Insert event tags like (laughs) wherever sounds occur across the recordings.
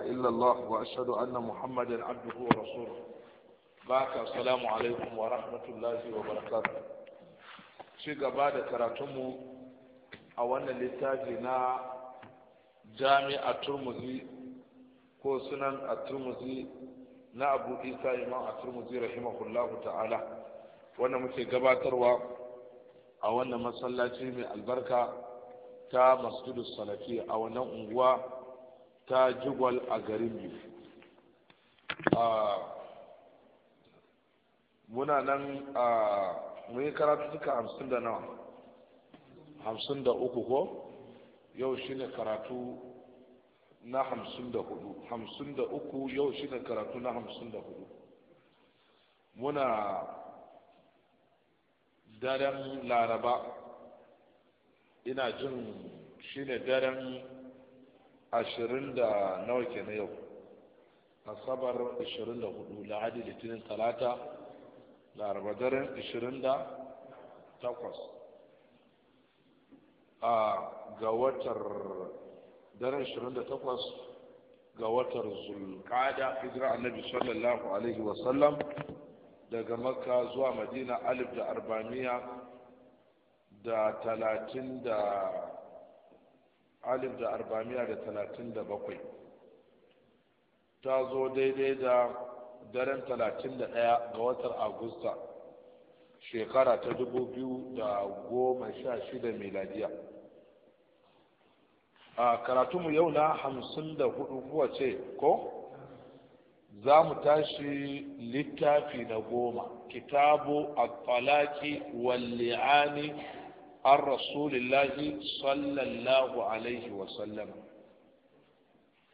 إله إلا الله وأشهد أن محمدا عبده ورسوله بارك السلام عليكم ورحمة الله وبركاته شيء بعد كراتمو أولا لتاجنا جامع الترمذي هو سنن الترمذي na abu isa imam at-tirmidhi rahimahullahu ta'ala wanda muke gabatarwa a wannan masallaci mai albarka ta masjidu salafi a wannan unguwa ta jigwal a garin biyu muna nan a mun yi karatu suka hamsin da nawa hamsin da uku ko yau shine karatu na hamsin da hudu hamsin da uku yau shine karatu na hamsin da hudu muna daren laraba ina jin shi ne daren ashirin da nawa ke na yau asabar ashirin da hudu lahadi litinin talata laraba daren ashirin da takwas a ga watar daren ashirin da takwas ga watar zulkada hijira annabi sallallahu alaihi wasallam daga makka zuwa madina alif da arba'amiya da talatin da alif da arba'amiya da talatin da bakwai ta zo daidai da daren talatin da ɗaya ga watan agusta shekara ta dubu biyu da goma sha shida miladiya a karatunmu yau na hamsin da hudu kuwa ce ko za mu tashi littafi na goma kitabu a talaki walli'ani عن رسول الله صلى الله عليه وسلم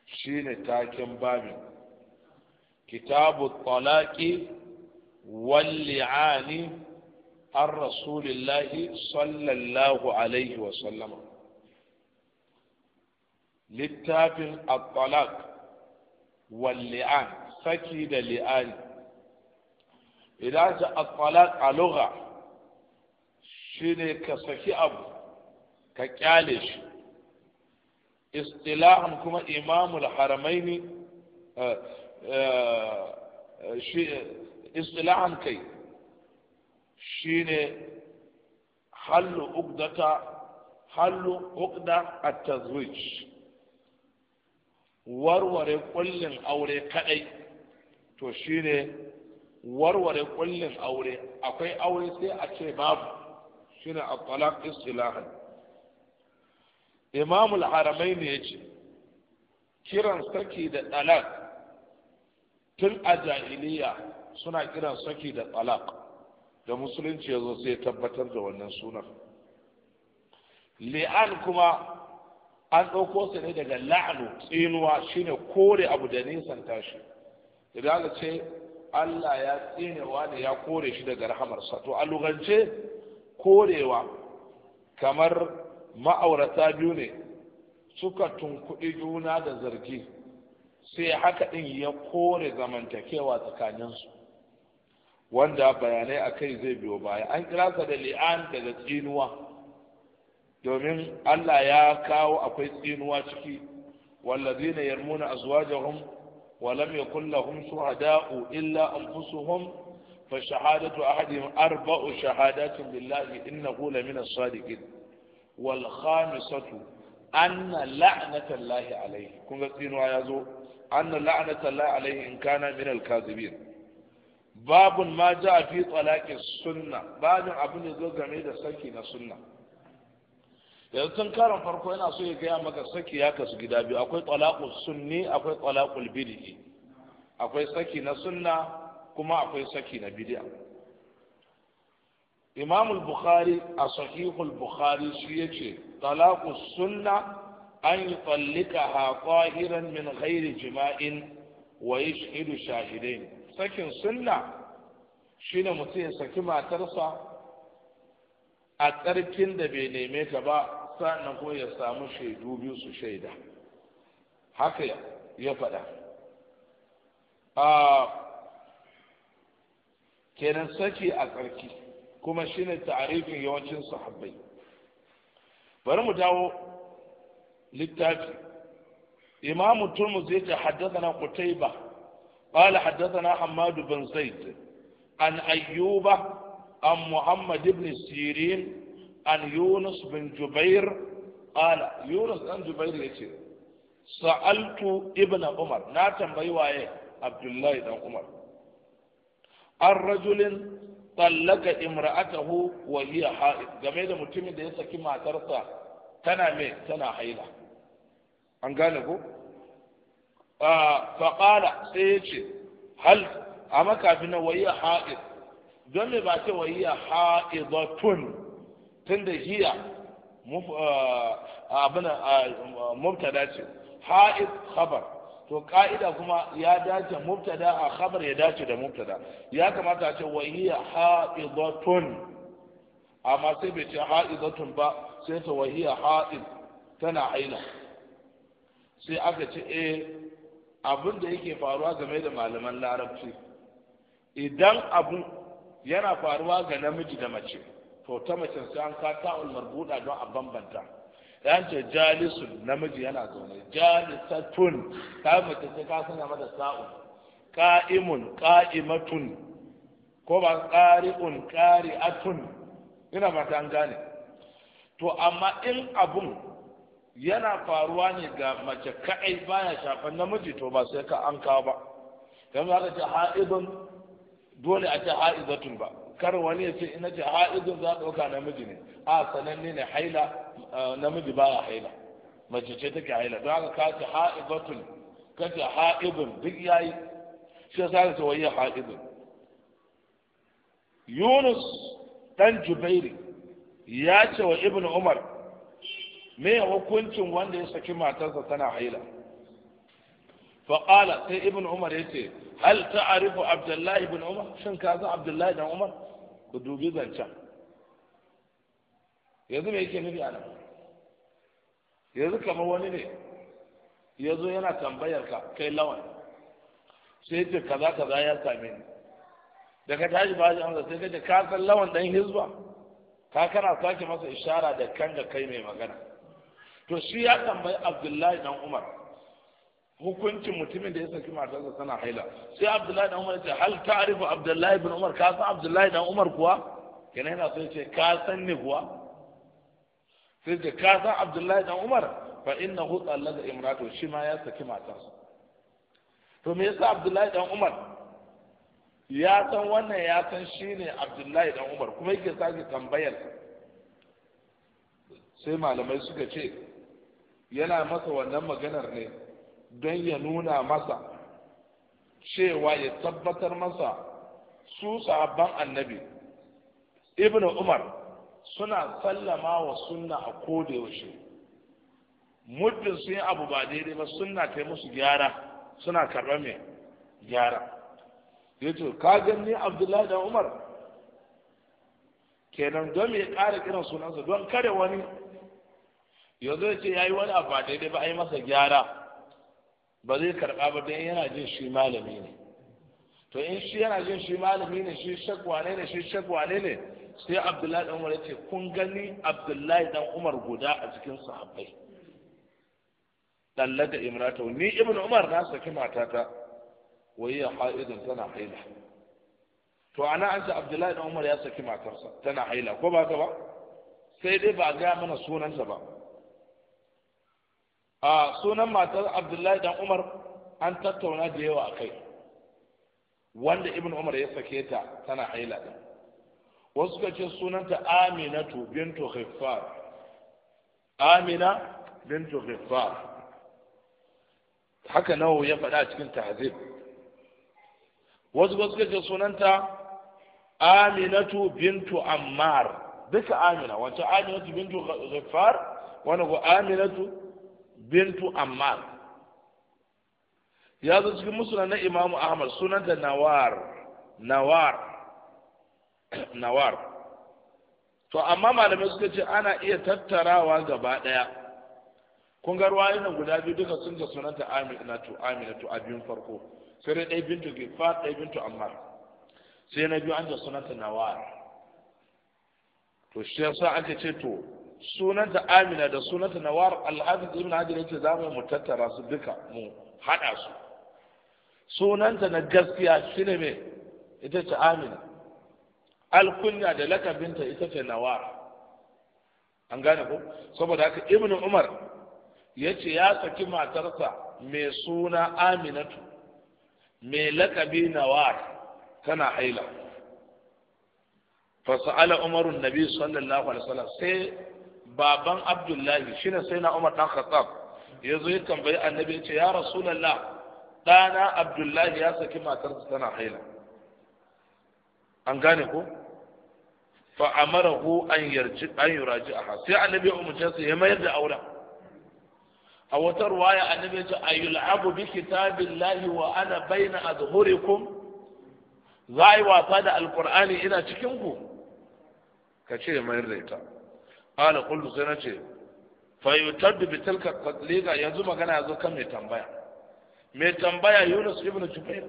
شين تاكن بابي كتاب الطلاق واللعان عن رسول الله صلى الله عليه وسلم لتاب الطلاق واللعان فكيد لعان إذا الطلاق لغة shine ka saki abu ka kyale shi istilahan kuma imamul haramaini eh, eh, istilahan kai shine hallu uqdata hallu uqda a tazwij warware kullin aure kadai to shine warware kullin aure akwai aure sai a ce babu shine at-talaq istilahan imam al-haramain yace kiran saki da talaq tun a jahiliya suna kiran saki da talaq da musulunci yazo sai tabbatar da wannan sunan li'an kuma an ɗauko su ne daga la'anu tsinuwa shine kore abu da nisan tashi idan ce Allah ya tsine wani ya kore shi daga rahamarsa to a lugance korewa kamar ma'aurata biyu ne suka tunkuɗi juna da zargi sai haka ɗin ya kore zamantakewa tsakaninsu wanda bayanai a kai zai biyo baya an kira sa da li'an daga tsinuwa domin allah ya kawo akwai tsinuwa ciki zina yarmuna azwajahum wa lam yakul lahum shuhada'u illa an anfusuhum fa shahadatu ahadihim arba'u shahadatin billahi innahu lamina as-sadiqin wal khamisatu anna la'nata Allah alayhi kun ga tsinuwa ya zo anna la'nata Allah alayhi in kana min al-kadhibin babun ma ja'a fi talaqi sunna babin game da saki na sunna yanzu tun karon farko yana so ya gaya maka saki ya kasu gida biyu akwai talaqul sunni akwai talaqul bid'i akwai saki na sunna kuma akwai saki na bidiya. imam al-bukhari a sahihul bukhari shi yace talaqu sunna an ha qahiran min ghairi jima'in wa yashhidu shahidain sakin sunna shine mutum ya saki matarsa a tsarkin da bai neme ta ba sannan ko ya samu shaidu biyu su shaida haka ya faɗa ah, kenan saki a tsarki kuma shine tarihin yawancin sahabbai bari mu dawo littafi imam turmu zai ta haddasa qutaiba qala na hamadu bin zaid an ayyuba an muhammad ibn sirin an yunus bin jubair qala yunus bin jubair yace sa'altu ibn umar na tambayi waye abdullahi dan umar an rajulin tsallaka imra'atahu wa hiya ha'id game da mutumin da ya saki matarsa tana mai tana haila an gane ko faƙala sai ya ce hal a makafi na wahiya ha'id don me ba ce wahiya ha'idatun tun da hiya abin mubtada ce ha'id khabar to ka'ida kuma ya dace mubtada a khabar ya dace da mubtada ya kamata a ce wa hiya ha'idatun amma sai bai ce ha'idatun ba sai ta wa hiya ha'id tana aina sai aka ce eh abin da yake faruwa game da malaman larabci idan abu yana faruwa ga namiji da mace to ta mace sai an ka ta'ul marbuda don a bambanta yance ce jalisun namiji yana zaune jalisatun ta mace sai ka sanya mata sa'un qa'imun qa'imatun ko ba qari'un qari'atun ina mata an gane to amma in abun yana faruwa ne ga mace kai baya shafan namiji to ba sai ka an kawo ba yanzu aka ce ha'idun dole a ce ha'izatun ba kar wani ya ce ina ce ha'idun za a dauka namiji ne a sananne ne haila namiji ba ya haila mace ce take haila don haka ka ce ha'ibatun ka ce ha'ibun duk yayi shi yasa ta wayya ha'ibun Yunus dan Jubairi ya ce wa Ibn Umar me hukuncin wanda ya saki matarsa tana haila sai سي Umar ya ce, hal تعرف عبد Abdullahi Ibn Umar? Shin ka san Abdullahi Dan Umar? ku dubi zancen yanzu me yake nufi a nan yanzu kamar wani ne ya zo yana tambayar ka kai lawan sai ce kaza kaza ya same ni da ka tashi ba amsa sai ka ce ka san lawan dan hizba ka kana sake masa ishara da kan da kai mai magana to shi ya tambayi abdullahi dan umar hukuncin mutumin da ya saki matarsa tana haila sai abdullahi dan umar ya ce hal ta'rifu abdullahi bin umar ka san abdullahi dan umar kuwa kenan yana so ya ce ka san ni kuwa sai ce ka san abdullahi dan umar fa inna hu tsallaga imratu shi ma ya saki matarsa to me yasa abdullahi dan umar ya san wannan ya san shi ne abdullahi dan umar kuma yake sake tambayar sai malamai suka ce yana masa wannan maganar ne don ya nuna masa cewa ya tabbatar masa su sahabban annabi ibnu umar suna sallama wa sunna a koda yaushe muddin sun yi abu ba daidai ba sunna ta musu gyara suna karɓar mai gyara ce ka gani abdullahi da umar kenan don me ƙara kiran sunansa don kare wani yanzu ya ce ya yi wani abu ba daidai ba a yi masa gyara ba zai karɓa ba don yana jin shi malami ne to in shi yana jin shi malami ne shi shakwane ne shi shakwane ne sai abdullahi dan umar ya ce kun gani abdullahi dan umar guda a cikin sahabbai dalla da imratu ni ibnu umar na saki matata wa hiya haidun tana haila to ana an abdullahi dan umar ya saki matarsa tana haila ko ba ka ba sai dai ba ga mana sunanta ba a sunan matar abdullahi dan umar an tattauna da yawa a kai wanda ibn umar ya sake ta tana haila din wasu ka ce sunanta aminatu bintu khiffar amina bintu khiffar haka nawa ya faɗa cikin tahzib wasu ka ce sunanta aminatu bintu ammar duka amina wace aminatu bintu ghaffar wani ko aminatu bintu ammar ya zo cikin musulun na imamu ahmad sunanta nawar nawar (coughs) nawar to amma malamai suka ce ana iya tattarawa gaba daya kun ga ruwayoyin guda biyu duka sun ga sunanta to amina to a biyun farko sai dai bintu gifar ɗaya bintu amma sai na biyu an ga sunanta nawar to shi yasa ake ce to sunanta amina da sunanta nawar alhafiz ibn hajar yace za mu tattara su duka mu hada su sunanta na gaskiya shine me ita ce amina alkunya da lakabinta ita ce nawa an gane ko saboda haka ibn umar ya ce ya saki matarsa mai suna aminatu mai lakabi nawar tana haila fasa'ala umarun nabi sallallahu alaihi wasallam sai baban abdullahi shine sai na umar dan khattab ya zo ya tambayi annabi ya ce ya rasulullah ɗana abdullahi ya saki matarsa tana haila an gane ko fa amarahu an yarji an yuraji aha sai annabi ya umarce sa ya mayar da auren a wata ruwaya annabi ya ce ayul'abu bi kitabillahi wa ana baina azhurikum za a yi wasa da alqur'ani ina cikin ku ka ce mayar da ita qala qultu sai na ce fa yutaddu bi tilka qadliga yanzu magana yazo kan mai tambaya mai tambaya Yunus ibn Jubair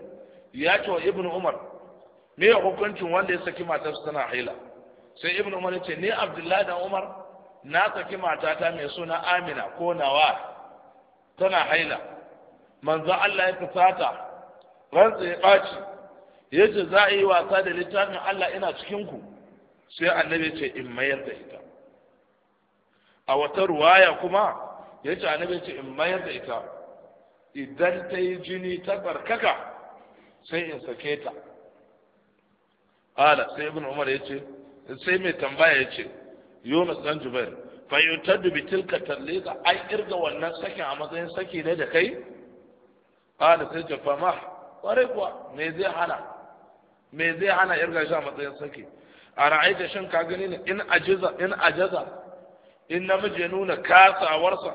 ya ce wa ibn Umar me hukuncin wanda ya saki matarsa tana haila sai ibn umar ce ni abdullahi da umar na saki matata mai suna amina ko nawa tana haila manzo Allah ya fusata rantsa ya ɓaci ya ce za a yi wasa da littafin Allah ina cikin ku sai annabi ce in mayar da ita a wata ruwaya kuma ya ce annabi ce in mayar da ita idan ta yi jini ta tsarkaka sai in sake ta ala sai ibn umar ya ce sai mai tambaya ya ce yunus dan jubair fa yutaddu bi tilka talliqa ai irga wannan sakin a matsayin saki ne da kai qala sai ta fama kware kuwa me zai hana me zai hana irga shi a matsayin saki a ra'aita shin ka gani ne in ajiza in ajaza in namiji ya nuna kasawarsa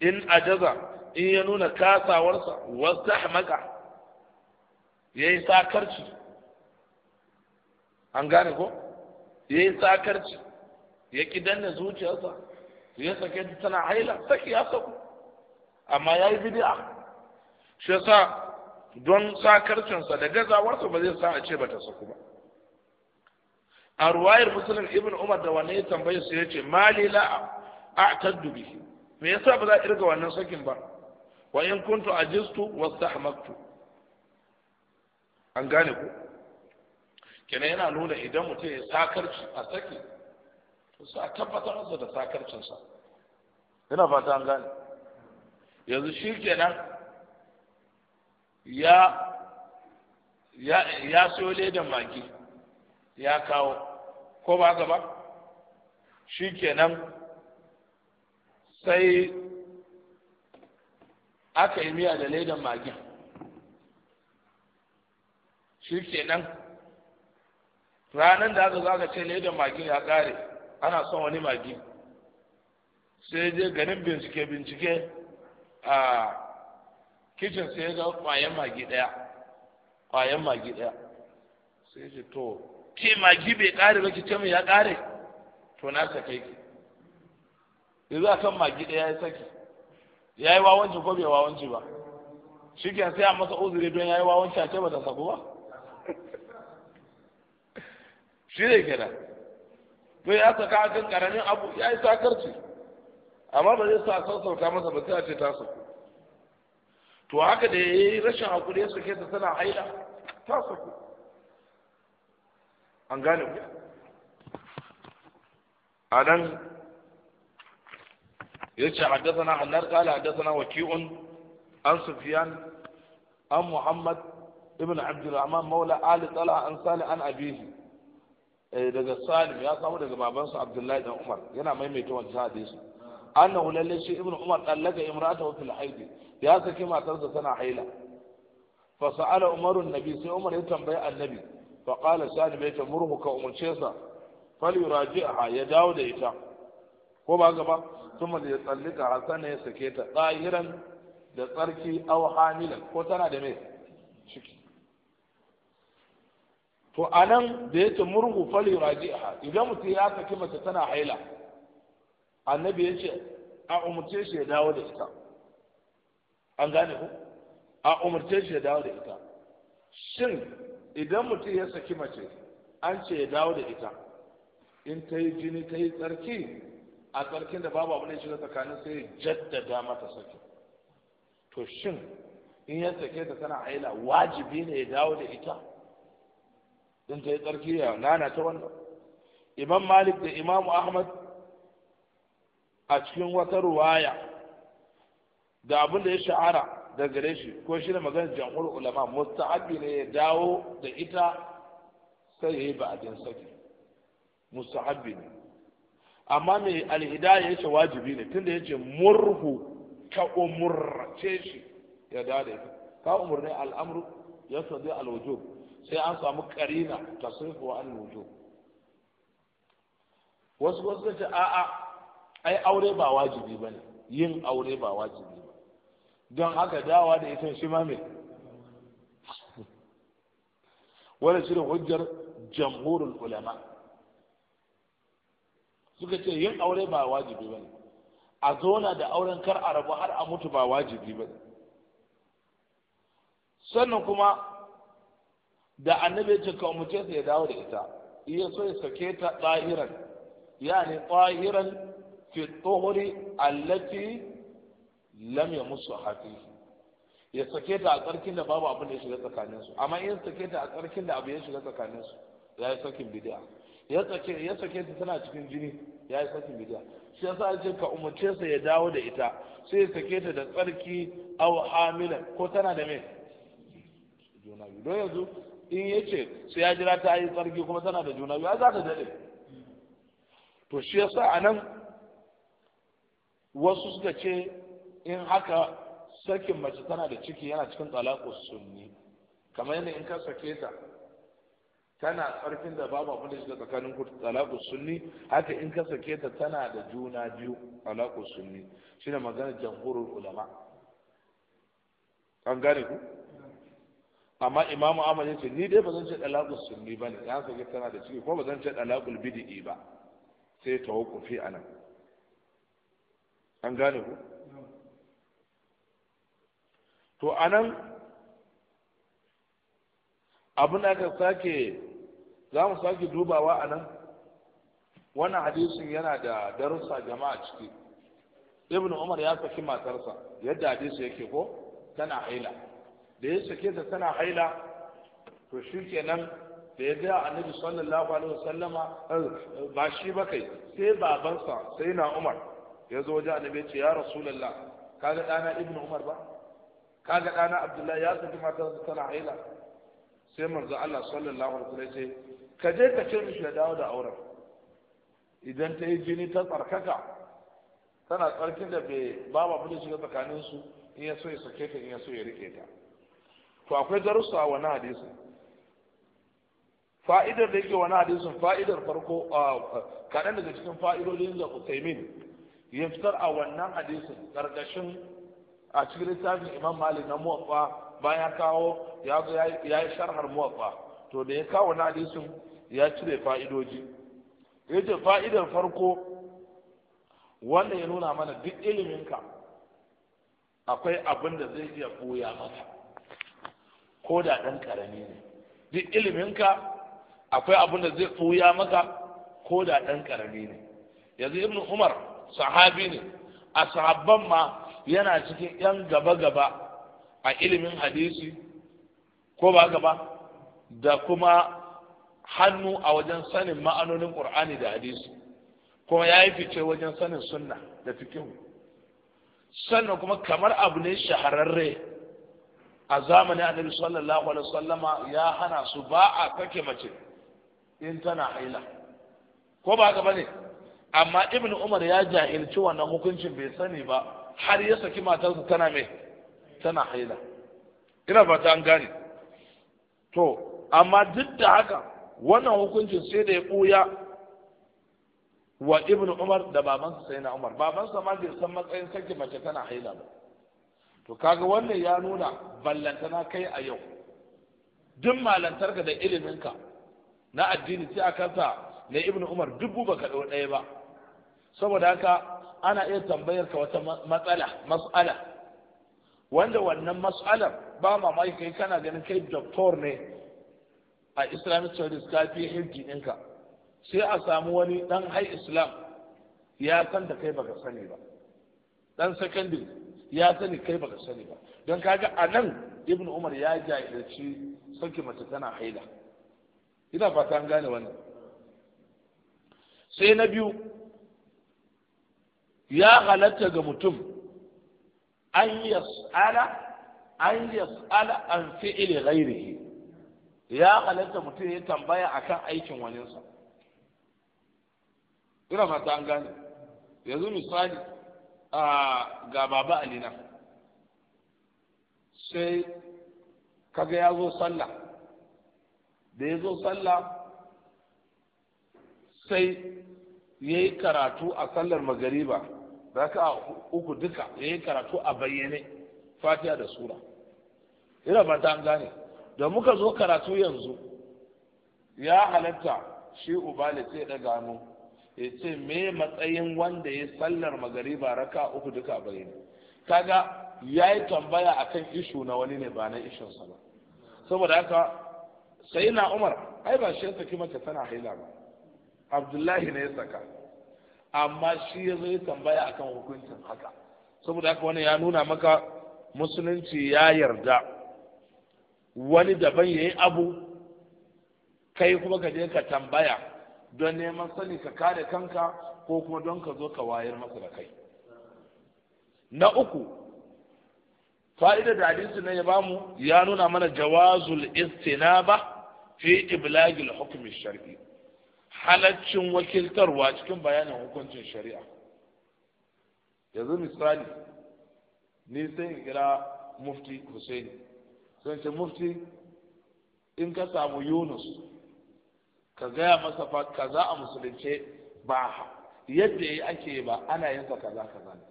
in ajaza in ya nuna kasawarsa wastahmaka yayi sakarci an gane ko ya yi tsakarci ya ki danna zuciyarsa ya sake ta tana haila saki ya saku amma ya yi bidi'a shi yasa don tsakarcinsa da gazawarsa ba zai sa a ce ba ta saku ba a ruwayar musulun ibn umar da wanne ya tambaye su ya ce mali la'a a tattubi me me yasa ba za a irga wannan sakin ba wa in kuntu ajistu wastahmaktu an gane ku kenan yana nuna idan mutum ya sakarci a saki sai a tabbatar masa da sakarcinsa ina fata an gane yanzu shi kenan ya ya siyo ledan maki ya kawo ko ba ba shi kenan sai aka yi miya da ledan magin shi kenan ranar da aka zo aka ce ledan magi ya kare ana son wani magi sai je ganin bincike bincike a kicin sai ga kwayan magi daya kwayan magi daya sai ce to ke magi bai kare ba kice ya kare to na sake ki za san magi daya ya saki ya yi wawanci ko bai wawanci ba shi sai a masa uzuri don ya yi wawanci a ce ba ta sako ba shi ne kenan to ya saka a kan karamin abu ya yi sakarci amma ba zai sa sassauta masa ba sai a ce ta saku to haka da ya yi rashin hakuri ya sake ta tana haila ta saku an gane ku a nan ya ce haddasana hannar kala na waki'un an sufiyan an muhammad ibn abdulrahman maula ali tsala an sali an abihi Eh, daga salim ya samu daga babansa abdullahi dan umar yana maimaita wancan hadisi annahu lalle shi ibnu umar dallaka imratahu fil haidi ya saki matarsa tana haila fa sa'ala umaru nabi sai umar ya tambayi annabi fa qala salim ya tamurhu ka umurce sa fal yuraji'ha ya dawo da ita ko ba gaba kuma da tsallika Hassan ya sake ta tsahiran da tsarki au hamilan ko tana da mai ciki to anan da yace murhu fali yuraji'ha idan mutum ya saki mace tana haila annabi yace a umurce shi ya dawo da ita an gane ku a umurce shi ya dawo da ita shin idan mutum ya saki mace an ce ya dawo da ita in ta yi jini ta yi tsarki a tsarkin da babu abin da shiga tsakanin sai jaddada mata saki to shin in ya sake ta tana haila wajibi ne ya dawo da ita in ta yi tsarki ya nana ta wannan imam malik da imam ahmad a cikin wata ruwaya da abin da ya sha'ara da gare shi ko shi da maganar jamhur ulama mustahabi ne ya dawo da ita sai ya yi ba'adin saki mustahabi ne amma mai alhidaya ya ce wajibi ne tunda ya ce murhu ka umurce shi ya dawo da ita ka umurne al'amru ya sadu al sai an samu karina tasrifu an wujub wasu wasu ce a'a ai aure ba wajibi ba ne yin aure ba wajibi ba don haka dawa da ita shi ma mai wani da hujjar jamhurin ulama suka ce yin aure ba wajibi ba ne a zona da auren kar a rabu har a mutu ba wajibi ba ne sannan kuma da annabi ya ce ka umarce sa ya dawo da ita iya so ya sake ta tsahiran yani tsahiran fi tsohuri allati lam ya musu hafi ya sake ta a tsarkin da babu abin da ya shiga tsakaninsu amma in sake ta a tsarkin da abu ya shiga tsakaninsu ya yi sakin bidiya ya sake ya sake ta tana cikin jini ya yi sakin bidiya shi ya sa ce ka umarce sa ya dawo da ita sai ya sake ta da tsarki aw hamilan ko tana da me juna biyu don yanzu in ya ce sai ya jira ta yi tsarki kuma tana da juna biyu za ta daɗe to shi yasa a nan wasu suka ce in haka sakin mace tana da ciki yana cikin talaku sunni kamar yadda in ka sake ta tana tsarkin da babu abin da shiga tsakanin ku sunni haka in ka sake ta tana da juna biyu talaku sunni shine maganar jamhurul ulama an gane ku amma imamu ahmad yace ni dai bazan ce dalaqul sunni bane ya sake tana da ciki ko bazan ce dalaqul bid'i ba sai tawakkufi anan an gane ku to anan abin da aka sake za mu sake dubawa anan wannan hadisin yana da darussa jama'a ciki ibn umar ya saki matarsa yadda hadisi yake ko tana haila da ya sake ta tana haila to shi nan da ya ga annabi sallallahu alaihi wasallama eh, ba shi ba kai sai babansa sai na umar ya zo wajen annabi ce ya rasulullah kaga dana ibnu umar ba kaga dana abdullahi ya saki matarsa tana haila sai manzo Allah sallallahu alaihi wasallam sai ka je ka ce mishi ya dawo da auren idan ta yi jini ta tsarkaka tana tsarkin da bai babu abin da shiga tsakaninsu in ya so ya sake ta in ya so ya rike ta to akwai darussa wani hadisin fa'idar da yake wani hadisin fa'idar farko kaɗan daga cikin fa'idodin da Utaimin ya fitar a wannan hadisin ƙarƙashin a cikin littafin Imam Malik na muwaffa bayan kawo ya yi sharhar muwaffa to da ya kawo wani hadisin ya cire fa'idoji ya ce fa'idar farko wanda ya nuna mana duk iliminka akwai abin da zai iya koya maka ko da ɗan ƙarami ne duk iliminka akwai abin da zai ɓuya maka ko da ɗan ƙarami ne yanzu ibn umar sahabi ne a sahabban ma yana cikin yan gaba-gaba a ilimin hadisi ko ba gaba da kuma hannu a wajen sanin ma'anonin ƙur'ani da hadisi kuma ya yi fice wajen sanin sunna da fikihu sannan kuma kamar abu ne shahararre a zamanin annabi sallallahu alaihi wasallama ya hana su ba a kake mace in tana haila ko ba gaba ne amma ibn umar ya jahilci wannan hukuncin bai sani ba har ya saki matarsa tana mai tana haila ina ba ta an gane to amma duk da haka wannan hukuncin sai da ya ɓuya wa ibn umar da babansa sai na umar babansa ma bai san matsayin kake mace tana haila ba to kaga wannan ya nuna na kai a yau duk malantarka da iliminka na addini sai a sa na ibn umar dubu baka ɗau ɗaya ba saboda haka ana iya tambayar ka wata matsala mas'ala wanda wannan mas'alar ba mamaki kai kana ganin kai doktor ne a islamic studies ka fi hirji ɗinka sai a samu wani ɗan hai islam ya san da kai baka sani ba ɗan secondary ya sani kai baka sani ba don kaga a nan ibn umar ya jahilci sauke mace tana haila ina fata an gane wannan sai na biyu ya halatta ga mutum an yas'ala an yas'ala an fi'ili ghairihi ya halatta mutum ya tambaya akan aikin waninsa ina fata an gane yanzu misali A ga baba Alina sai kaga ya zo sallah da ya zo sallah sai ya yi karatu a sallar magariba raka uku duka ya yi karatu a bayyane fatiha da sura ina ba ta gane da muka zo karatu yanzu ya halatta shi ubali sai daga mu. ya ce me matsayin wanda ya sallar magariba raka uku duka a bayyana kaga ya yi tambaya akan ishu na wani ne ba na ishinsa ba saboda haka sai na umar ai ba shi ya saki mace tana haila ba abdullahi ne ya saka amma shi ya zai tambaya tambaya akan hukuncin haka saboda haka wani ya nuna maka musulunci ya yarda wani daban ya yi abu kai kuma ka je ka tambaya don neman sani ka kare kanka ko kuma don ka zo ka wayar masa da kai na uku fa'ida da hadisi na ya bamu ya nuna mana jawazul istinaba fi iblagil hukmi shar'i halaccin wakiltarwa cikin bayanin hukuncin shari'a yanzu misali ni sai in kira mufti Hussaini sai ce mufti in ka samu Yunus ka gaya masa fa kaza a musulunce ba yadda yi ake ba ana yin kaza kaza ne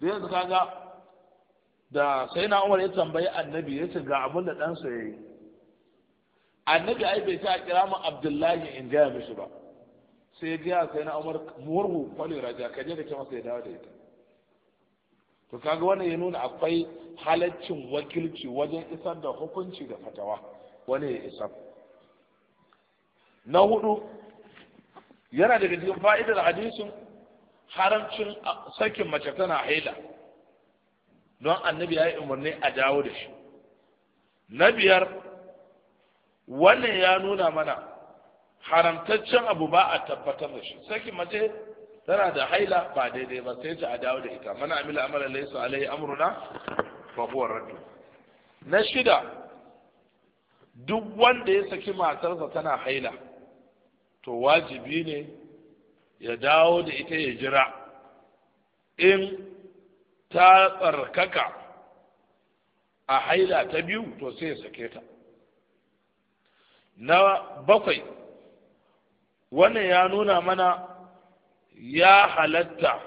da yanzu kaga da sai na umar ya tambayi annabi ya ce ga abin da ɗansa ya yi annabi ai bai ta kira mu abdullahi in gaya mishi ba sai ya gaya sai na umar murhu kwale raja ka je da ke masa ya dawo da ita to kaga wannan ya nuna akwai halaccin wakilci wajen isar da hukunci da fatawa wani ya isar na hudu yana daga cikin fa'idar hadisin haramcin sakin mace tana haila don annabi ya yi umarni a dawo da shi na biyar wannan ya nuna mana haramtaccen abu ba a tabbatar da shi sakin mace tana da haila ba daidai ba sai ta a dawo da ita mana amila amala laysa alaihi amruna fa huwa raddu na shida duk wanda ya saki matarsa tana haila to wajibi ne ya dawo da ita ya jira in ta tsarkaka a haila ta biyu to sai ya sake ta na bakwai wannan ya nuna mana ya halatta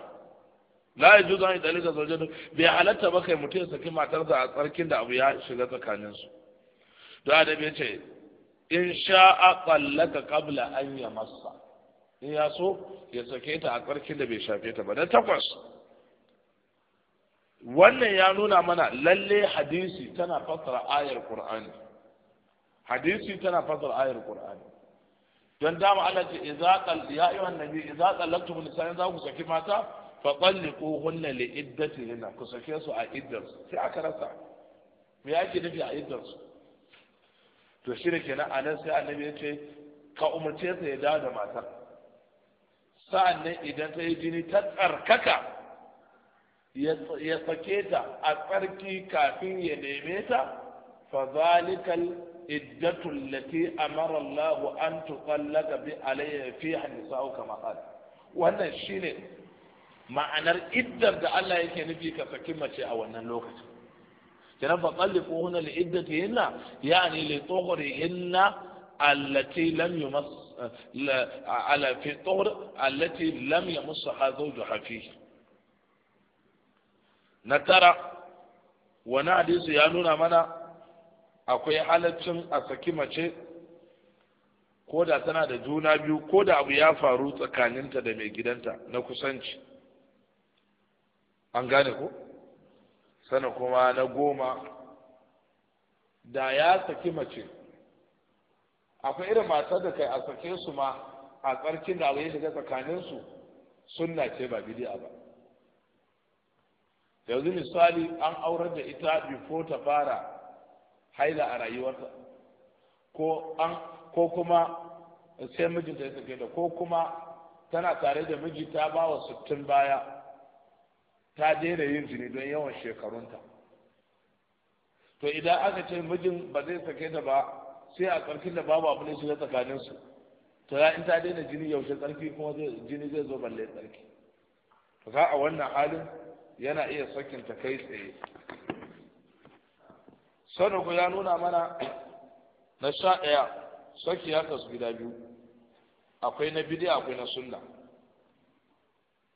la ya juzo an dalika zaujenu bai halatta ba kai mutum ya saki matarsa a tsarkin da abu ya shiga tsakaninsu da adabi ce in sha'a tsallaka kabla an yi masa in ya so ya sake ta a ƙarfin da bai shafe ta ba na takwas wannan ya nuna mana lalle hadisi tana fassara ayar ƙur'ani hadisi tana fassara ayar ƙur'ani don dama ana ce yi wannan ya za a idza qallaktum sani za ku saki mata fa hunna li iddatihinna ku sake su a iddarsu sai aka rasa me ake nufi a iddarsu su to shi da kenan a nan sai annabi ya ce ka umarce ta ya dawo da matar sa'an nan idan ta yi jini ta tsarkaka ya sake ta a tsarki kafin ya neme ta fa zalikal iddatu allati amara Allah an tuqallaka bi alayya fiha nisa'u kama qala wannan shine ma'anar iddar da Allah yake nufi ka saki mace a wannan lokacin ta fa talliquhunna li iddatihinna yani li hinna allati lam yumass ala fi tuhr allati lam yamassaha zawjuha hafi. na tara wani hadisi ya nuna mana akwai halaccin a saki mace ko da tana da juna biyu ko da abu ya faru tsakaninta da mai gidanta na kusanci an gane ko Sani kuma na goma da ya saki mace akwai irin matar da kai a sake su ma a tsarkin da abu ya shiga tsakaninsu sunna ce ba bidi'a ba yanzu misali an aurar da ita before ta fara haila a rayuwarta ko an ko kuma sai mijinta ya sake da ko kuma tana tare da miji ta ba wa sittin baya ta daina yin jini don yawan shekarunta to idan aka ce mijin ba zai sake ta ba sai a tsarkin da babu abu ne shiga tsakaninsu to ya in ta daina jini yaushe tsarki kuma jini zai zo balle tsarki to ka a wannan halin yana iya sakin ta kai tsaye sanin ya nuna mana na sha ɗaya saki ya kasu gida biyu akwai na bidiya akwai na sunna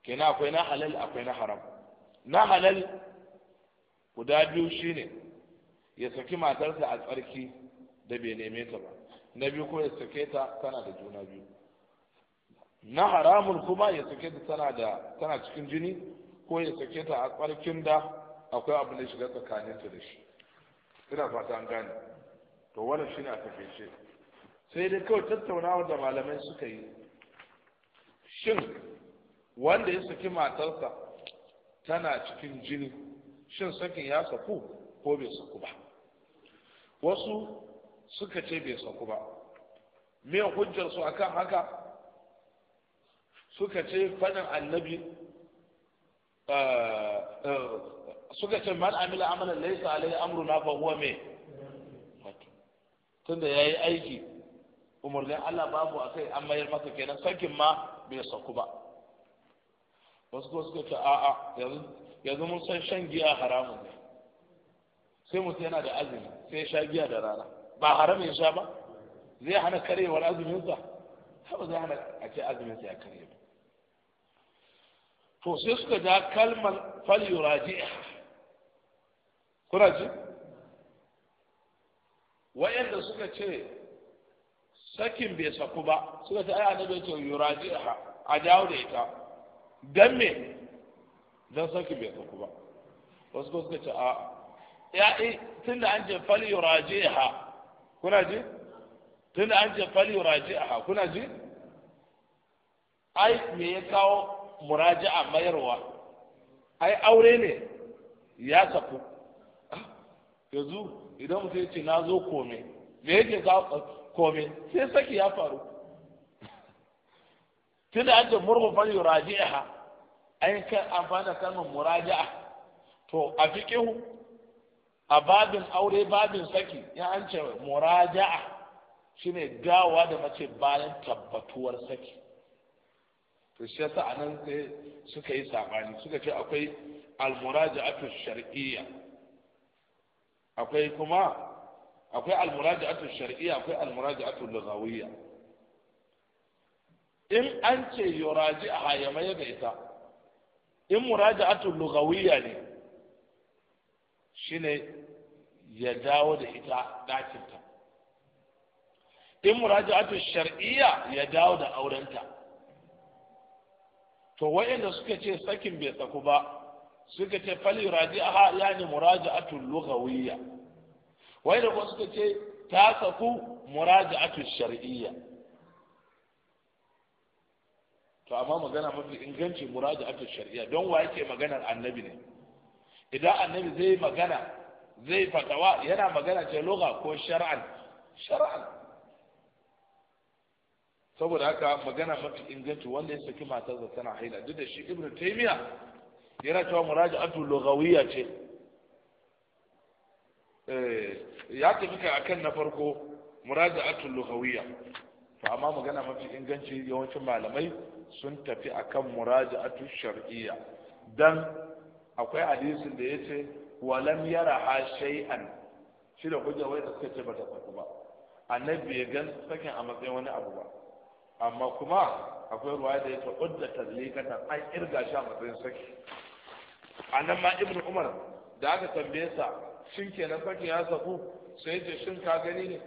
Kina akwai na halal akwai na haram na halal guda biyu shine ya saki matarsa a tsarki da bai neme ta ba na biyu ko ya sake ta tana da juna biyu na haramun kuma ya sake ta tana da tana cikin jini ko ya sake ta a tsarkin da akwai abin da shiga tsakaninta da shi ina fata an gane to wannan shine a shi sai dai kawai tattaunawar da malamai suka yi shin wanda ya saki matarsa tana cikin jini shin sakin ya saku ko bai saku ba wasu suka ce bai saku ba me hujjar su akan haka suka ce fadin annabi eh, eh, suka ce man amila amala laysa alaihi amruna fa huwa me tunda yayi aiki umarnin Allah babu akai an mayar maka kenan sakin ma bai saku ba wasu kuma suka ce a'a yanzu mun san shan giya haramun ne sai mutum yana da azumi sai sha giya da rana ba haramun ya sha ba zai hana karewar azuminsa ba zai hana a ce azuminsa ya karye ba to sai suka ja kalmar falyuraji kuna ji wayanda suka ce sakin bai saku ba suka ce ai annabi ya ce yuraji a dawo da ita don me don sauki bai sauku ba wasu ko suka ce a ya eh, tun da an ce fali yuraje ha kuna ji tun da an ce fali yuraje ha kuna ji ai me ya kawo muraji a mayarwa ai aure ne ya saku ah, yanzu idan mutum ya ce na zo kome me yake za kome sai saki ya faru tun da ce murhu fal yuraji'aha ai kan amfani da kalmar muraji'a, to a fiqhu a babin aure babin saki ya an ce muraja'a shine dawa da mace bayan tabbatuwar saki to shi yasa anan sai suka yi sabani suka ce akwai al-muraja'atu shar'iyya akwai kuma akwai al-muraja'atu shar'iyya akwai al-muraja'atu lughawiyya in an ce yuraji a hayamaye da ita in muraja'atul lugawiyya ne shine ya dawo da ita ɗakinta in muraja'atul shar'iyya ya dawo da aurenta to wa'inda suka ce sakin bai tsaku ba suka ce fal yuraji'aha yani muraja'atul lugawiyya wa'inda kuma suka ce ta tsaku muraja'atul shar'iyya to amma magana mafi inganci muraji ake shari'a don wa yake maganar annabi ne idan annabi zai magana zai fatawa yana magana ce loga ko shar'an shar'an saboda haka magana mafi inganci wanda ya saki matarsa tana haila duk da shi ibnu taymiya yana cewa muraja'atu lughawiyya ce eh, ya tafi ka akan na farko muraja'atu lughawiyya to amma magana mafi inganci yawancin malamai sun tafi akan muraja'atu shar'iyya dan akwai hadisin da yace walam yara shay'an shi da hujja wai da suka ce bata faɗi ba annabi ya gan sakin a matsayin wani abu ba amma kuma akwai ruwa da yake udda tazlikatan an irga shi a matsayin saki nan ma ibnu umar da aka tambaye sa shin kenan fakin ya saku sai ce shin ka gani ne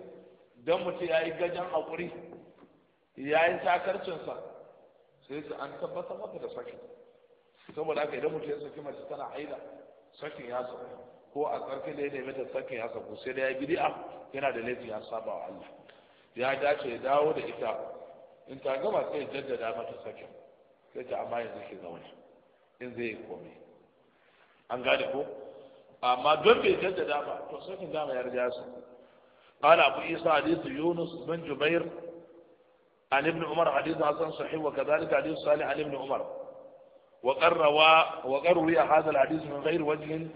dan mutum ya yi gajan hakuri ya yi takarcinsa sai su an tabbatar maka da sakin saboda aka idan mutum ya saki mace tana haila sakin ya sauka ko a tsarki da ya nemi ta sakin ya sauka sai da ya bid'a yana da laifin ya saba wa Allah ya dace ya dawo da ita in ta gama sai jaddada mata sakin sai ta amma yanzu ke zaune in zai yi komai an gane ko amma don bai jaddada ba to sakin dama ya riga su قال أبو عيسى حديث يونس بن جبير عن ابن عمر حديث حسن صحيح وكذلك حديث صالح عن ابن عمر وقد روى وقد روي هذا الحديث من غير وجه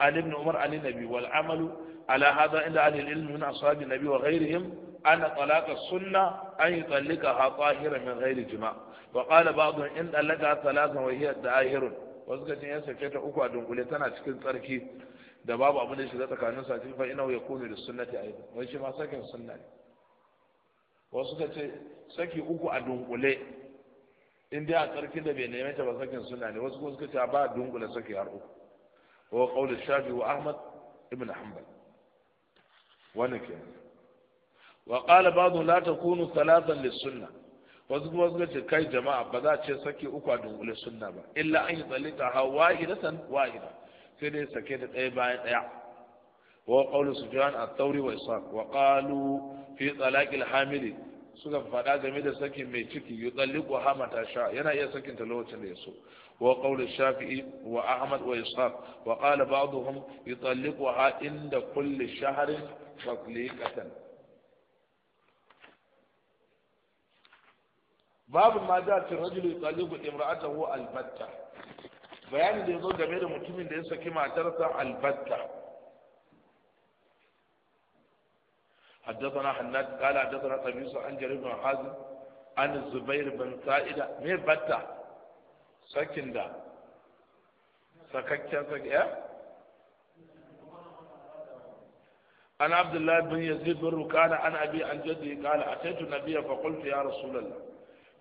عن ابن عمر عن النبي والعمل على هذا عند اهل العلم من اصحاب النبي وغيرهم ان طلاق السنه ان يطلقها طاهرا من غير جماع وقال بعضهم ان طلقها ثلاثا وهي داهر وزكت ان سكت uku a dunkule tana cikin tsarki da babu abin da shiga tsakanin sa fa ina yakunu lis sunnati aidan wai shi ma sakin sunna ne wasu ka ce saki uku a dunkule in dai a tsarki da bai neme ta ba sakin suna ne wasu kuma suka ce ba dunkule saki har uku wa qawli shafi wa ahmad ibn hanbal wani kenan wa qala ba'dhu la takunu thalathan lis-sunnah wasu kuma suka ce kai jama'a ba za a ce saki uku a dunkule sunna ba illa an yi tsallika ha wahidatan wahida sai dai sake da ɗaya bayan ɗaya wa qawlu sufyan at-tawri wa ishaq wa qalu fi talaq al suka faɗa game da sakin mai ciki yutalliqu hamata sha yana iya sakin ta lokacin da ya so wa qawlu shafi'i wa ahmad wa ishaq wa qala ba'dhum ha inda kulli shahrin tatliqatan babu ma da ta rajulu yutalliqu imra'atahu albatta bayanin da ya zo game da mutumin da ya saki matarsa albatta حدثنا حناد قال حدثنا قبيس عن جرير بن حازم عن الزبير بن سائدة مي بتا سكن دا سككتن سك يا عن عبد الله بن يزيد بن ركان عن أبي عن جدي قال أتيت النبي فقلت يا رسول الله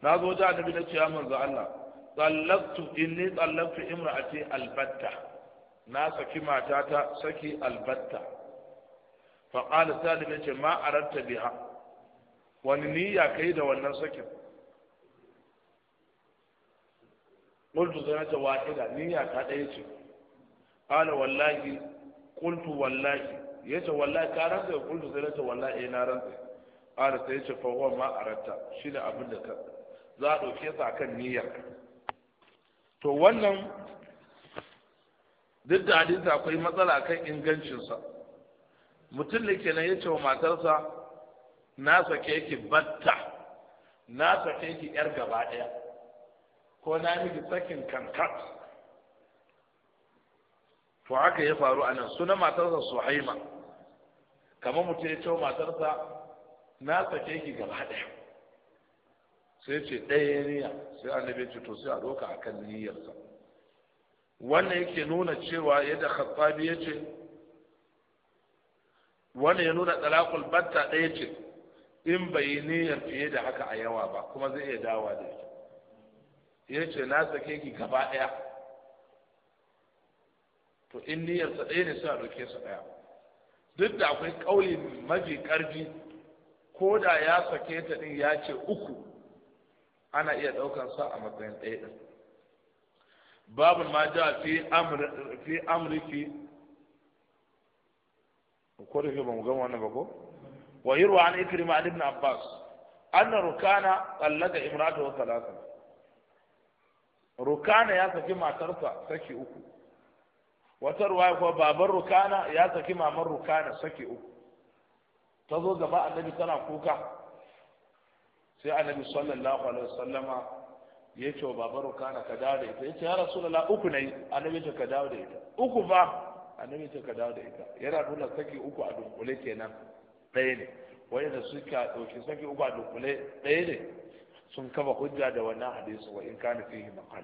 نازو جاء النبي نتي يا من الله طلقت إني طلقت امرأتي البتة ناسك ما تاتا سكي البتة faƙala salim ya ce ma aratta biha wani niyya ka yi da wannan sakin qultu zai nace wahida niyya ta ɗaya ce Ƙala wallahi qultu wallahi Ya ce wallahi ka rantsa qultu sai ce wallahi eh na rantsa qala sai ya ce huwa ma Shi ne abin da ka za a ɗauke sa kan niyya. to wannan duk da hadisi akwai matsala kan ingancinsa mutum da kenan ya ce wa matarsa na sake ki batta na sake ki yar gaba ɗaya ko na miki sakin kankat to haka ya faru a nan suna matarsa su haima, kamar mutum ya ce wa matarsa na sake ki gaba ɗaya sai ce ɗaya niyya sai annabi ya ce to sai a doka akan niyyarsa wannan yake nuna cewa yadda khattabi ya ce wannan ya nuna talaqul batta ɗaya ce in bai yi niyyar fiye da haka a yawa ba kuma zai iya dawa da ya ce na sake ki gaba ɗaya to in niyyarsa ɗaya ne a ɗauke su ɗaya duk da akwai ƙauli mafi ƙarfi ko da ya sake ta ɗin ya ce uku ana iya ɗaukar sa a matsayin ɗaya ɗin babu ma da fi amriki ko da ba mu gama wannan ba ko wa yurwa an ikrima an ibn abbas anna rukana qallada imratu wa thalatha rukana ya saki matarsa saki uku wata ruwaya ko babar rukana ya saki mamar rukana saki uku ta zo gaba annabi tana kuka sai annabi sallallahu alaihi wasallama ya ce wa babar rukana ka dawo da ita ya ce ya rasulullah uku ne annabi ta ka dawo da ita uku ba annabi ce ka dawo da ita yana nuna saki uku a dunkule kenan ɗaya ne Wani da suka ɗauki saki uku a dunkule ɗaya ne sun kafa hujja da wannan hadisi wa in kana fihi maqal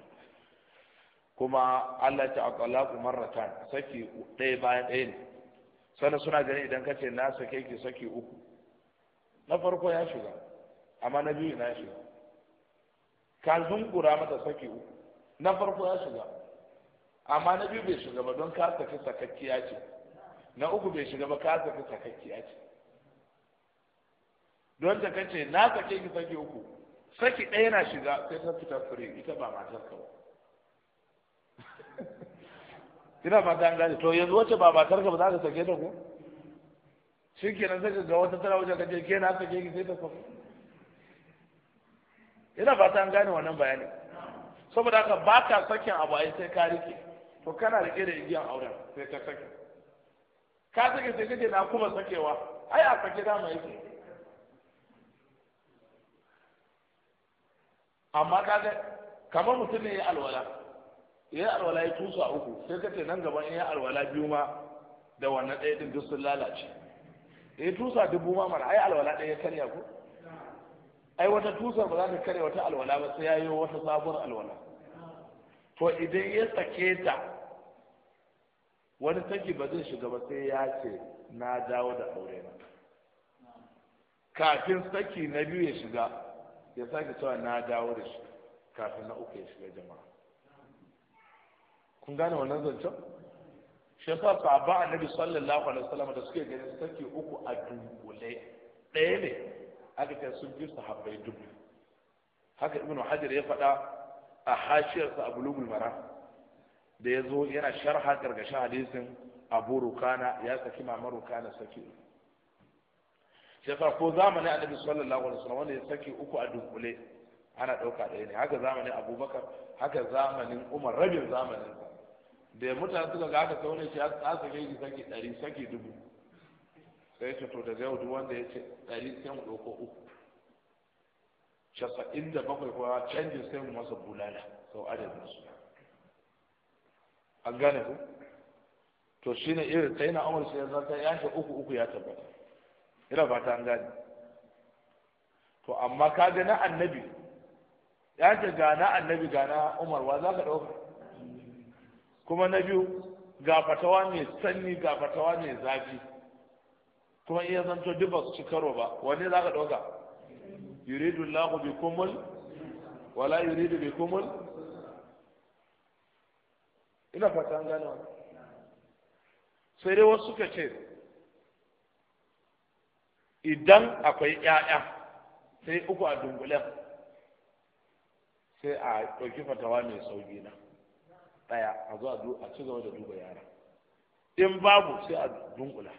kuma Allah ta aqalaku marratan saki ɗaya bayan ɗaya ne sannan suna gani idan ka ce na sake ki saki uku na farko ya shiga amma na biyu na shiga ka zungura mata saki uku na farko ya shiga amma na biyu bai shiga ba don ka saki sakakkiya ce na uku bai shiga ba ka saki sakakkiya ce don ta kace na sake ki saki uku saki ɗaya na shiga sai ta fita fure ita ba matar ka ba (laughs) ina ba ta gane to yanzu wacce ba matar ka ba za ka sake ta ko shi kenan sai ga wata tana wajen kace ke na sake ki sai ta sako ina ba ta gane wannan bayani saboda haka ba ka sakin abu ai sai ka rike to kana da da igiyan auren sai ka sake ka sake sai kace na kuma sakewa ai a sake dama yake amma ka ga kamar mutum ne ya alwala ya alwala ya tusa uku sai kace nan gaban ya alwala biyu ma da wannan ɗaya din duk sun lalace ya tusa dubu ma mara ai alwala ɗaya ya karya ku? ai wata tusar ba za ta karya wata alwala ba sai ya yi wata sabuwar alwala to idan ya sake ta wani taki ba zai shiga ba sai ya ce na dawo da aure na kafin saki na biyu ya shiga ya sake cewa na dawo da shi kafin na uku ya shiga jama'a kun gane wannan zancen shi ba sahaba annabi sallallahu alaihi wasallam da suke ganin saki uku a dunkule ɗaya ne aka ce sun su sahabbai dubu haka ibnu hajar ya faɗa a hashiyarsa a bulugul maram da ya zo yana sharha ƙarƙashin hadisin abu rukana ya saki mama rukana saki shekar ko zamanin annabi sallallahu alaihi wasallam wanda ya saki uku a dunkule ana ɗauka ɗaya ne haka zamanin abubakar haka zamanin umar rabin zamanin da ya mutane suka ga haka saurin shi a sake shi saki ɗari saki dubu sai ce to daga yau duk wanda ya ce ɗari sai mu ɗauko uku casa'in da bakwai kuwa canjin sai mu masa bulala sau adadin su an gane ku to shine irin sai na umar sai ya zaka yanke uku uku ya tabbata ina ta an gane to amma ka ga na annabi ya ce ga na annabi ga na umar wa za ka ɗauka kuma na biyu ga fatawa mai sanyi ga fatawa mai zafi kuma iya zanto duk ba su ci karo ba wanne za ka ɗauka yuridu lahu bi kumul wala yuridu bi kumul ina fata an gano wannan sai dai wasu suka ce idan akwai ƴaƴa sai uku a dungulen sai a ɗauki fatawa mai sauƙi na ɗaya a zo a ci gaba da duba yara in babu sai a dungula.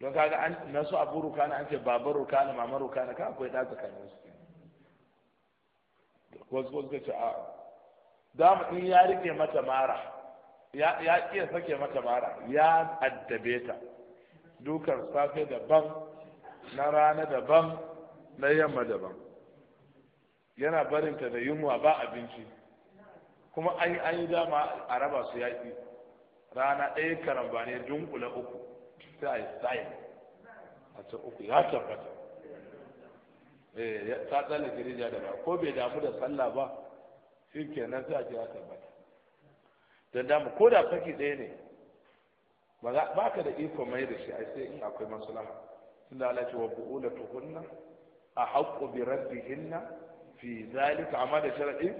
don kaga an na su abu rukana an ce babar rukana mamar rukana ka akwai ɗa tsakanin su wasu suka ce a'a mu in ya rike mata mara ya iya sake mata mara ya addabe ta dukar safe daban na rana daban na yamma daban yana barinta da yunwa ba abinci kuma an yi dama a raba su yaƙi rana ɗaya karamba ne dunkula uku sai a yi a ce uku ya tabbata eh, ta tsallake girija da ba ko bai damu da sallah ba shi nan za a ji haka ba don dama ko da faki ɗaya ne ba ka da iko mai da shi a sai in akwai maslaha tunda Allah ce wa bu'ula tuhunna a haqqu bi rabbihinna fi zalika amma da sharaɗi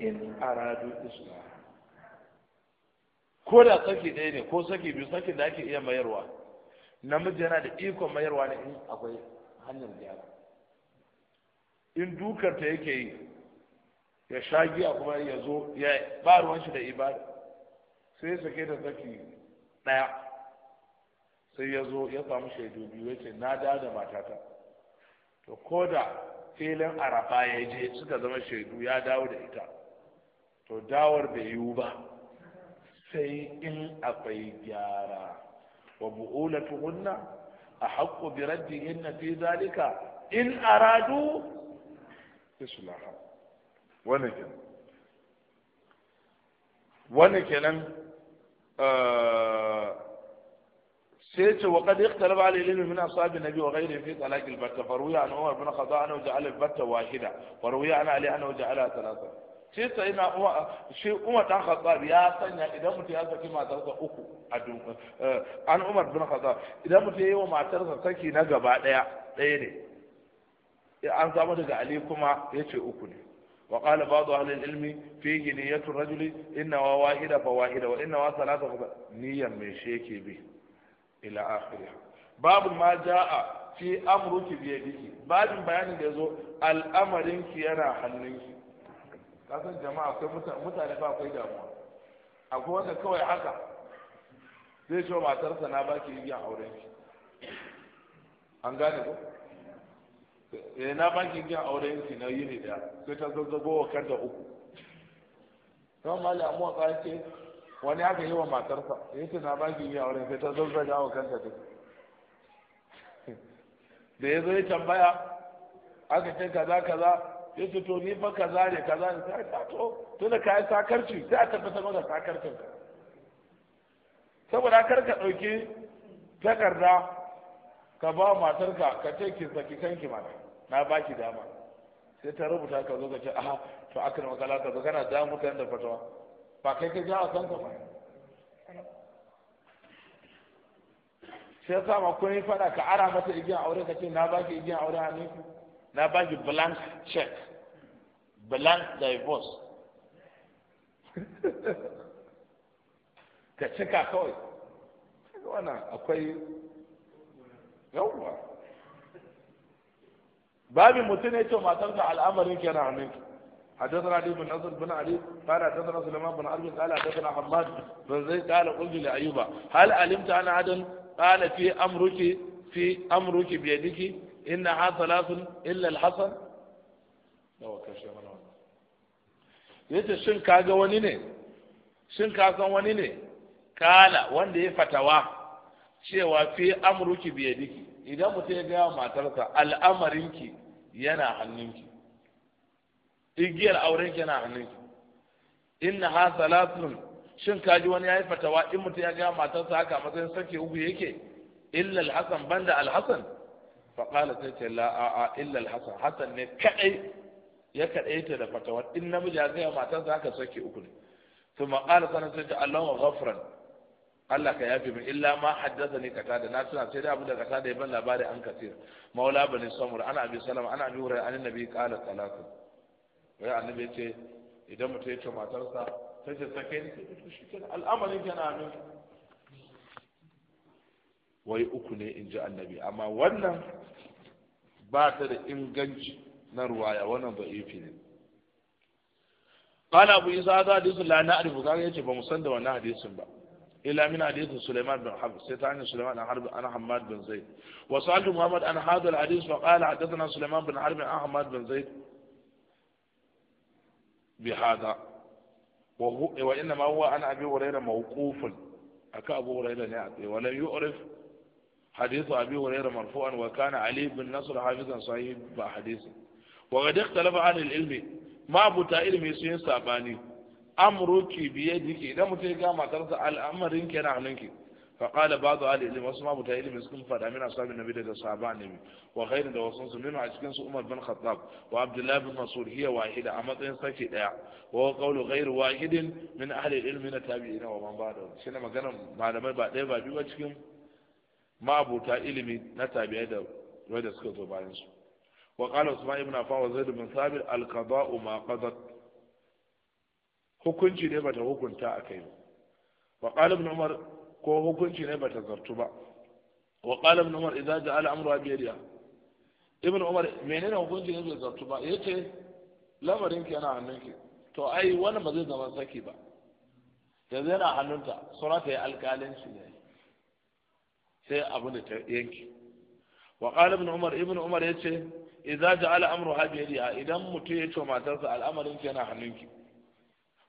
in aradu islah ko da saki ɗaya ne ko saki biyu saki da ake iya mayarwa namiji yana da iko mayarwa ne in akwai hanyar gyara in dukarta yake yi ya sha giya kuma ya zo ya ba ruwan shi da ibada sai ya sake da zaki daya sai ya zo ya samu shaidu biyu ya ce na da da matata to ko filin arafa ya je suka zama shaidu ya dawo da ita to dawar bai yiwu ba sai in akwai gyara wa bu'ulatuhunna a haƙƙo bi raddihinna fi zalika in aradu islaha wannan kenan wannan nan ah, sai ce wa kad ikhtalaba ala ilmi min ashabi nabi wa ghayrihi fi talaq albatta batta faruya an umar bin khattab annahu ja'ala al-batta wahida faruya an ali annahu ala thalatha sai sai na shi umar dan khattab ya sanya idan mutum ya saki matarsa uku a duka ah, an umar bin khattab idan mutum ya yi wa matarsa saki na gaba daya daya ne an samu daga ali kuma yace uku ne وقال بعض أهل العلم فيه نية الرجل إن واحدة فواحدة وإن ثلاثة فواحدة نية من شيكي به إلى آخرها باب ما جاء في أمرك بيدك باب بيان يزو الأمر يرى حلنك kasan jama'a akwai mutane ba akwai damuwa akwai wanda kawai haka zai ce matarsa na baki yin auren ki an gane ko Eh, na banki gin auren shi na yini da sai ta zazzago wa kanta uku don mali ka ce wani aka yi wa matarsa ya ce na banki gin auren sai ta zazzaga wa kanta duk da ya zo ya tambaya aka ce kaza kaza ya ce to ni fa kaza ne kaza ne sai ta to to da kayan sakarci sai a tabbatar maka sakarcin ka saboda kar ka ɗauki takarda ka ba matarka ka ce ki saki kanki mata na baki dama sai ta rubuta ka zo ka ce aha to akar makala ka zo kana da mutane da fatawa ba kai ka ja a ka ba sai sa ma kun yi fada ka ara mata igiyan aure ka ce na baki igiyan aure a nufi na baki blank check blank divorce (laughs) ka cika kawai wannan akwai yawwa babu mutum ya ce matar da al'amarin ke ramin حدثنا علي بن نصر بن علي قال حدثنا سليمان بن حرب قال حدثنا حماد بن زيد قال قلت لايوب هل علمت ان عدن قال في امرك في امرك بيدك انها ثلاث الا الحسن yace shin ka ga wani ne shin ka san wani ne kala wanda ya fatawa cewa fi amruki diki. idan mutum ya gaya matarsa al'amarinki yana hannunki igiyar aurenki yana hannunki in na ha salatun shin kaji wani ya yi fatawa in mutum ya ga matarsa haka matsayin sake uku yake illa alhasan banda alhasan faƙala sai ce la a'a illa alhasan hassan ne kadai ya kadai ta da fatawa in namiji ya ga matarsa haka sake uku ne to maƙala sanan sai ta allahumma ghafran Allah ka yafe min illa ma haddasa ne kata da na tuna sai da abu da kata da ban labari an kasir maula bani samur ana abi salama ana abi hurairah an nabi qala salatu wai annabi ya ce idan mutum ya ce matarsa ta sake ni to shi kenan al'amarin kenan min wai uku ne in ji annabi amma wannan ba ta da inganci na ruwaya wannan ifi ne qala abu isa hadithu la na'rifu kaga yace ba mu san da wannan hadisin ba إلا من حديث سليمان بن حرب سيدنا سليمان بن حرب أنا حماد بن زيد وسألت محمد عن هذا الحديث فقال حدثنا سليمان بن حرب عن حماد بن زيد بهذا وهو وإنما هو عن أبي هريرة موقوف أكا أبو هريرة نعطي ولم يعرف حديث أبي هريرة مرفوعا وكان علي بن نصر حافظا صحيح بحديثه وقد اختلف عن العلم ما أبو علمي سين ساباني amruki biyadiki idan mutum ya ga matarsa al'amarin ki yana hannunki فقال بعض اهل العلم وسمع ابو تهيل مسكن فدا من اصحاب النبي ده صحابه النبي وغير ده وسنس min a cikin su Umar bin Khattab wa Abdullah bin Mas'ud hiya wahida a matsayin saki daya wa qawlu ghayr wahidin min ahli al-ilm min tabi'in wa man ba'da shine magana malamai ba daya ba biyu ba cikin ma'abuta ilimi na tabi'ai da wanda suka zo bayan su wa qala Usman ibn Affan wa Zaid bin Thabit al-qada'u ma qadat hukunci ne bata hukunta a kai ba wa ibn umar ko hukunci ne bata zartu ba wa qala ibn umar idza ja'ala amru bi yadiha ibn umar menene hukunci ne bai zartu ba yace lamarin ki yana hannunki to ai wani ba zai zama saki ba yanzu yana hannunta sura ta yi alƙalanci ne sai abu da ta yanki wa qala ibn umar ibn umar yace idza ja'ala amru bi yadiha idan mutum ya ce matarsa al'amarin ki yana hannunki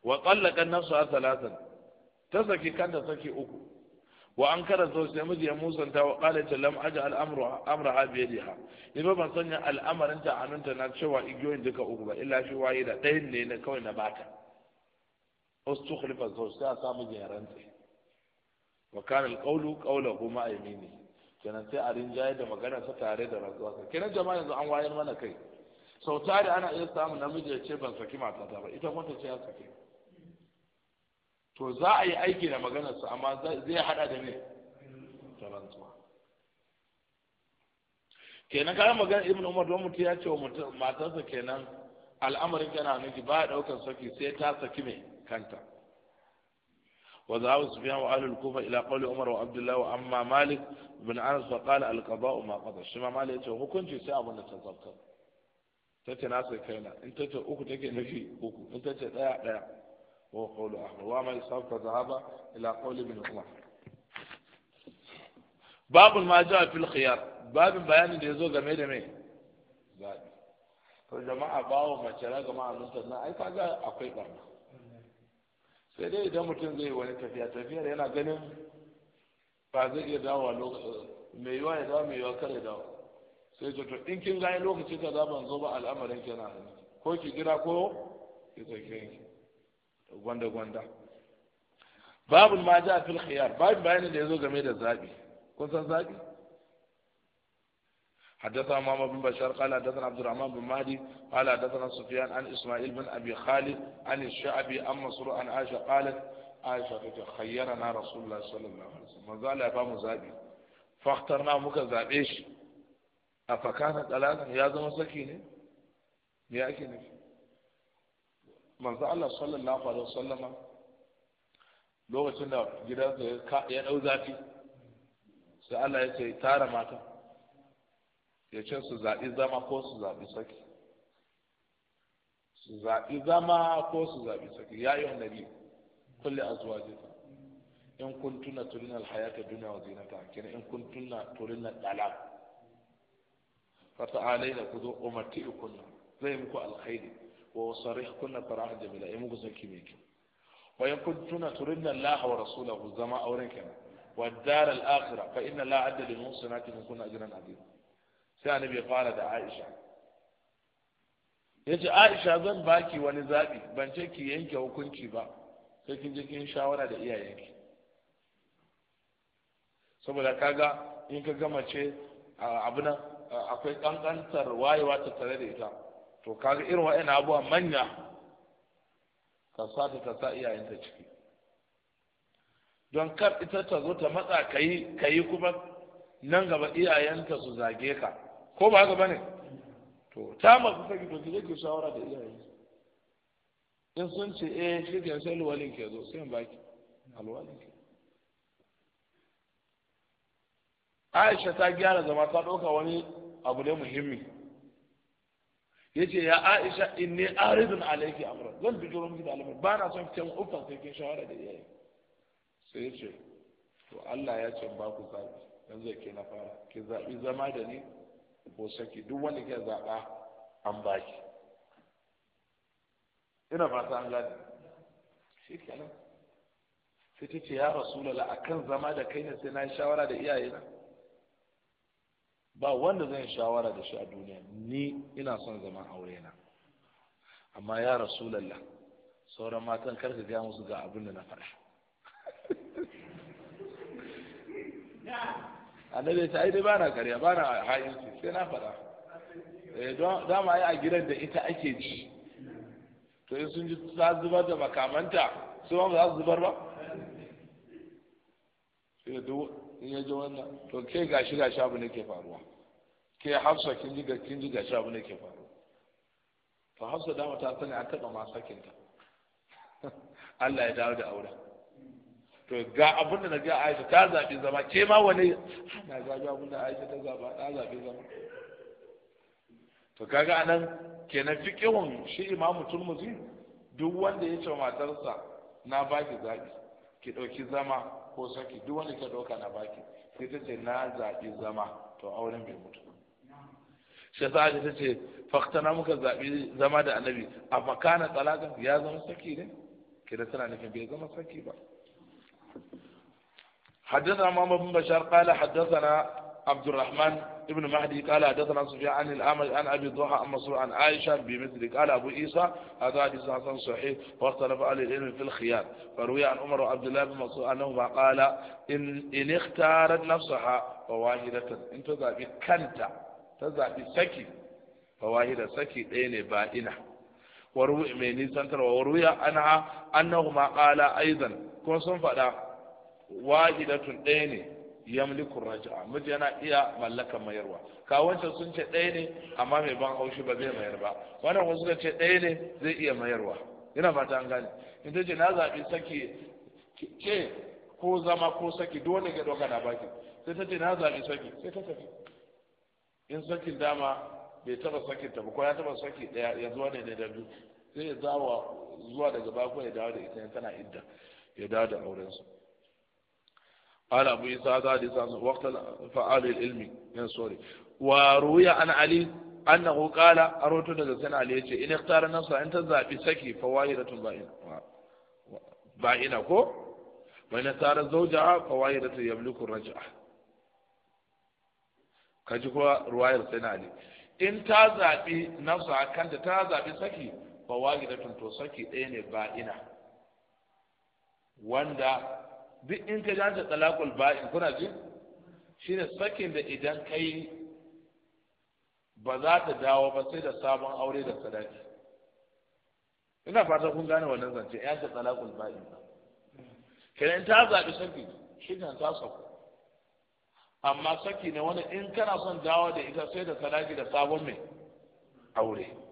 wa tsallaka nafsu a talatin ta saki kanta saki uku wa an kara sau sai miji ya musanta wa kala ta lam a al'amru amra ha biyadiha ni ba ban sanya al'amarin ta na cewa igiyoyin duka uku ba illa shi waye da ɗayan ne kawai na bata ustukhlifa sau sai a samu gyaran tsaye wa kana alqawlu qawluhu ma yamini kenan sai a rinjaye da magana sa tare da rantsuwa kenan jama'a yanzu an wayar mana kai sau tare ana iya samun namiji ya ce ban saki matata ba ita kwanta ce ya saki to za a yi aiki da maganarsa amma zai hada da ne da rantsuwa kenan kayan magana ibn umar don mutu ya ce wa matarsa kenan al'amarin kana nuki ba a daukar saki sai ta saki mai kanta wa za su biya wa alul kufa ila qawli umar wa abdullahi wa amma malik bin anas fa qala al qada'u ma qada shi ma malik yace hukunci sai abin da ta zartar ce na sai kaina in ce uku take nufi uku in ce daya daya وهو قول أحمد وما إسحاق ذهب إلى قول ابن عمر باب ما جاء في الخيار باب بيان da yazo game da me zabi to jama'a bawo mace ra jama'a mun sanna ai kaga akwai barna sai dai idan mutum zai wani tafiya tafiyar yana ganin ba zai iya lokacin yiwa ya dawo mai yiwa kare dawo sai to in kin gani lokaci kaza ban zo ba al'amarin kenan ko ki gira ko ki tsake gwanda gwanda babul ma ja fil khiyar babu bayanin da yazo game da zabi kun san zabi حدثنا محمد بن بشار قال حدثنا عبد الرحمن بن مهدي قال حدثنا سفيان عن اسماعيل بن ابي خالد عن الشعبي عن مسروق عن عائشه قالت عائشه خيرنا رسول الله صلى الله عليه وسلم من قال يا زابي فاخترنا مك زابيش افكان ثلاثا يا زما سكي ne me yake nufi manzo Allah sallallahu alaihi wasallam lokacin da gidansa ya dau zafi sai Allah ya ce tara mata ya ce su zaɓi zama ko su zaɓi saki su zaɓi zama ko su zaɓi saki ya yi nabi kulli azwaji in kuntuna turina alhayata dunya wa zinata kina in kuntuna turina dalal fata alaina kudu umarti'ukunna zai muku alkhairi wa sarih kunna sarah jamila yi muku sarki mai kyau wa in kuntuna turidna Allah wa rasulahu zama auren kenan wa dar al akhirah fa inna la adda lil muhsinati min kunna ajran azim sai annabi ya fara da Aisha yace Aisha zan baki wani zabi ban ce ki yanke hukunci ba sai kin je kin shawara da iyayenki saboda kaga in ka gama ce abuna akwai kankantar wayewa ta tare da ita to kaga irin wa'in abuwa manya ta sa ta sa iyayenta ciki don kar ita ta zo ta matsa kayi kayi kuma nan gaba iyayenta su zage ka ko ba haka bane to ta mafi saki to ki ke shawara da iyaye. in sun ce eh shi ke sai alwalin ke zo sai baki alwalin ke Aisha ta gyara zama ta ɗauka wani abu ne muhimmi yace ya Aisha inni aridun alayki amra zan bijiro miki da al'amari ba na son fitan ufa sai kin shawara da yayi sai yace to Allah ya ce ba ku zabi yanzu ke na fara ki zabi zama da ni ko saki duk wanda ke zaba an baki ina fata an gane shi kenan sai ta ce ya rasulullah akan zama da kai ne sai na shawara da iyayena ba wanda zan shawara da shi a duniya ni ina son zaman aure na amma ya rasulallah sauran matan karka gaya musu ga abin da na fara annabi ta ai dai ba na karya ba na ha'inci sai na faɗa eh, dama yi a gidan da ita ake ji to in sun ji ta zubar da makamanta su ba za su zubar ba in ya ji wannan to ke gashi gashi abu ne ke faruwa ke hafsa kin ji ga kin ji gashi abu ne ke faruwa to hafsa dama ta sani an taɓa ma ta (laughs) Allah ya dawo da aure to ga abin da na Aisha ta zaɓi zama ke ma wani na ga abin da Aisha ta zaba ta zaɓi zama to kaga anan kenan fiqhun shi imamu turmuzi duk wanda ya ce matarsa na baki zabi ki ɗauki zama ko saki duk wanda ta doka na baki sai ta ce na zaɓi zama to auren bai mutu shi ta ta ce faktana muka zaɓi zama da annabi a makana tsalagan ya zama saki ne kira tana nufin bai zama saki ba حدثنا محمد بن بشار قال حدثنا عبد الرحمن ابن مهدي قال حدثنا سفيان عن الأعمش عن أبي ضحى عن مسروق عن عائشة بمثل قال أبو عيسى هذا حديث حسن صحيح واختلف أهل العلم في الخيار فروي عن عمر وعبد الله بن مسعود أنهما قال إن إن اختارت نفسها فواحدة إن تزعبي كنت تزعبي سكي فواحدة سكي دين بائنة وروي من نسانتر وروي عنها أنهما قال أيضا كون سنفدا واحدة دين yamliku raja'a miji yana iya mallaka mayarwa ka wancan sun ce ɗaya ne amma mai ban haushi ba zai mayar ba wannan wasu suka ce ɗaya ne zai iya mayarwa ina fata an gane in ta ce na zaɓi saki ke ko zama ko saki dole ke ɗauka na baki sai ta ce na zaɓi saki sai ta tafi in sakin dama bai taɓa sakin ta ba ko ya taɓa saki ɗaya ya zuwa ne da biyu sai ya zawa zuwa daga bako ya dawo da ita tana idda ya dawo da aurensu قال أبو عيسى هذا حديث وقت فعال العلم سوري وروي عن علي أنه قال أروت دجسنا علي إن اختار نفسه أنت زابي سكي فواهرة بائنة بائنة كو وإن اختار زوجها فواهرة يملك الرجعة kaji kuwa ruwayar sai na ali in ta zaɓi nafsa a kanta ta zaɓi saki ba wanda duk in ka jaje talakul ba'in kuna ji shine sakin da idan kai ba za ta dawo ba sai da sabon aure da sadaki ina fata kun gane wannan zance ya ta talakul ba'in kenan ta zabi saki shi ne ta sako amma saki ne wani in kana son dawo da ita sai da sadaki da sabon mai aure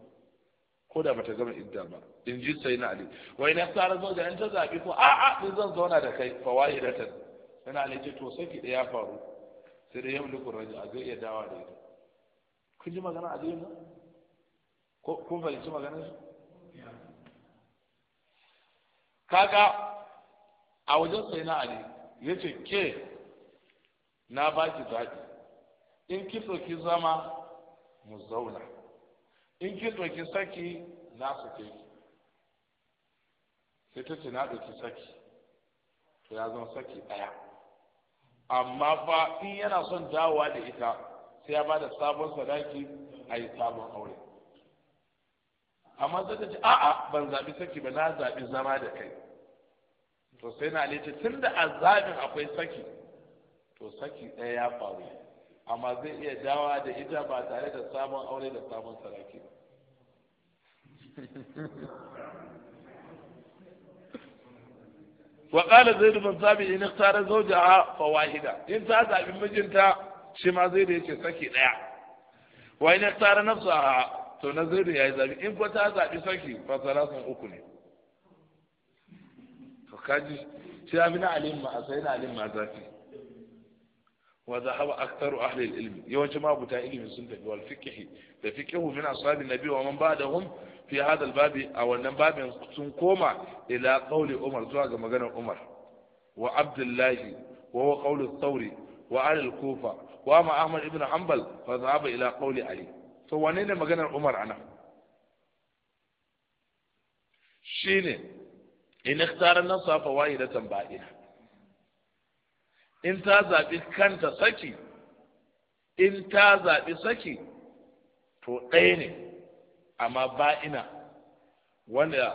ko da bata gama idda ba in ji sai na ali wa in tsara zo da an ta ko a a ni zan zauna da kai fa wahidatan sai na ali ce to ki da ya faru sai da yau lukur raji a zai iya dawa da ita kun ji magana a mu ko kun fahimci magana shi kaga a wajen sai na ali ya ce ke na baki zaɓi in ki ki zama mu zauna in kin ɗauki saki na ke ki sai ta ce na ɗauki saki to ya zama saki ɗaya amma fa in yana son dawowa da ita sai ya ba da sabon sadaki a yi sabon aure amma sai ta ce a'a ban zaɓi saki ba na zaɓi zama da kai to sai na ce tun da a zaɓin akwai saki to saki ɗaya ya faru amma zai iya dawa da ita ba tare da sabon aure da sabon sadaki ba وقال زيد بن ثابت ان اختار زوجها فواحدة إن تازع بمجنتا شما زيد يشي سكي ديا وان اختار نفسها تنزيد يا زابي ان كنت تازع بسكي فثلاثة أكل فكاجي ابن علم ما أسينا علم ما ذاتي وذهب اكثر اهل العلم يوم جماعة بتاع علم سنة والفقه الفقه من اصحاب النبي ومن بعدهم fi hadal babi a wannan babin sun koma ila qauli umar zuwa ga maganar umar wa abdullahi wa wa qawlu thawri wa al kufa wa ma ahmad ibn hanbal fa zaba ila qawli ali to wane ne maganar umar ana shine in ikhtara nafsa fa wahidatan ba'ina in ta zabi kanta saki in ta zabi saki to ɗaya ne amma ba'ina wanda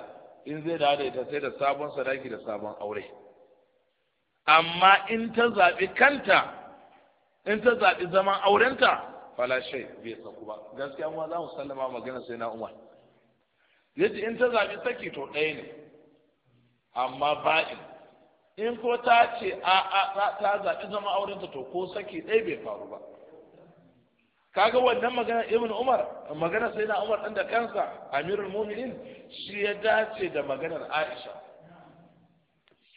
in zai dawo da ita sai da sabon sadaki da sabon aure amma in ta zaɓi kanta in ta zaɓi zaman aurenta fala shai bai saku ba gaskiya kuma za mu sallama magana sai na umar yace in ta zaɓi saki to ɗaya ne amma ba'in in ko ta ce a a ta zaɓi zaman aurenta to ko saki ɗaya bai faru ba kaga wannan magana ibn umar magana sai na umar ɗan da kansa amirul muminin shi ya dace da maganar aisha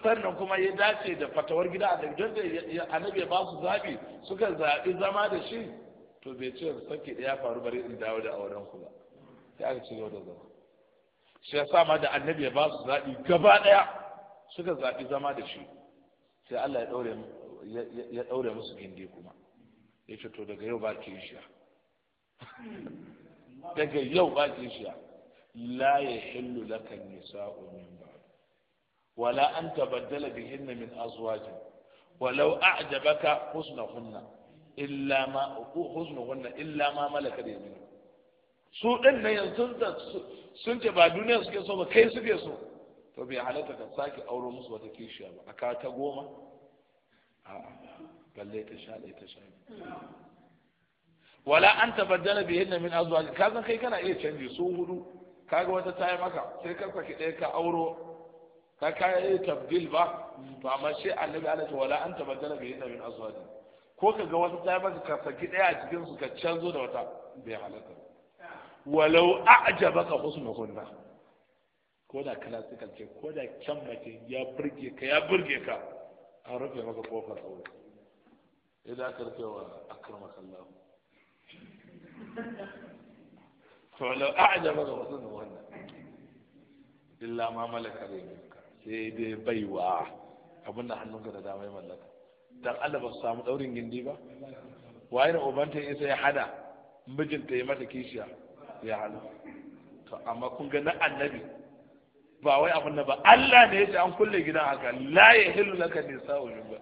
sannan kuma ya dace da fatawar gida a don da annabi ya ba su zaɓi suka zaɓi zama da shi to bai ce sake da ya faru bari in dawo da auren ku ba sai aka ci da zama shi ya sama da annabi ya ba su zaɓi gaba ɗaya suka zaɓi zama da shi sai Allah ya ɗaure musu gindi kuma ya ce to daga yau ba kishiya daga yau ba kishiya la ya hillu laka nisa'u min ba wala an tabaddala bihinna min azwajin walau a'jabaka husnahunna illa ma husnahunna illa ma malakat yaminuka su din nan yanzu sun ce ba duniya suke so ba kai suke so to bai halatta ka sake auro musu wata kishiya ba a ka ta goma a'a balle ta sha ɗaya ta sha wala an tabaddala bi hinna min azwaj ka san kai kana iya canji su hudu kaga wata ta yi maka sai ka saki ɗaya ka auro ka kai tabdil ba to amma shi annabi Allah ta wala an tabaddala bi hinna min azwaj ko ka ga wata ta yi maka ka saki ɗaya a cikin su ka canzo da wata bai halatta walau a'jabaka husnuhunna ko da classical ce ko da can mace ya burge ka ya burge ka an rufe maka kofar aure idan aka rufe wa akrama kallahu to lau a'jaba ga wasu wannan illa ma malaka yi. sai dai baiwa abin da hannunka da damai mallaka dan Allah ba su samu daurin gindi ba waye obanta ya sai hada mijinta ya mata kishiya ya halu to amma kun ga na annabi ba wai abin da ba Allah ne ya ce an kulle gidan haka la ya yahillu laka nisa'u ba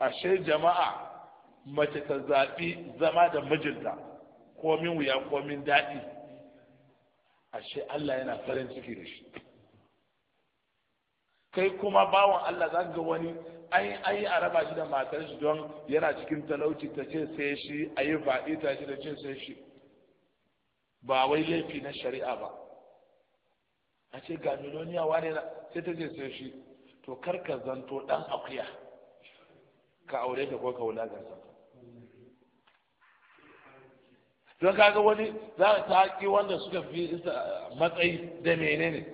ashe jama'a mace ta zaɓi zama da mijinta komin wuya komin daɗi ashe Allah yana farin ciki da shi kai kuma bawan Allah za ga wani ai ai a raba shi da matar shi don yana cikin talauci ta ce sai shi a yi faɗi ta shi da ce sai shi ba wai laifi na shari'a ba a ce ga miloniya wane sai ta ce sai shi to kar ka zanto ɗan akuya ka aure ta ko ka wulaga ta don kaga wani za ta taƙi wanda suka fi matsayi da menene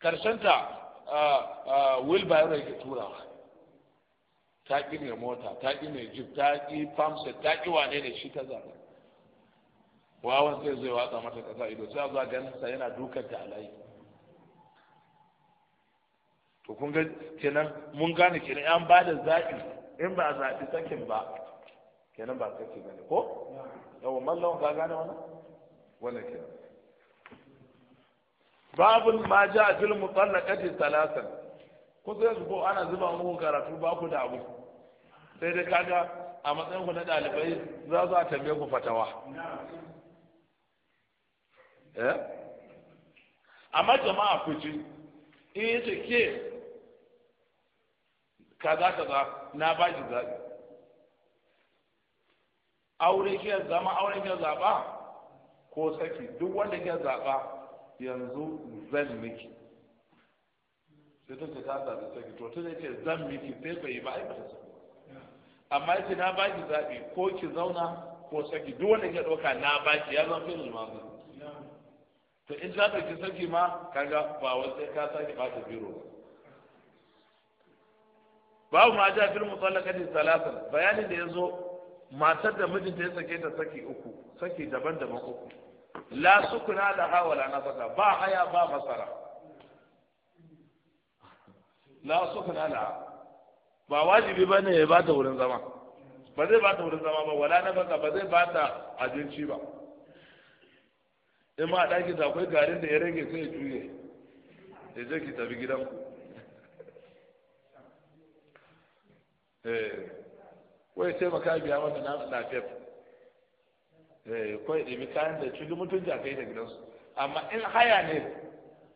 karshenta will bayar da turawa ta ƙi mai mota ta mai jib ta ƙi famsa ta ƙi wane ne shi ta zaɓa wawan sai zai watsa mata ƙasa ido sai a zuwa ganin sa yana dukanta ta alayi to kun ga kenan mun gane kenan an ba da zaɓi in ba a zaɓi sakin ba kenan ba saki ba ne ko yawon mallon ka gane wani? Wani kenan babun ma ja fil mutallaqati salasan ko sai su ko ana zuba muku karatu ba ku da abu sai dai kaga a matsayin ku na ɗalibai za su tambaye ku fatawa eh? amma jama'a ku ji in eh, yi ke kaza kaza na ba shi zaɓi aure ke zama aure ke zaɓa ko saki duk wanda ke zaɓa yanzu zan miki sai ta ce ta zaɓi saki to ta ce zan miki sai bai yi ba yi ba Amma amma ce na ba ki zaɓi ko ki zauna ko saki duk wanda ke ɗauka na ba ki ya zama fiye da to in za ka ki saki ma kaga ba wasu ka sake ba ta biro ba babu ma ja fil musallaqati salasa bayanin da yazo matar da mijinta ya sake ta saki uku saki daban-daban uku la sukuna laha wala nafaka ba haya ba masara la sukuna laha ba wajibi ba ne ya ba ta wurin zama ba zai ba ta wurin zama ba wala na nafaka ba zai ba ta abinci ba in ma a da akwai garin da ya rage sai ya juye ya je ki tafi gidanku ko eh, sai taimaka biya wanda na lafiya eh, kwai ɗabi kayan da cikin mutunci a kai da gidansu amma in haya ne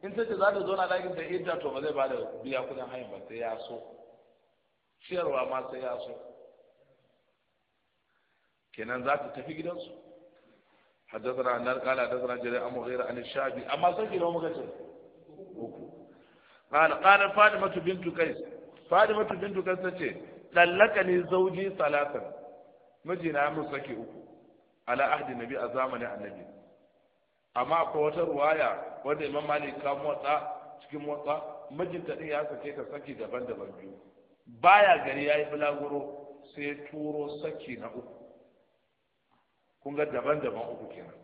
in ta ce za ta zo na ɗakin da ita, to ba zai ba da biya kudin hayan ba sai ya so ciyarwa ma sai ya so kenan za ta tafi gidansu حدثنا عن قال حدثنا جرير أم غير عن الشعبي أما سجل لو مكتب قال قال فاطمة بنت قيس فاطمة بنت قيس تقول dallaka ni zauji salatan mijina na mun sake uku ala ahdi nabi a zamanin annabi amma akwai wata ruwaya wanda imam malik ka motsa cikin motsa mijinta din ya sake ta saki daban-daban biyu baya gari yayi bulaguro sai turo saki na uku kun ga daban-daban uku kenan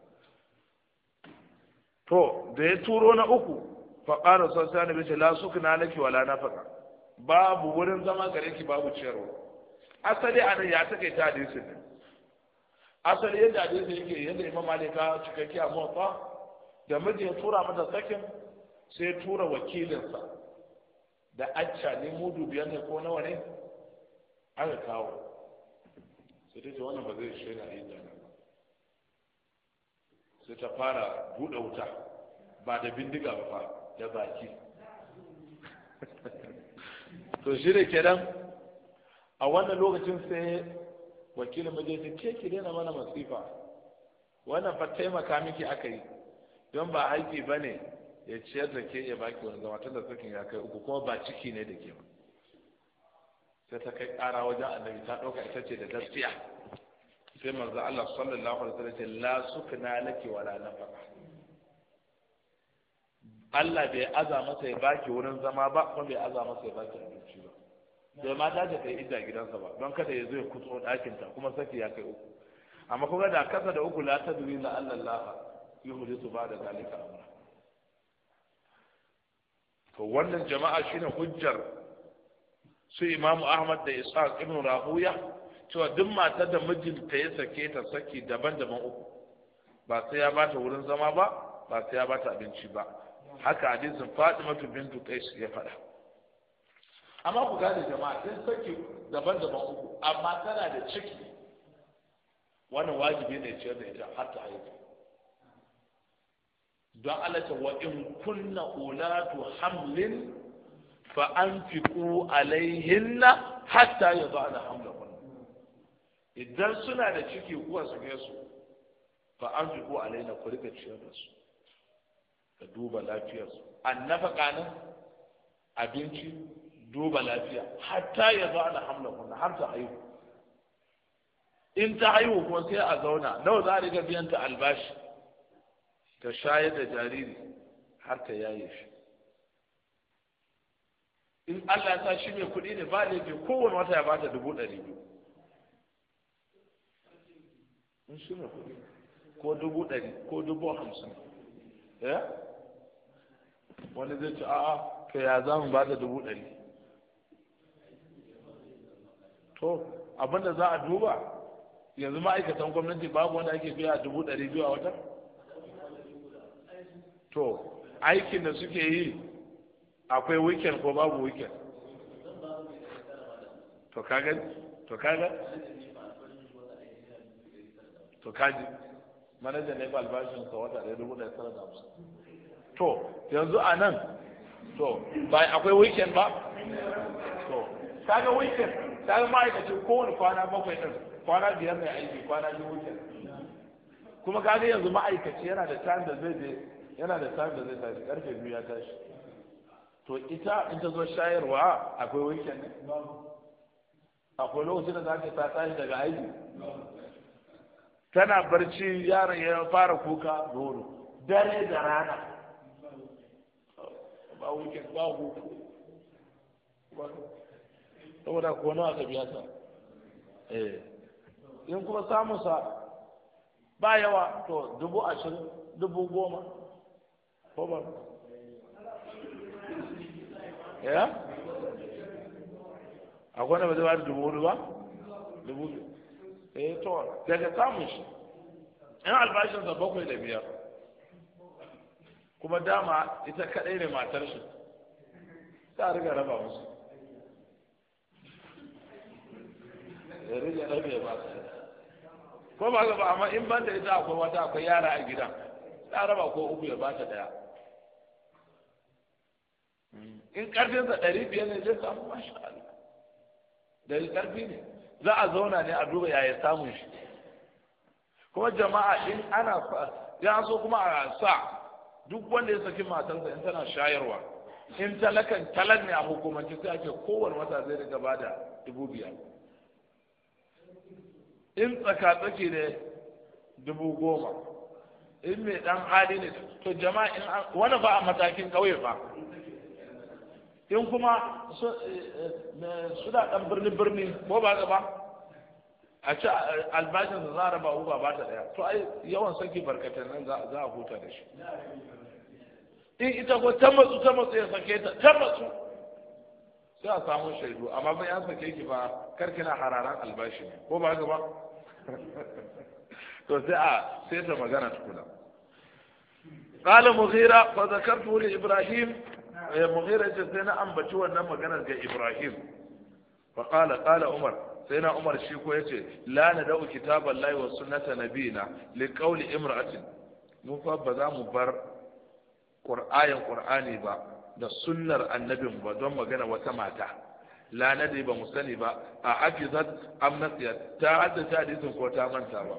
to da ya turo na uku faƙara sallallahu alaihi wasallam la sukna laki wala nafaka babu wurin zama gare ki babu ciyarwa asali a ya ya take ta hadisin ne asali yadda hadisin yake yadda imam malika cikakki a mota da miji ya tura mata sakin sai tura wakilinsa da acca ne mudu biyar ne ko nawa ne aka kawo sai ta ce wannan ba zai shaida a yin jana ba sai ta fara buɗe wuta ba da bindiga ba fa da baki (laughs) to shi da kenan a wannan lokacin sai wakilin majalisar ke ki daina mana masifa wannan fa taimaka miki aka yi don ba aiki ba ne ya ciyar da ke ya baki wani zama tun da ya kai uku kuma ba ciki ne da ke ba sai ta kai ƙara wajen annabi ta ɗauka ita ce da gaskiya sai manzo Allah sallallahu alaihi wasallam la sukna laki wala nafaqa Allah bai aza masa ya baki wurin zama ba kuma bai aza masa ya baki abinci ba bai ma ta kai idda gidansa ba don kada ya zo ya kutso ɗakin ta kuma saki ya kai uku amma kuma da kasa da uku la tadri la Allah su ba da zalika amma to wannan jama'a shine hujjar su Imam Ahmad da Ishaq ibn Rahuya cewa duk mata da mijinta ya sake ta saki daban-daban uku ba sai ya bata wurin zama ba ba sai ya bata abinci ba haka hadisin fatimatu bintu qais ya faɗa amma ku gane jama'a in saki daban-daban uku amma tana da ciki wannan wajibi ne ciyar da ita har ta haihu don Allah ta wa in kunna ulatu hamlin fa anfiqu alaihinna hatta yadhana hamlahun idan suna da ciki kuwa su su fa anfiqu alaina ku rika ciyar da su ka duba lafiyarsu annafaka nan abinci duba lafiya hatta ya zo ana hamla kunna har ta haihu in ta haihu kuma sai a zauna nawa za a riga biyan ta albashi ta shayar da jariri har ta yaye shi in Allah ya sa shi mai kuɗi ne ba laifi kowane wata ya bata dubu ɗari biyu in shi mai kuɗi ko dubu ɗari ko dubu hamsin eh? wani zai ce a'a kai ya za mu ba da dubu ɗari to da za a duba yanzu ma'aikatan gwamnati babu wanda ake biya dubu ɗari biyu a wata to aikin da suke yi akwai wikin ko babu wikin to kaga to kaga to kaji manajan ne ba albashin ka wata ɗaya dubu ɗaya tara da hamsin to yanzu a nan to ba akwai weekend ba to kaga weekend kaga ma'aikacin kowane kwana bakwai ɗin kwana biyar mai aiki kwana biyu weekend kuma kaga yanzu ma'aikaci yana da time da zai je yana da time da zai tashi karfe biyu ya tashi to ita in ta zo shayarwa akwai weekend ne akwai lokacin da za ta tashi daga aiki tana barci yaron ya fara kuka doro dare da rana ba weekend ba hutu saboda ko nawa ka biya sa eh in kuma samun sa ba yawa to dubu ashirin dubu goma ko ba ya eh? akwai wanda ba zai ba dubu hudu ba dubu eh to daga samun shi in albashinsa bakwai da biyar kuma dama ita kaɗai ne matar shi ta riga raba musu ya riga rabe ba ko ba ga ba amma in ban da ita akwai wata akwai yara a gidan ta raba ko uku ya ba ta daya in sa ɗari biyar ne zai samu masha Allah dari karfi ne za a zauna ne a duba yaya samun shi kuma jama'a in ana ya so kuma a sa duk wanda ya saki matarsa in tana shayarwa in talakan talar ne a hukumance sai ake kowane wata zai riga ba da dubu biyar in tsaka-tsaki ne dubu goma in mai dan hali ne to jama'a in wani ba a matakin ƙauye ba in kuma su da eh, eh, eh, dan birni-birni ko ba ba a ci albashin da za a raba uba ba ta daya to ai yawan saki barkatai nan za a huta da shi in ita ko ta matsu ta matsu ya sake ta ta matsu sai a samu shaidu amma bai an sake ki ba kar kina hararan albashi ne ko ba haka ba (laughs) to sai a sai ta magana tukuna قال مغيرة فذكرته لإبراهيم مغيرة جزينا maganar النمى Ibrahim. إبراهيم فقال قال عمر sai na umar shi ko yace la na da'u kitaballahi wa sunnata nabina li qawli imra'atin mu fa ba za mu bar qur'ayan qur'ani ba da sunnar annabin ba don magana wata mata la na dai ba mu sani ba a hafizat am nasiyat ta adda ta hadisin ko ta manta ba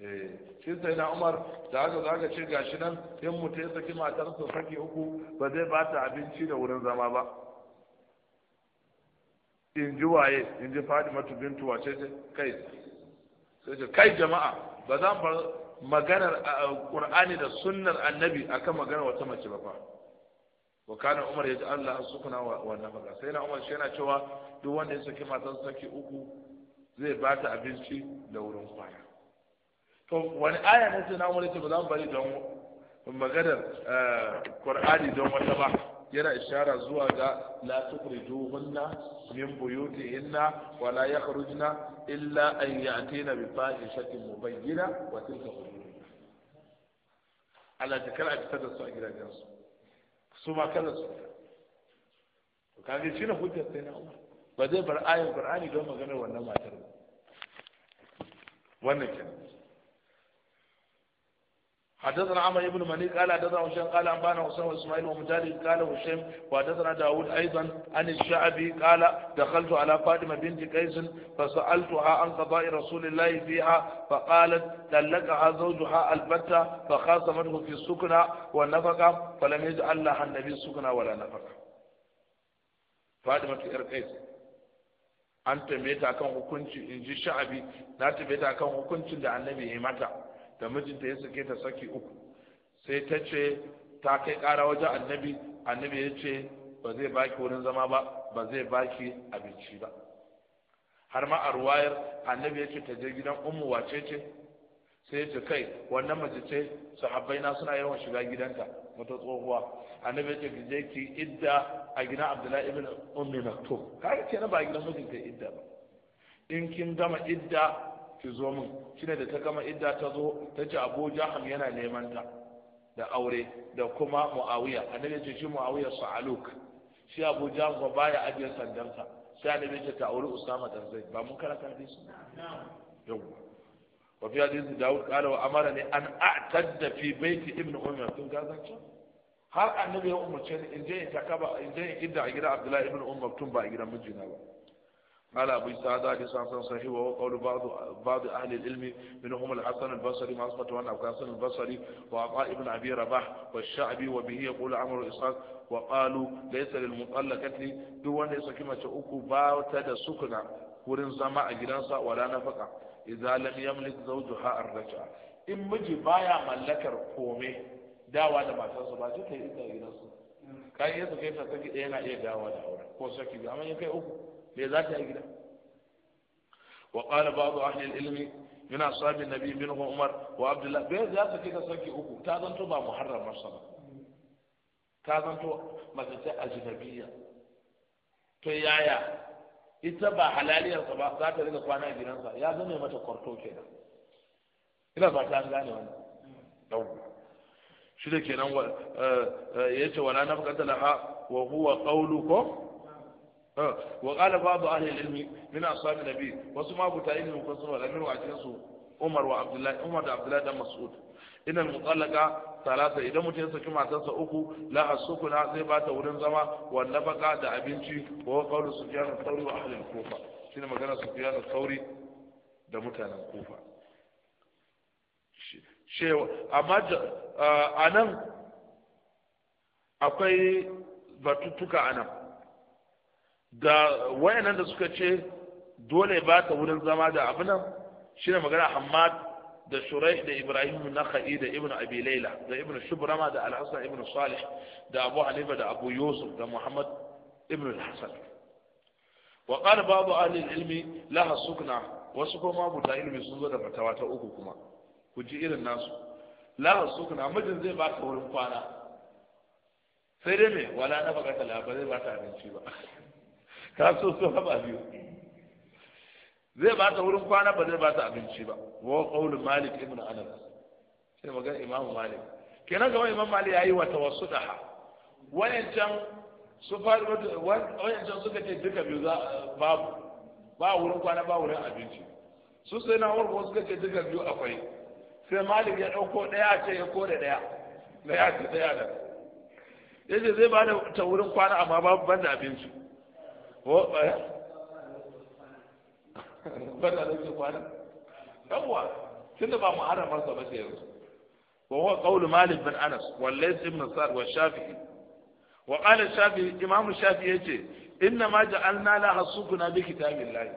eh shi sai na umar da haka za ka ce gashi nan in mutum ya saki sa saki uku ba zai ba ta abinci da wurin zama ba in ji waye in ji faɗi bintu wace ce kai sai ce kai jama'a ba za bar maganar qur'ani da sunnar annabi akan maganar wata mace ba fa wa kana umar ya ji Allah sukuna wa nafaka sai na umar shi yana cewa duk wanda ya saki matan saki uku zai ba ta abinci da wurin kwana to wani aya ne sai na umar ya ce ba za mu bari don maganar eh, qur'ani don wata ba yana ishara zuwa ga la tukhrijuhunna min buyutihinna wa la yakhrujna illa an ya'tina bi fahishatin mubayyina wa tilka hududullah Allah ta kar a fitar da su a gidajen su su ma kada su to kage shi ne hujjar sai na Allah ba zai bar ayatul qur'ani don maganar wannan matar ba wannan kenan حدثنا عمرو بن منيق قال حدثنا هشام قال انبانا حسين واسماعيل ومجاهد قال هشام وحدثنا داود ايضا عن الشعبي قال دخلت على فاطمه بنت قيس فسالتها عن قضاء رسول الله فيها فقالت طلقها زوجها البتة فخاصمته في السكنى والنفقه فلم يجعل لها النبي السكنى ولا نفقه فاطمه ار قيس an tambaye ta kan hukunci in ji sha'abi na tambaye ta kan hukuncin da annabi ya mata da mijinta ya sake ta saki uku sai ta ce ta kai ƙara wajen annabi annabi ya ce ba zai baki wurin zama ba ba zai baki abinci ba har ma a ruwayar annabi ya ce ta je gidan umu wace ce sai ya ce kai wannan mace ce sahabbai na suna yawan shiga gidanta wata tsohuwa annabi ya ce ki je ki idda a gidan abdullahi ibn ummi maktum kaga kenan ba a gidan mijinta idda ba in kin gama idda ki zo min ne da ta gama idda ta zo ta ce abu jaham yana neman ta da aure da kuma muawiya annabi ce shi muawiya sa'aluk shi abu jaham ba baya ajiye sandansa sai annabi ce ta aure usama dan zai. ba mun karanta hadisi Yau. wa fi hadisi daud qala wa amara ni an a'tadda fi baiti Ibn umar kun ga har annabi ya umarce ni in je in takaba in je in idda a gidan abdullahi Ibn umar tun ba a gidan mijina ba قال أبو إسعاد حديث حسن صحيح وهو قول بعض بعض أهل العلم منهم الحسن البصري مع عصمة وأن الحسن البصري وعطاء بن أبي رباح والشعبي وبه يقول عمرو إسحاق وقالوا ليس للمطلقة دون ليس كما تأكو باوتد سكنا wurin zama a gidansa wala nafaka idza lam yamlik zawjuha ar-raj'a in miji baya mallakar kome dawa da matarsa ba sai kai ita gidansa kai yasa kai ta saki na iya dawa da amma in kai uku me za ta yi gida wa qala ba'du ahli al ilm min ashab an-nabi minhu umar wa abdullah be za ta kika saki uku ta zanto ba muharramar ba. ta zanto mace ta ajnabiyya to yaya ita ba sa ba za ta riga kwana gidansa ya zama mata kwarto kenan ina ba ta gane wannan dawo shi da kenan eh, eh, ya ce wala nafqata laha wa huwa qawlukum ko Eh, wa qala ba'du ahli al-ilm min ashab an-nabi wasu bu ta'in ilmin kusur wa lamir wa jinsu Umar wa Abdullahi Umar da Abdullahi dan Mas'ud ina mutallaka talata idan mutun ya saki matarsa uku la asukuna zai bata wurin zama wa nafaka da abinci wa qawlu sufyan al-thawri wa ahli al-kufa shine magana sufyan al-thawri da mutanen kufa she amma eh, anan akwai batutuka anan da wayannan da suka ce dole ba ta wurin zama da abin nan shine magana Hammad da Shuraih da Ibrahim Nakhai da Ibn Abi Layla da Ibn Shubrama da Al-Hasan Ibn Salih da Abu Hanifa da Abu Yusuf da Muhammad Ibn Al-Hasan wa qala ba'd ahli al-ilmi laha sukna wasu kuma buta ilmi sun zo da fatawa ta uku kuma ku ji irin nasu laha sukna mijin zai ba ta wurin kwana sai dai me wala nafaka ta ba zai ba ta abinci ba ka so so haba biyu zai ba ta wurin kwana ba zai ba ta abinci ba wa qaulu malik ibn anas sai magana imamu malik kenan ga imam malik yayi wa tawassudaha wayancan su faru wayancan suka ce duka biyu za babu ba wurin kwana ba wurin abinci su sai na wurin suka ce duka biyu akwai sai malik ya dauko daya ce ya kore daya daya ce daya da yaje zai ba da ta wurin kwana amma ban banda abinci ko bara eh? (laughs) bara da ke kwana yawwa tunda ba muharramar sa ba ce yanzu wa huwa qawlu malik bin anas wa lays ibn sa'd wa shafi'i wa qala shafi'i imam shafi'i yace inna ma ja'alna laha sukuna bi kitabillahi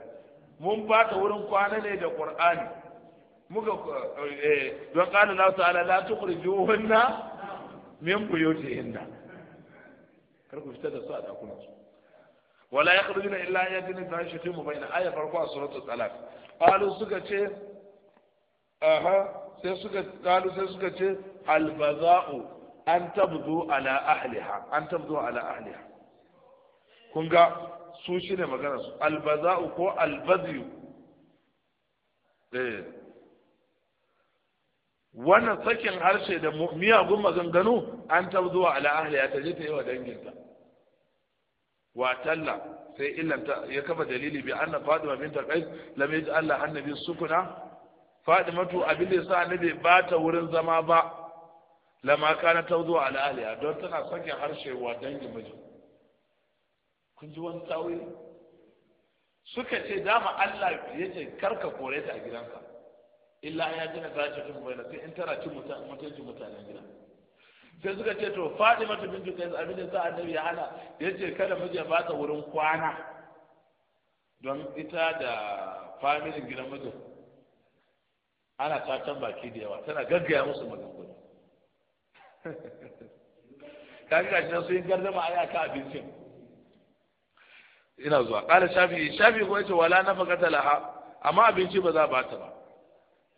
mun ba ta wurin kwana ne da qur'ani muka eh, eh, don qala Allah ta'ala la tukhrijuhunna min buyutihinna kar ku fitar da su a dakunansu wala yakhrujuna illa yadin fahishatu mubayna aya farko a suratul talaq qalu suka ce aha an tabdu ala ahliha an tabdu ala ahliha kun ko eh. wannan sakin harshe da miyagun maganganu an tabdu ala ahliha ta je ta yi wa danginta wa talla sai illanta ya kafa dalili bi anna fatima bint al-qais lam yaj'al Allah annabi sukuna fatimatu abin da yasa annabi ba ta wurin zama ba lama kana tawdu ala ahliha don tana sake harshe wa dangin miji kun ji wani tawili suka ce dama Allah ya ce karka kore ta a gidanka illa ya gina ta ce kun bayyana sai in tana cin mutuncin mutanen gidan sai suka ce to faɗi mata bin Qais a bin sa annabi ya hana yace kada miji ba ta wurin kwana don ita da familin gidan mijin ana tatan baki da yawa tana gaggaya musu maganganu (laughs) kaga gashi yi sun ma a ka abincin ina zuwa kala shafi shafi ko yace wala nafaqata laha amma abinci ba za ba ta ba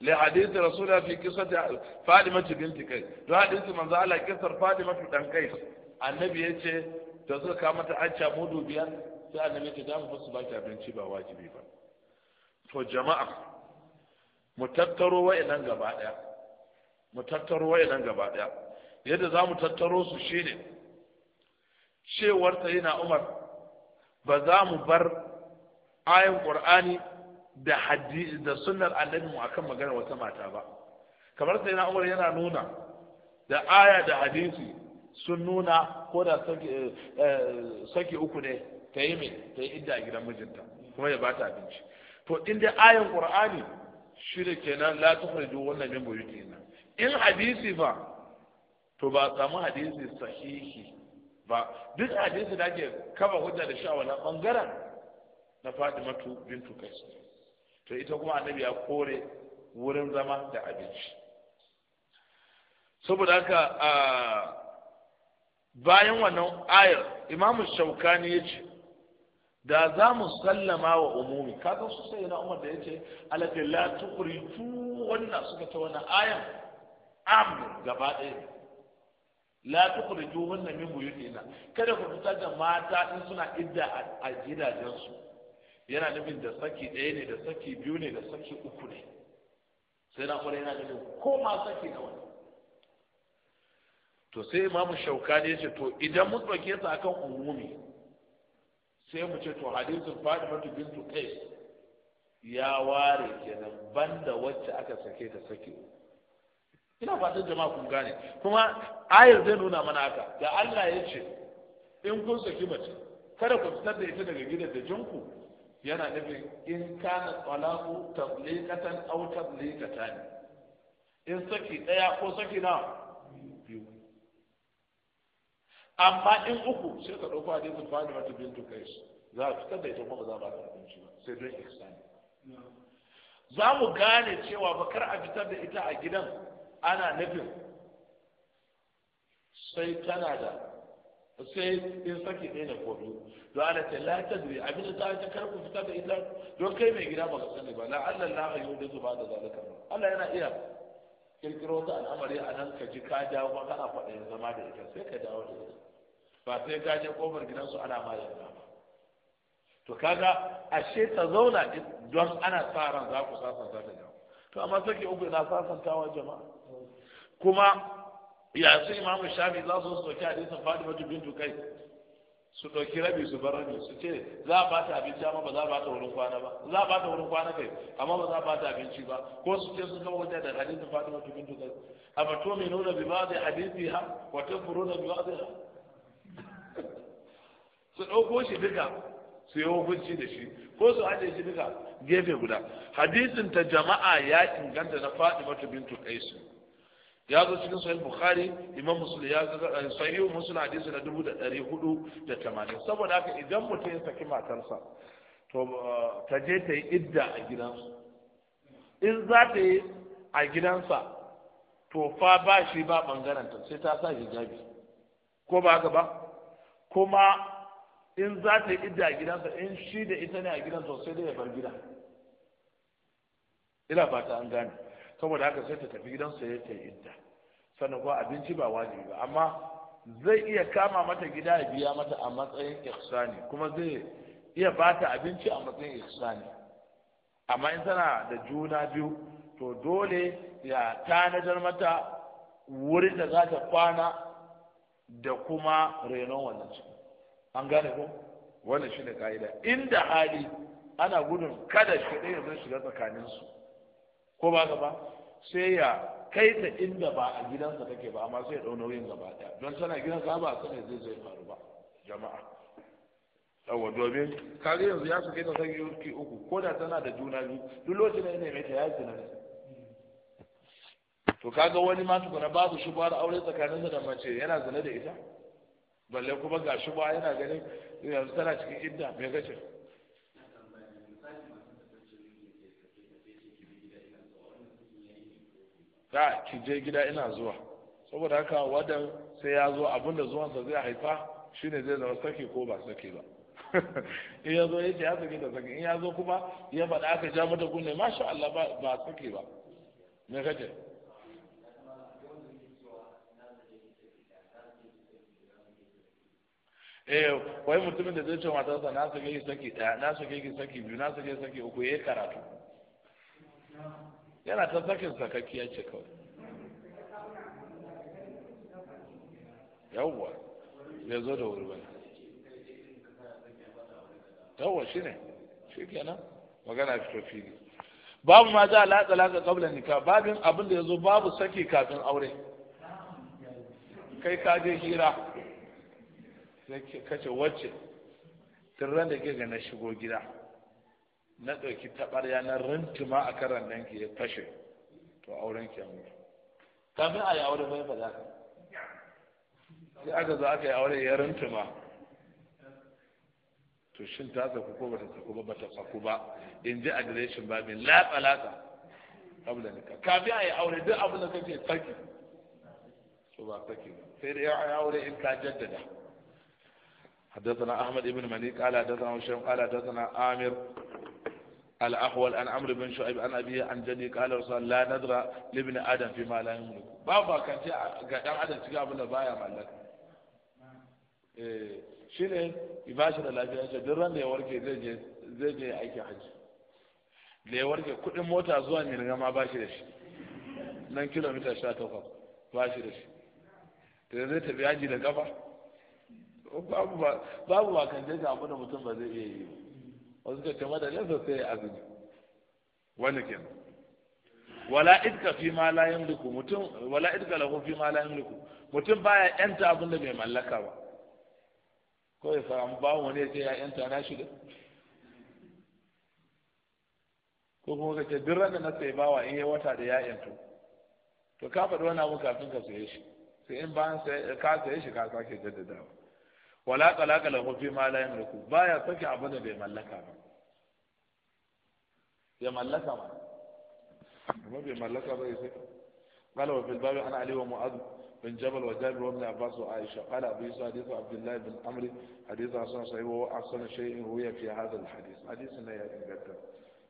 لحديث رسولها في قصة فاطمة بنت قيس ده حديث من زعل قصة فاطمة بنت قيس النبي يجي تزور كامت عشا مودو بيان sai annabi ta damu fasu baki abinci ba wajibi ba to jama'a mu tattaro wayannan gaba daya mu tattaro wayannan gaba daya yadda za mu tattaro su shine cewar ta umar ba za mu bar ayan qur'ani da hadisi da sunnar annabi mu akan magana wata mata ba kamar sai na umar yana nuna da aya da hadisi sun nuna ko da saki eh, eh, uku ne ta yi mai ta yi idda a gidan mijinta kuma ya bata abinci to in dai ayan qur'ani shi da kenan la tukhriju wannan min buyutina in hadisi fa to ba samu hadisi sahihi ba duk hadisi da ke kaba hujja da sha'awa na bangaren na Fatimatu bintu Qais to ita kuma annabi ya kore wurin zama da abinci saboda haka bayan wannan ayar imamu shaukani ya ce da za mu sallama wa umumi kaga su sai na umar da ya ce alaƙi la tu, wannan suka ta wannan ayan am gaba ɗaya la tukuritu wannan min buyutina kada ku fitar da mata in suna idda a gidajensu yana nufin da saki ɗaya ne da saki biyu ne da saki uku ne sai na kwarai yana nufin ko ma saki na wani to sai imamu shauka ne ce to idan mun ɗauke su akan umumi sai mu ce to hadisin fatimatu bintu qais ya ware kenan banda wacce aka sake ta saki ina fatan jama'a kun gane kuma ayar zai nuna mana haka da Allah ya ce in kun saki mace kada ku fitar da ita daga gidan da jinku yana nufin in kana talaku au tablikata ne in saki daya ko saki na biyu amma in uku sai ka dauko hadisin Fatima ta bintu Qais za a fitar da ita kuma za a ba ta hukunci ba sai don ihsani za mu gane cewa bakar a fitar da ita a gidan ana nufin sai tana da sai in saki ɗaya da kofi to don ana ce la ta zuri abin da za ta karku fita da ita don kai mai gida ba ka sani ba la Allah la ayu da zuba da zalika Allah yana iya kirkiro ta al'amari a nan ka ji ka dawo ba kana faɗa zama da ita sai ka dawo da ita ba sai ka je kofar gidansu ana ma da ba to kaga ashe ta zauna don ana sa ran za ku sasanta da jama'a to amma saki uku na sasantawa jama'a kuma ya su imamu shafi za su soki hadisin fatima bintu kai su ɗauki rabi su bar rabi su ce za a bata abinci amma ba za a bata wurin kwana ba za a bata wurin kwana kai amma ba za a bata abinci ba ko su ce sun kama wajen da hadisin fatima bintu kai amma to mai nuna bi ba zai hadisi ha wata furo na bi ba zai da su ɗauko shi duka su yi hukunci da shi ko su ajiye shi duka gefe guda hadisin ta jama'a ya inganta na tu bintu su. ya zo cikin sahih bukhari imam muslim ya ga eh, sahih muslim hadisi na tamanin. saboda haka idan mutum ya saki matarsa to eh, ta je ta yi idda a gidansu in za ta yi a gidansa to fa ba shi ba bangaren ta sai ta sa hijabi ko ba haka ba kuma in za ta yi idda a gidansa in shi da ita ne a gidansa sai dai ya bar gida ina ta an gane saboda haka sai ta tafi gidansa ya ta yi idda sannan kuma abinci ba wajibi ba amma zai iya kama mata gida ya biya mata a matsayin ihsani kuma zai iya ba ta abinci a matsayin ihsani amma in tana da juna biyu to dole ya tanadar mata wurin da za ta kwana da kuma renon wannan ciki an gane ko wannan shine ka'ida inda hali ana gudun kada shi ɗaya zai shiga tsakaninsu ko ba ka ba sai ya kai ta inda ba a gidansa take ba amma sai ya ɗau nauyin gaba ɗaya don tana gidansa ba su ne zai zai faru ba jama'a yawa domin kaga yanzu ya su kai ta san yuki uku ko da tana da juna biyu duk lokacin da ina mai ta yaki na to kaga wani ma tukuna babu shubuwa da aure tsakanin da mace yana zane da ita balle kuma ga ba yana ganin yanzu tana cikin idda mai gace za ki je gida ina zuwa saboda haka wadan sai ya zo abinda zuwansa zai haifa shine zai zama saki ko ba saki ba (laughs) in ya zo ya ce ya saki da saki in ya zo kuma ya faɗa aka ja mata kunne masha Allah ba saki ba me kace eh wai mutumin da zai ce sa na sake ki saki ɗaya na sake ki saki biyu na sake saki uku ya karatu yana ta sakin sakakkiya ce kawai yawwa ya zo da wuri ba yawwa shi ne shi nan magana fito fili babu ma za a latsa latsa kabla nika babin abin da ya zo babu saki kafin aure kai ka je hira kace wacce tun ran da ke ga na shigo gida na ɗauki taɓarya na rintuma a karan nan ke ya fashe to auren ke mu mutu kafin a yi aure bai ka sai aka zo aka yi aure ya rintuma to shin ta tsaku ko bata tsaku ba bata tsaku ba in ji adireshin ba min latsa latsa abu da nika kafin a yi aure duk abin da kake tsaki to ba tsaki sai da ya aure in ka jaddada حدثنا احمد بن مليك قال حدثنا هشام قال حدثنا عامر الأحول عن عمرو بن شعيب عن أبيه عن جدي قال رسول لا ندرى لابن آدم فيما لا يملك بابا كان جاء كان تجاه ابن بايا مالك shi ne ibashin da lafiya ce duk ran da ya warke zai je zai je aiki haji. da ya warke kuɗin mota zuwa ne ma ba shi da shi nan kilomita sha takwas ba shi da shi da zai yaji da gaba babu ba kan ga da mutum ba zai iya yi ba wasu ka da madadinsa sai ya azumi wani kenan wala idka fi ma la yamliku mutum wala idka lahu fi ma la yamliku mutum baya yanta abin da bai mallaka ba ko ya samu bawon wani ya ce ya yanta na shi da ko kuma ka ce duk ranar na sai bawa in yi wata da ya yanto to ka faɗi wani abu kafin ka saye shi sai in bayan ka saye shi ka sake jaddadawa wala talaka lahu fi ma la yamliku baya saki abin da bai mallaka ba ya mallaka ba kuma bai mallaka ba ya saki قال وفي الباب عن علي ومعاذ بن جبل وجابر وابن عباس وعائشة قال أبو يوسف حديث عبد الله بن عمرو حديث حسن صحيح وهو أحسن شيء روي في هذا الحديث حديث لا ينقطع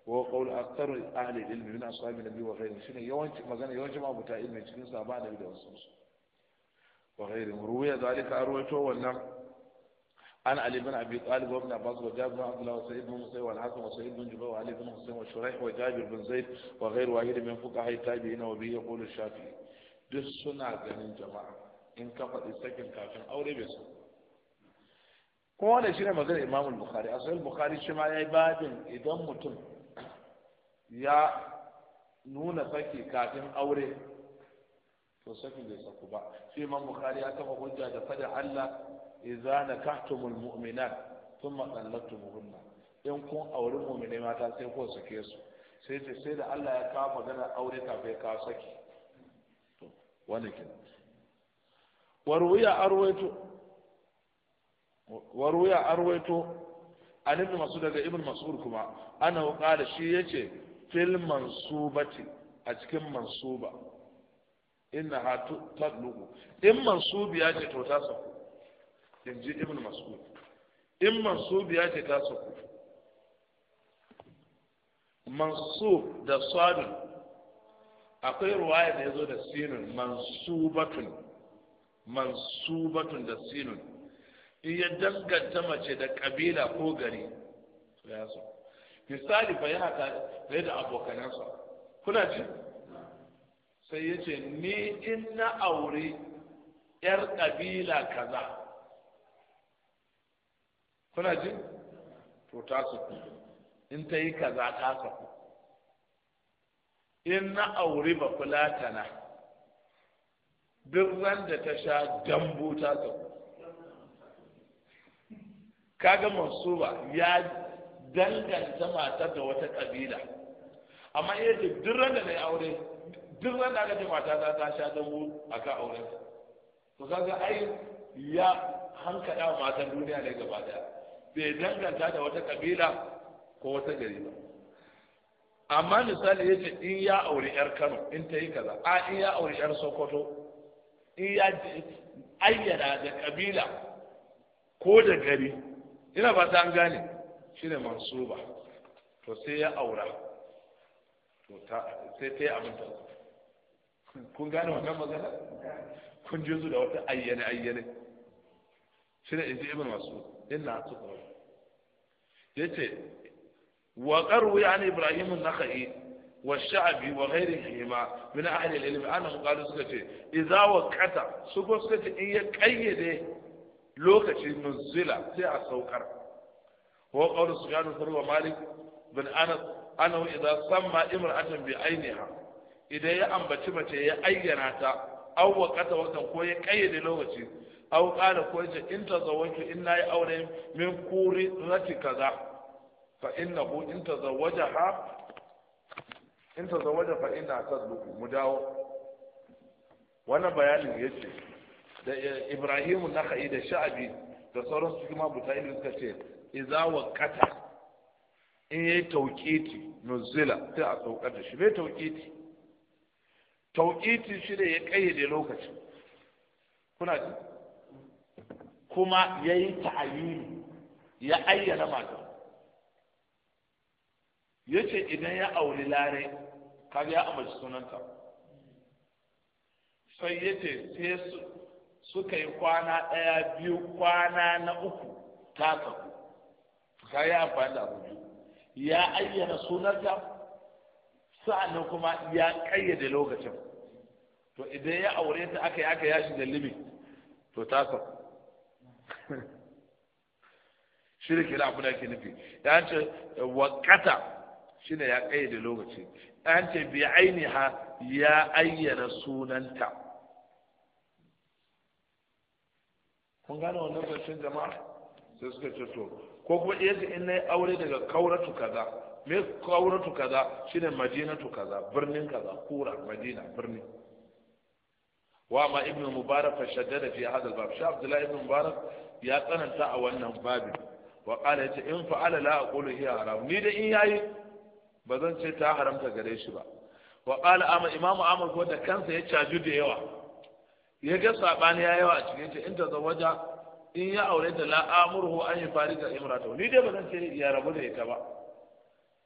وهو قول أكثر أهل العلم من أصحاب النبي وغيرهم شنو يوانش مثلا يوانش ما بتاع علم شنو صعبان النبي وغيرهم روي ذلك أرويته والنعم Ana علي بن ابي طالب وابن عباس وجابر بن عبد الله وسعيد بن مسيب والحسن وسعيد بن جبير وعلي بن حسين وشريح وجابر بن زيد وغير واحد من فقهاء التابعين وبه يقول الشافعي duk suna ganin jama'a in ka faɗi sakin kafin aure bai san ko wanda shi ne maganar imam bukhari asal bukhari shi ma yayi babin idan mutum ya nuna saki kafin aure to sakin bai saku ba shi imam bukhari ya kafa hujja da fadin Allah Iza idza nakahtumul mu'minat thumma talaqtumuhunna in kun auri mu'mine mata sai ko suke su sai da sai da Allah ya kawo magana aure kafin ka saki to wannan kin waruya arwayto waruya arwayto an ibn mas'ud daga ibn mas'ud kuma ana qala shi yace fil mansubati a cikin mansuba inna ha tadluqu in mansubiya ce to ta saku in ji ibn mas'ud in masud ya ce ta mansub da sadun akwai ruwaya da ya zo da sinun mansubatun mansubatun da sinun in ya danganta mace da kabila ko gari ya so misali fa ya haka da abokanansa kuna ci sai ya ce ni in na aure yar kabila kaza kuna ji to ta ku. in ta yi kaza ta saku in na auri ba fulatana duk Birran da ta sha dambu ta saku kaga mansuba ya danganta matar da wata kabila amma iya ce duk da na yi aure duk da aka ce mata ta sha dambu a kan auren to ga ai ya hankada matan duniya ne gaba daya bai danganta da wata kabila ko wata gari ba amma misali ya ce in ya auri yar kano in ta yi kaza a in ya auri yar sokoto in ya ayyana da kabila ko da gari ina ba ta an gane shi ne mansuba to sai ya aura to sai ta yi abin ta kun gane wannan magana kun ji su da wata ayyane ayyane shi ne in ji ibn masud illa tukru yace wa qaru yani ibrahim an-nakhai wa sha'bi wa Hima min ahli al-ilm annahu qalu suka ce idza waqata su ko suka ce in ya kayyade lokacin nuzula sai a saukar wa qawlu sufyan bin wa malik bin anas annahu idza samma imra'atan bi ainiha idan ya ambaci mace ya ayyana ta awwaqata waqtan ko ya kayyade lokaci aw qala ko yace in tazawwaju in nayi aure min kuri rati kaza fa innahu in tazawwajaha in tazawwaja fa inna tazluku mu dawo wannan bayanin yace da eh, ibrahimu na da Sha'bi da sauran su kuma buta ilmi suka ce idza waqata in yayi tauqiti nuzila sai a saukar da shi bai tauqiti tauqiti shi ne ya kayyade lokaci kuna ji kuma ya yi ta'ayini ya ayyana mata ya ce idan ya auri lare kaga ya amince sunanta sai ya ce sai suka yi kwana ɗaya biyu kwana na uku ta kaku ka yi amfani da abu ya ayyana sunanta sa'annan kuma ya ƙayyade lokacin to idan ya aure ta aka yi aka yashi da to ta kaku (laughs) shirki da kira abu da ke nufi ya ce wakata shi ne ya da lokaci ya ce bi ainiha ya ayyana sunanta kun gane wannan zancen jama'a sai suka ce to ko kuma iya in na yi aure daga kauratu kaza me kauratu kaza shine madinatu kaza birnin kaza kura madina birni ibnu mubarak fa shaddada fi hadha al-bab عبد الله ابن mubarak ya tsananta a wannan babin wa qala ce in fa'ala la aqulu hiya haram ni da in yayi ba zan ce ta haramta gare shi ba wa qala amma imamu amal ko da kansa ya caju da yawa ya ga sabani ya yawa a cikin ta in ta zawaja in ya aure ta la amruhu an yufariga imratu ni dai ba zan ce ya rabu da ita ba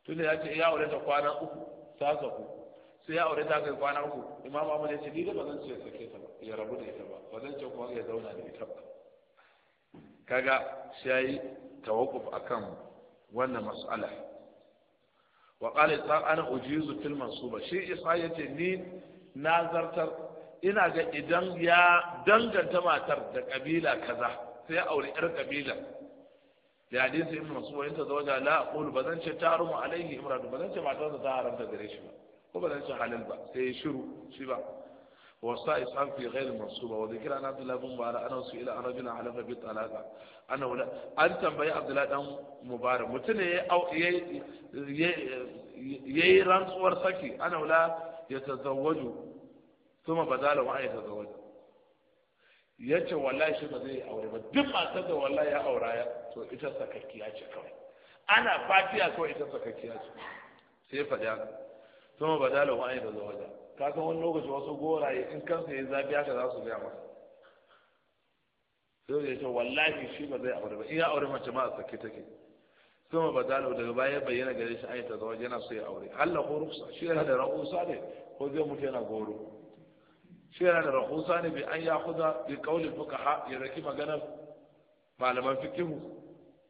tunda ya ce ya aure ta kwana uku ta ku sai ya aure ta kai kwana uku imam Ahmad ya ce ni da ba zan ce sake ta ba ya rabu da ita ba ba zan ce kuma ya zauna da ita ba kaga sai tawakuf akan wannan mas'ala wa qala ta ana ujizu fil mansuba shi isa yace ni nazartar ina ga idan ya danganta matar da kabila kaza sai aure yar kabila da hadisi ibn mas'ud in ta zawaja la aqulu bazan ce tarumu alaihi imratu bazan ce matar da ta haramta gare shi ba ko bazan ce halal ba sai shiru shi ba وصاء إسحاق في غير منصوبة وذكر أن عبد الله بن مبارك أنه سئل عن رجل حلف بالطلاق أنه لا أن تنبي عبد الله بن مبارك متن أو يي رنصور سكي أنه لا يتزوج ثم بدا له يتزوج yace wallahi shi ba zai aure ba duk matar da wallahi ya aura ya to ita sakakkiya ce kawai ana fatiya kawai ita sakakkiya ce sai faɗi haka kuma ka san wani lokaci wasu goraye in kansa ya zafi haka za su gaya masa sai ya ce wallahi shi ba zai aure ba in ya aure mace ma a sake take kuma ba zalo daga baya bayyana gare shi ayyata zawaj yana so ya aure Allah ko ruksa shi yana da rahusa ne ko zai mutu yana goro shi yana da rahusa ne bai an ya kuda bi kauli ha ya zaki maganar malaman fikihu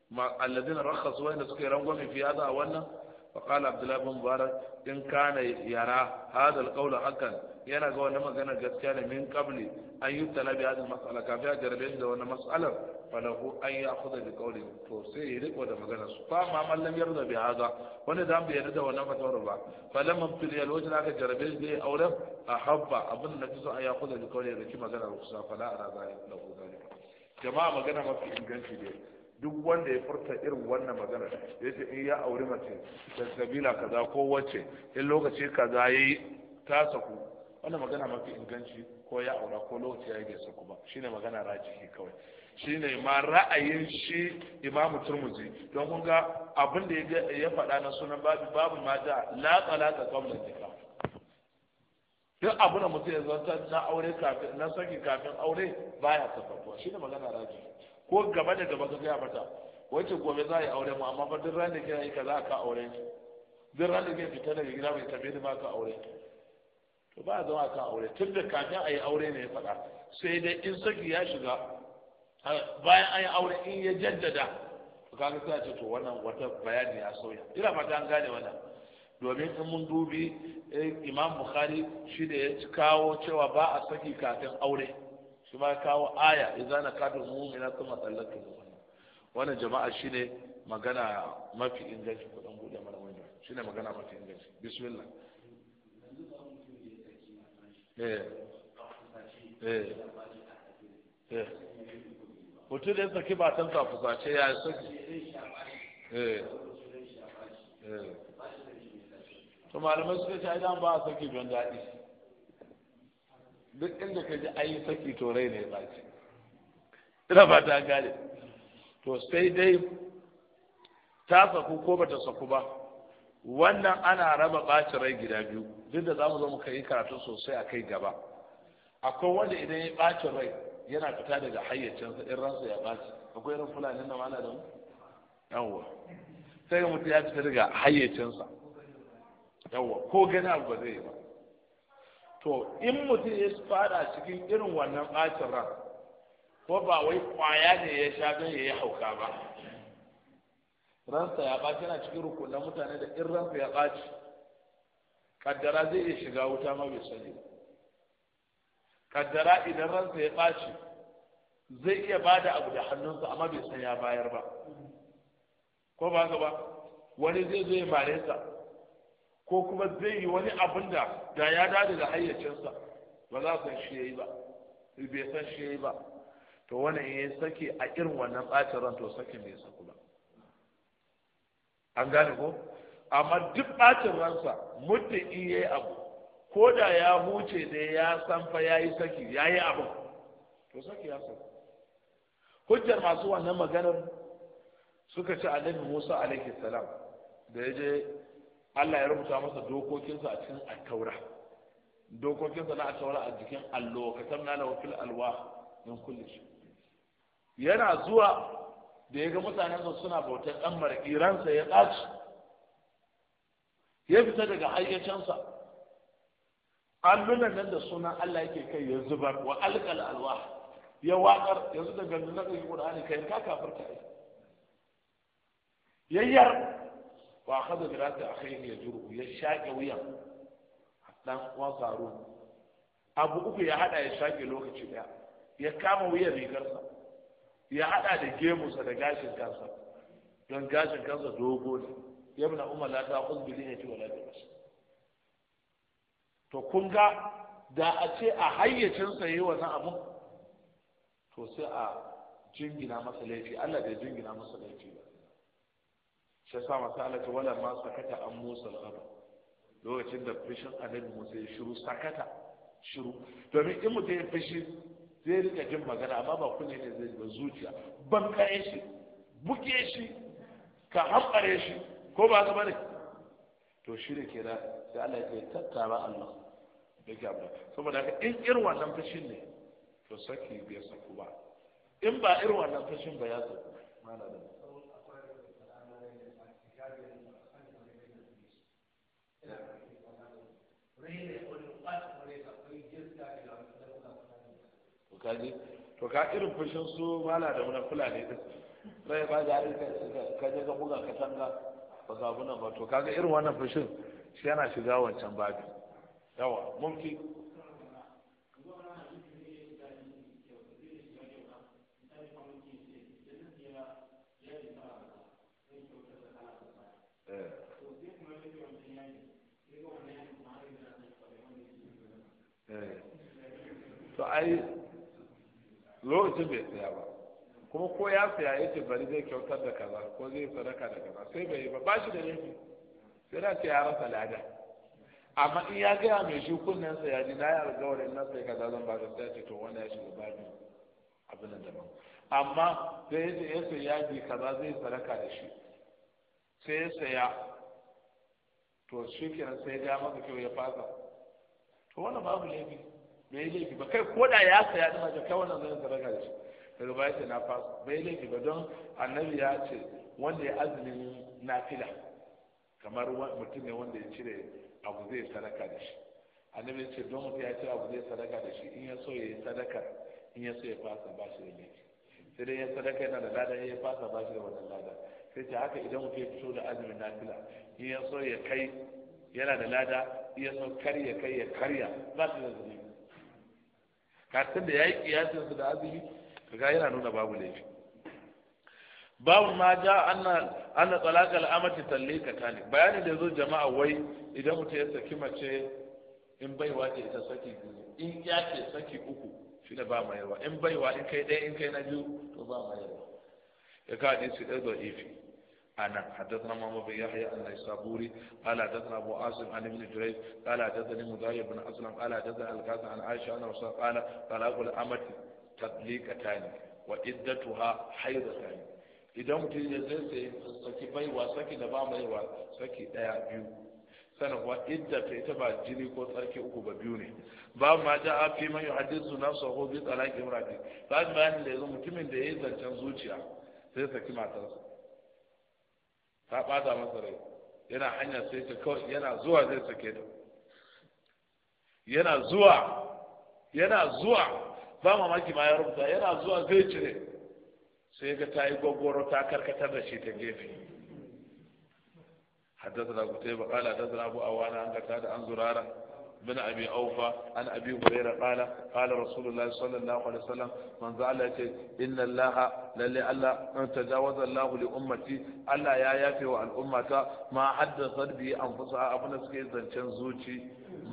ma alladina rakhasu wa inda suka yi rangwame fi hada wannan فقال عبد الله بن مبارك إن كان يرى هذا القول حقا yana ga wani magana gaskiya ne min qabli an yi talabi hadin mas'ala kafin a jarabe da wani mas'ala falahu an ya akhudha bi qawli to sai ya riko da magana su fa ma man lam yarda bi hada wanda da bai yarda da wannan fatawar ba falam mabtili al wajh aka jarabe da aure habba abin da kiso an ya akhudha bi qawli da ki magana ku sa fala ara zalika lahu zalika jama'a magana mafi inganci dai duk wanda ya furta irin wannan magana ya ce in ya auri mace da sabila kaza ko wacce in lokaci kaza ya yi ta saku wannan magana mafi inganci ko ya aura ko lokaci ya yi bai saku ba shine magana rajihi kawai shine ma ra'ayin shi imamu turmuzi don kun ga abin da ya faɗa na sunan babu babu ma da latsa latsa kamar jika, duk abin da mutum ya zanta na aure kafin na saki kafin aure baya tafafuwa shine magana rajihi ko gaba da gaba ka gaya mata wacce gobe za a yi aure mu amma fa duk ranar da kina yi a ka aure ki duk ranar gina kina fita daga gida bai tabe ma ka aure ki to ba zama ka aure tun da kafin a yi aure ne ya faɗa sai dai in saki ya shiga bayan an yi aure in ya jaddada to kaga sai ce to wannan wata bayani ya sauya ina fata an gane wannan domin in mun dubi eh, imam bukhari shi da ya kawo cewa ba a saki kafin aure shi ma ya kawo aya idza nakatu mu'mina thumma tallaqu wannan jama'a shine magana mafi inganci ko dan gode mana wannan shine magana mafi inganci bismillah eh eh eh mutum da ya ba tantsa sa fusace ya saki eh eh to malamai suka ce idan ba a saki don dadi duk inda ka ji ayi saki to rai ne ba ce ina ba ta gane to sai dai ta saku ko bata saku ba wannan ana raba ɓacin rai gida biyu duk da za mu zo muka yi karatu sosai a kai gaba akwai wanda idan ya ɓacin rai yana fita daga hayyacinsa in ransa ya ɓaci akwai irin fulani na mana da mu yawwa sai ga mutum ya fita daga hayyacinsa yawwa ko gani abu ba zai yi ba to in mutum ya fada cikin irin wannan ɓacin ran ko ba wai kwaya ne ya sha don ya yi hauka ba ransa ya ɓaci yana cikin rukunan mutane da in ransa ya ɓaci kaddara zai iya shiga wuta ma bai sani ba kaddara idan ransa ya ɓaci zai iya ba da abu da hannunsa amma bai san ya bayar ba ko ba ka ba wani zai zo ya mare sa ko kuma zai yi wani abin da da ya dade da hayyacinsa ba za san shi yayi ba bai san shi yayi ba to wannan ya sake a irin wannan bacin ran to sakin bai saku ba an gane ko amma duk bacin ransa muddin in yi abu ko da ya huce da ya san fa ya yi saki ya yi abu to saki ya saku hujjar masu wannan maganar suka ci annabi Musa alaihi salam da ya je Allah ya rubuta masa dokokinsa a cikin attaura dokokinsa na attaura a jikin allo ka tamna lahu fil alwa min kulli shi yana zuwa da ya ga sa suna bautar dan maraki sa ya tsaci ya fita daga sa allunan nan da sunan Allah yake kai ya zubar wa alqal alwa ya waƙar yanzu da gandu da kai Qur'ani kai ka kafirta yayyar wa akhadha bi ra'si akhihi yajru ya Ya shaƙe wuyan ɗan uwan faru. abu uku ya haɗa ya shaƙe lokaci ɗaya. ya kama wuyan rigarsa ya haɗa da gemu sa da gashin kansa don gashin kansa dogo ne yabna umar la ta khudh ya ci wala bi to kun ga da a ce a hayyacinsa yi wannan abu, to sai a jingina masa laifi Allah ya jingina masa laifi ba shi yasa masalata wala ma sakata an musa al lokacin da fushin annabi musa ya shiru sakata shiru domin in mutum ya fushi zai rika jin magana amma ba kunne ne zai ba zuciya ban kare shi buke shi ka hamɓare shi ko ba ka bane to shi ke da, sai Allah ya kai tattara Allah da ke abu saboda haka in irin wannan fushin ne to saki bai saku ba in ba irin wannan fushin ba ya saku mana da kaji to ka irin fushin su mala da wani fulani din rai ba da ka je ka buga katanga ba ka buna ba to kaga irin wannan fushin shi yana shiga wancan babi yawa mumki eh. eh. to ai lokacin bai saya ba kuma ko ya saya ya ce bari zai kyautar da kaza ko zai sadaka da kaza sai bai yi ba ba shi da laifi sai na ce ya rasa lada amma in ya gaya mai shi kunnen sa ya ji na yi alƙawarin nan sai kaza zan ba sai ce to wanda ya shiga ni abin da ba amma sai ya ce ya ji kaza zai sadaka da shi sai ya saya to shi kenan sai ya maka kyau ya fasa to wannan babu laifi bai laifi ba kai koda ya saya da mace kai wannan zan sadaka da shi daga baya ce na fasa bai laifi ba don annabi ya ce wanda ya azumin nafila kamar mutum ne wanda ya cire abu zai sadaka da shi annabi ya ce don mutum ya cire abu zai sadaka da shi in ya so ya yi sadaka in ya so ya fasa ba shi da laifi sai dai ya sadaka yana da lada ya fasa ba shi da wannan lada sai ce haka idan mutum ya fito da azumin nafila in ya so ya kai yana da lada in ya so kar ya kai ya karya ba shi da zunubi kasan da ya kiyasin su da azumi kaga yana nuna babu laifi babu ma ja an na talaq al talle ka tani bayani da zo jama'a wai idan mutum ya saki mace in baiwa ce ita saki biyu in ya ce saki uku shi ne ba mayarwa yawa in baiwa in kai ɗaya in kai na biyu to ba mayarwa yawa ya ka hadisi ɗaya da ifi أنا حدثنا محمد بن يحيى النيسابوري قال حدثنا أبو عاصم عن ابن جريج قال حدثني مداير بن أسلم قال حدثنا القاسم عن عائشة أن رسول قال طلاق الأمة تطليقتان وعدتها حيضتان idan mutum ya zai sai saki baiwa saki da ba wa saki daya biyu sana kuwa idda ta ita ba jini ko tsarki uku ba biyu ne ba ma ja a fi man yuhaddisu nafsahu bi talaqi imrati ba bayanin da yanzu mutumin da ya yi zancen zuciya sai saki matarsa ta ɓata masa rai yana hanya sai ta kawai yana zuwa zai sake ta yana zuwa yana zuwa ba mamaki ma ya rubuta yana zuwa zai cire sai ga ta yi gogoro ta karkatar da shi ta gefe حدثنا قتيبة قال حدثنا أبو أوانا عن da an زرارة بن أبي أوفى عن أبي هريرة قال قال رسول الله صلى الله عليه وسلم من زعل إن الله للي ألا تجاوز الله لأمتي ألا يا يافي وعن أمتا ما حدثت به أنفسها أبنى سكي زنشان زوجي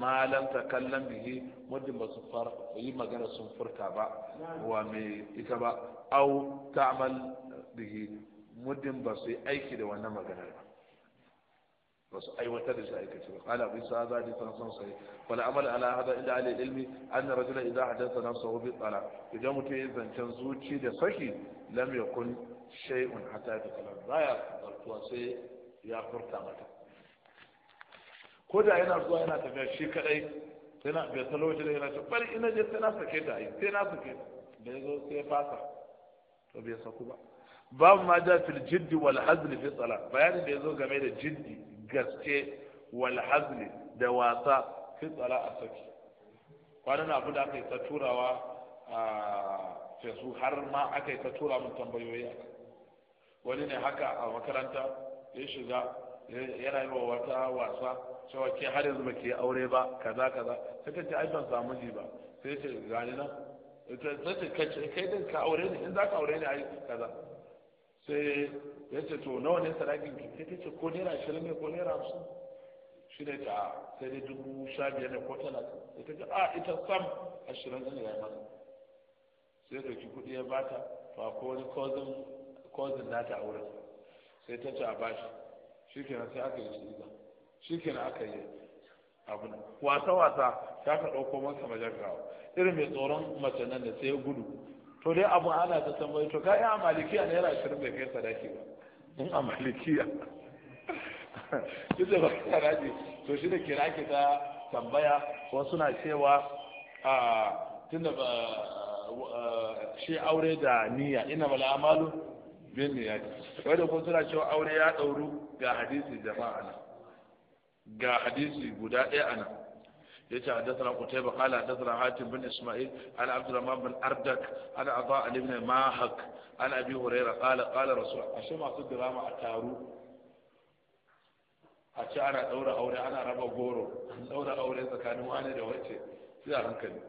ما لم تكلم به مد مصفر يما كان سنفر تابع ومي إتبع أو تعمل به مد بصي أيكي دوانا مغنر ba su aiwatar da shi aikace ba qala bi sa za di san san sai wal amal ala hada inda ala ilmi anna rajula idha hadatha nafsuhu bi tsala. idan mutum ya zancen zuci da saki lam yakun shay'un hatta yatala baya zartuwa sai ya furta mata ko da yana zuwa yana tafiya shi kadai yana bai talauci da yana ce bari ina je sai na sake ta ai sai na sake da yazo sai fasa to bai saku ba babu ma da fil jiddi wal hazli fi tsala bayanin da yazo game da jiddi gaske wal da wasa fi tsara a saki kwanan abu da aka yi ta turawa a fesu har ma aka yi ta tura mun tambayoyi wani ne haka a makaranta ya shiga yana yi wa wata wasa cewa ke har yanzu ba ke aure ba kaza kaza sai ta ce ai ban samu ji ba sai ce gani nan sai ce kai din ka aure ne in za ka aure ne ai kaza sai ya ce to nawa ne sadakin ki sai ta ce ko naira ashirin ne ko naira hamsin shi ne ta sai dai dubu sha biyar ne ko talatin sai ta ce a ita sam ashirin ne ya yi masa sai ɗauki kuɗi ya bata ba ko wani kozin nata a wurin sai ta ce a bashi shi kenan sai aka yi shiga shi kenan aka yi abin wasa-wasa ta ka ɗauko masa majagawa irin mai tsoron mace nan da sai ya gudu to dai abu ana ta tambayi to ka yi a malikiya naira ashirin bai kai sadaki ba in a malikiya duk da ba raji to shi da kira ki ta tambaya wasu suna cewa a tunda ba shi aure da niyya ina bala amalu bin niyya da kuma suna cewa aure ya ɗauru ga hadisi jama'a nan ga hadisi guda ɗaya a nan يجي حدثنا قتيبة قال حدثنا حاتم بن إسماعيل عن عبد الرحمن بن أردك عن عطاء ابن ماهك عن أبي هريرة قال قال رسول الله أشي ما صد راما أتارو أشي أورا أورا أنا ربا غورو أورا أورا إذا كانوا أنا دوتي سيدا هنكلي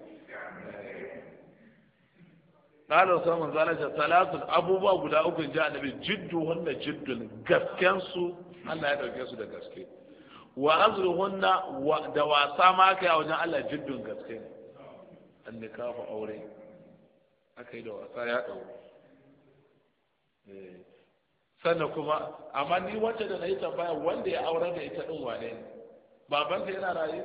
قال رسول الله صلى الله عليه ثلاث أبوبا guda uku ji annabi jiddu wannan jiddun gaskensu Allah ya dauke su da gaske wa azruhunna da wasa ma kai a wajen Allah jiddun gaske ne an nikahu aure aka yi da wasa ya dauro eh. sannan kuma amma ni wacce da na yi tambaya wanda ya aure da ita din wane ne babanta yana raye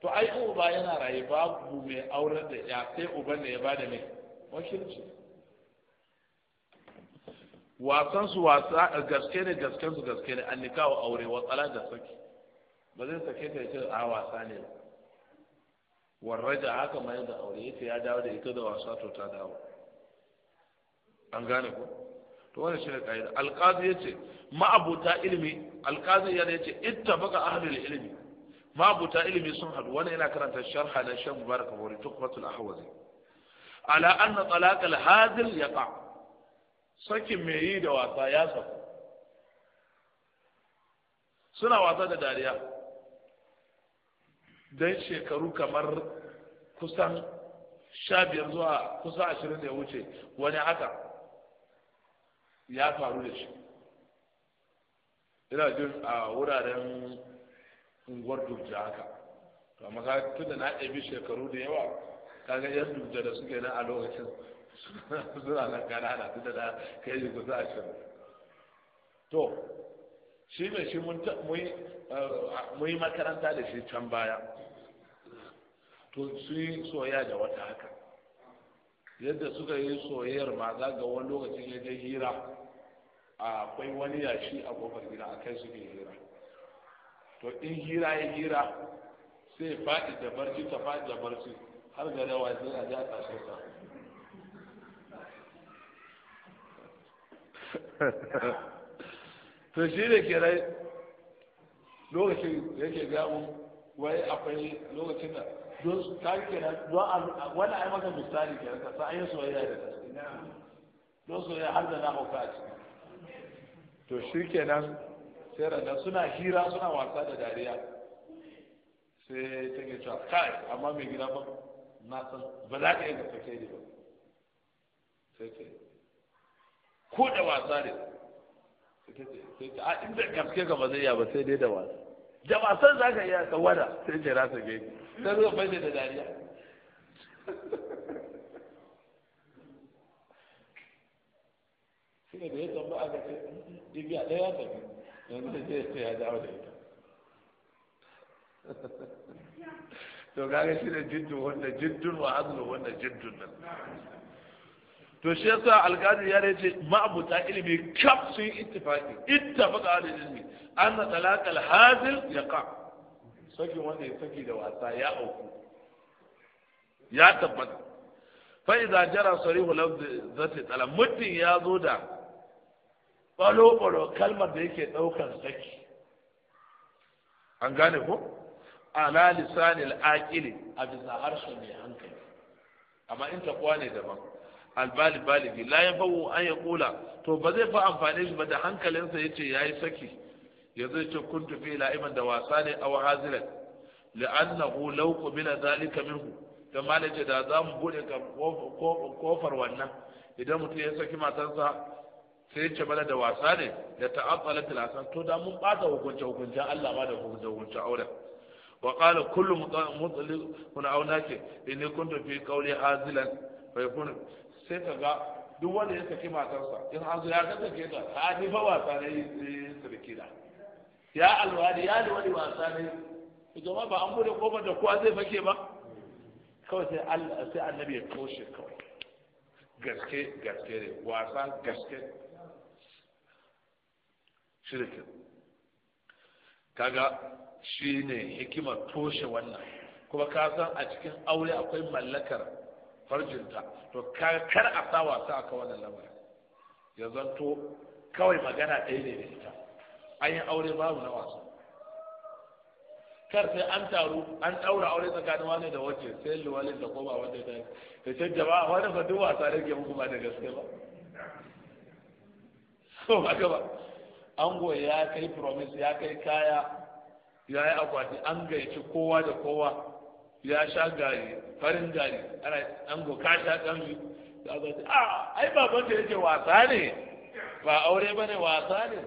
to ai uba yana raye babu mai aure da ya sai uban da ya bada ne. wakilci wasan su wasa gaske ne gaske su gaske ne an wa aure wa tsala da saki ba zai sake ka yace a wasa ne warraja haka mai da aure yace ya dawo da ita da wasa to ta dawo an gane ko to wannan shine kaida alqazi yace ma'abuta ilimi alqazi ya yace ittafaqa ahlul ilmi ma'abuta ilimi sun hadu wannan ina karanta sharha na shan mubarak wa tuqratul ahwazi ala anna talaq al hadil yaqa sakin me yi da wasa ya saku suna wasa da dariya don shekaru kamar kusan sha biyar zuwa kusan ashirin da ya wuce wani haka ya faru da shi ina jin a wuraren unguwar dubja haka amma ka tunda na ɗabi shekaru da yawa kaga yan dubja da suke nan a lokacin (laughs) suna nan ƙanana tunda da kai kusa ashirin to shi mai shi eh, mun yi makaranta da shi can baya to su yi soya da wata haka yadda suka yi soyayyar ma za ga wani lokacin ya je hira akwai wani yashi a kofar gida a kai suke hira to in hira ya hira sai faɗi da barci ta faɗi da barci har ga rawa sai a ja tashe ta ha ha ha to shi ne ke rai lokacin yake gamu wai akwai lokacin da don ka kira don wani ai maka misali ke ka sa ayin soyayya da gaske don soyayya har da na hauka a ciki to shi nan sai ranar suna hira suna wasa da dariya sai ta ke cewa kai amma mai gida ba na san ba za ka yi ga sake ne ba sai ce ko da wasa ne a inda gaske ka ba zai iya ba sai dai da wasa da wasan za ka iya ka wada sai ta rasa gai sai zuwa bai da dariya shi ne da ya tamba a ga ce ibiya ɗaya ya tafi yanzu sai ce ya dawo da ita (laughs) to kaga shi ne jiddun wanda jiddun wa azlu wanda jiddun nan to shi yasa alƙadi ya ce ma'abuta ilimi kaf sun yi ittifaqi ittafaqa da ilimi an na al-hazil ka saki wanda ya saki da wasa ya auku ya tabbata fa idza jara sarihu lafz zati talaq muddin ya zo da balo balo kalmar da yake daukar saki an gane ko ala lisanil aqili a bisa harshen mai hankali amma in takwa ne daban albali baligi la ya fawo an ya kula to ba zai fa amfani shi ba da hankalinsa ya ce ya yi saki ya zai ce kun tufi la'iman da wasa ne a wahaziran la'annahu law qabila zalika minhu da malaje da za mu bude kofar wannan idan mutum ya saki matarsa sai ya ce mana da wasa ne da ta'azzala tilasan to da mun bata hukunce hukuncen Allah ma da hukunce hukuncen auren وقال كل مطلق auna ke. ناكي إني كنت في قولي عازلا فيكون sai ka ga duk wanda ya saki matarsa in an zo ya ka sake ta a ni fa wasa ne sarki da ya alwali ya wani wasa ne jama'a ba an bude kofar da kowa zai fake ba kawai sai Allah sai annabi ya toshe kawai gaske gaske ne wasa gaske shirkin kaga shine hikimar toshe wannan kuma ka san a cikin aure akwai mallakar farjinta to kar a sa wasa aka wannan lamarin ya zanto kawai magana ɗaya ne da ita an yi aure babu na wasa kar sai an taru an ɗaura aure tsakanin wani da wacce sai luwalin da koma wanda ta ya ce jama'a wani ba duk wasa ne ke muku ba da gaske ba so ba gaba ango ya kai promise ya kai kaya ya yi akwati an gaici kowa da kowa ya sha gari farin gari ana an go ka sha kanshi ka ga ah ai baban da yake wasa ne ba aure bane wasa ne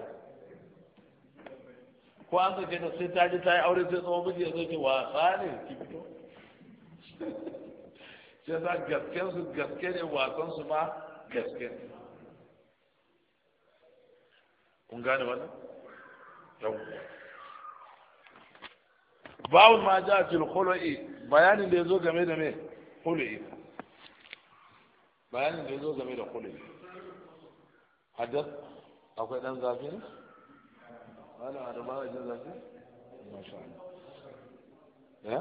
ko an ga ta sai ta ji ta yi aure sai tsohon miji yake ke wasa ne ki fito sai za gasken su gaske ne wasan su ma gaske ne kun gane wannan yau bawon ma ja fil khulu'i bayanin da ya zo game da me hulu'i bayanin da ya zo game da hulu'i haddar akwai dan zafi ne ana arba a jin zafi ya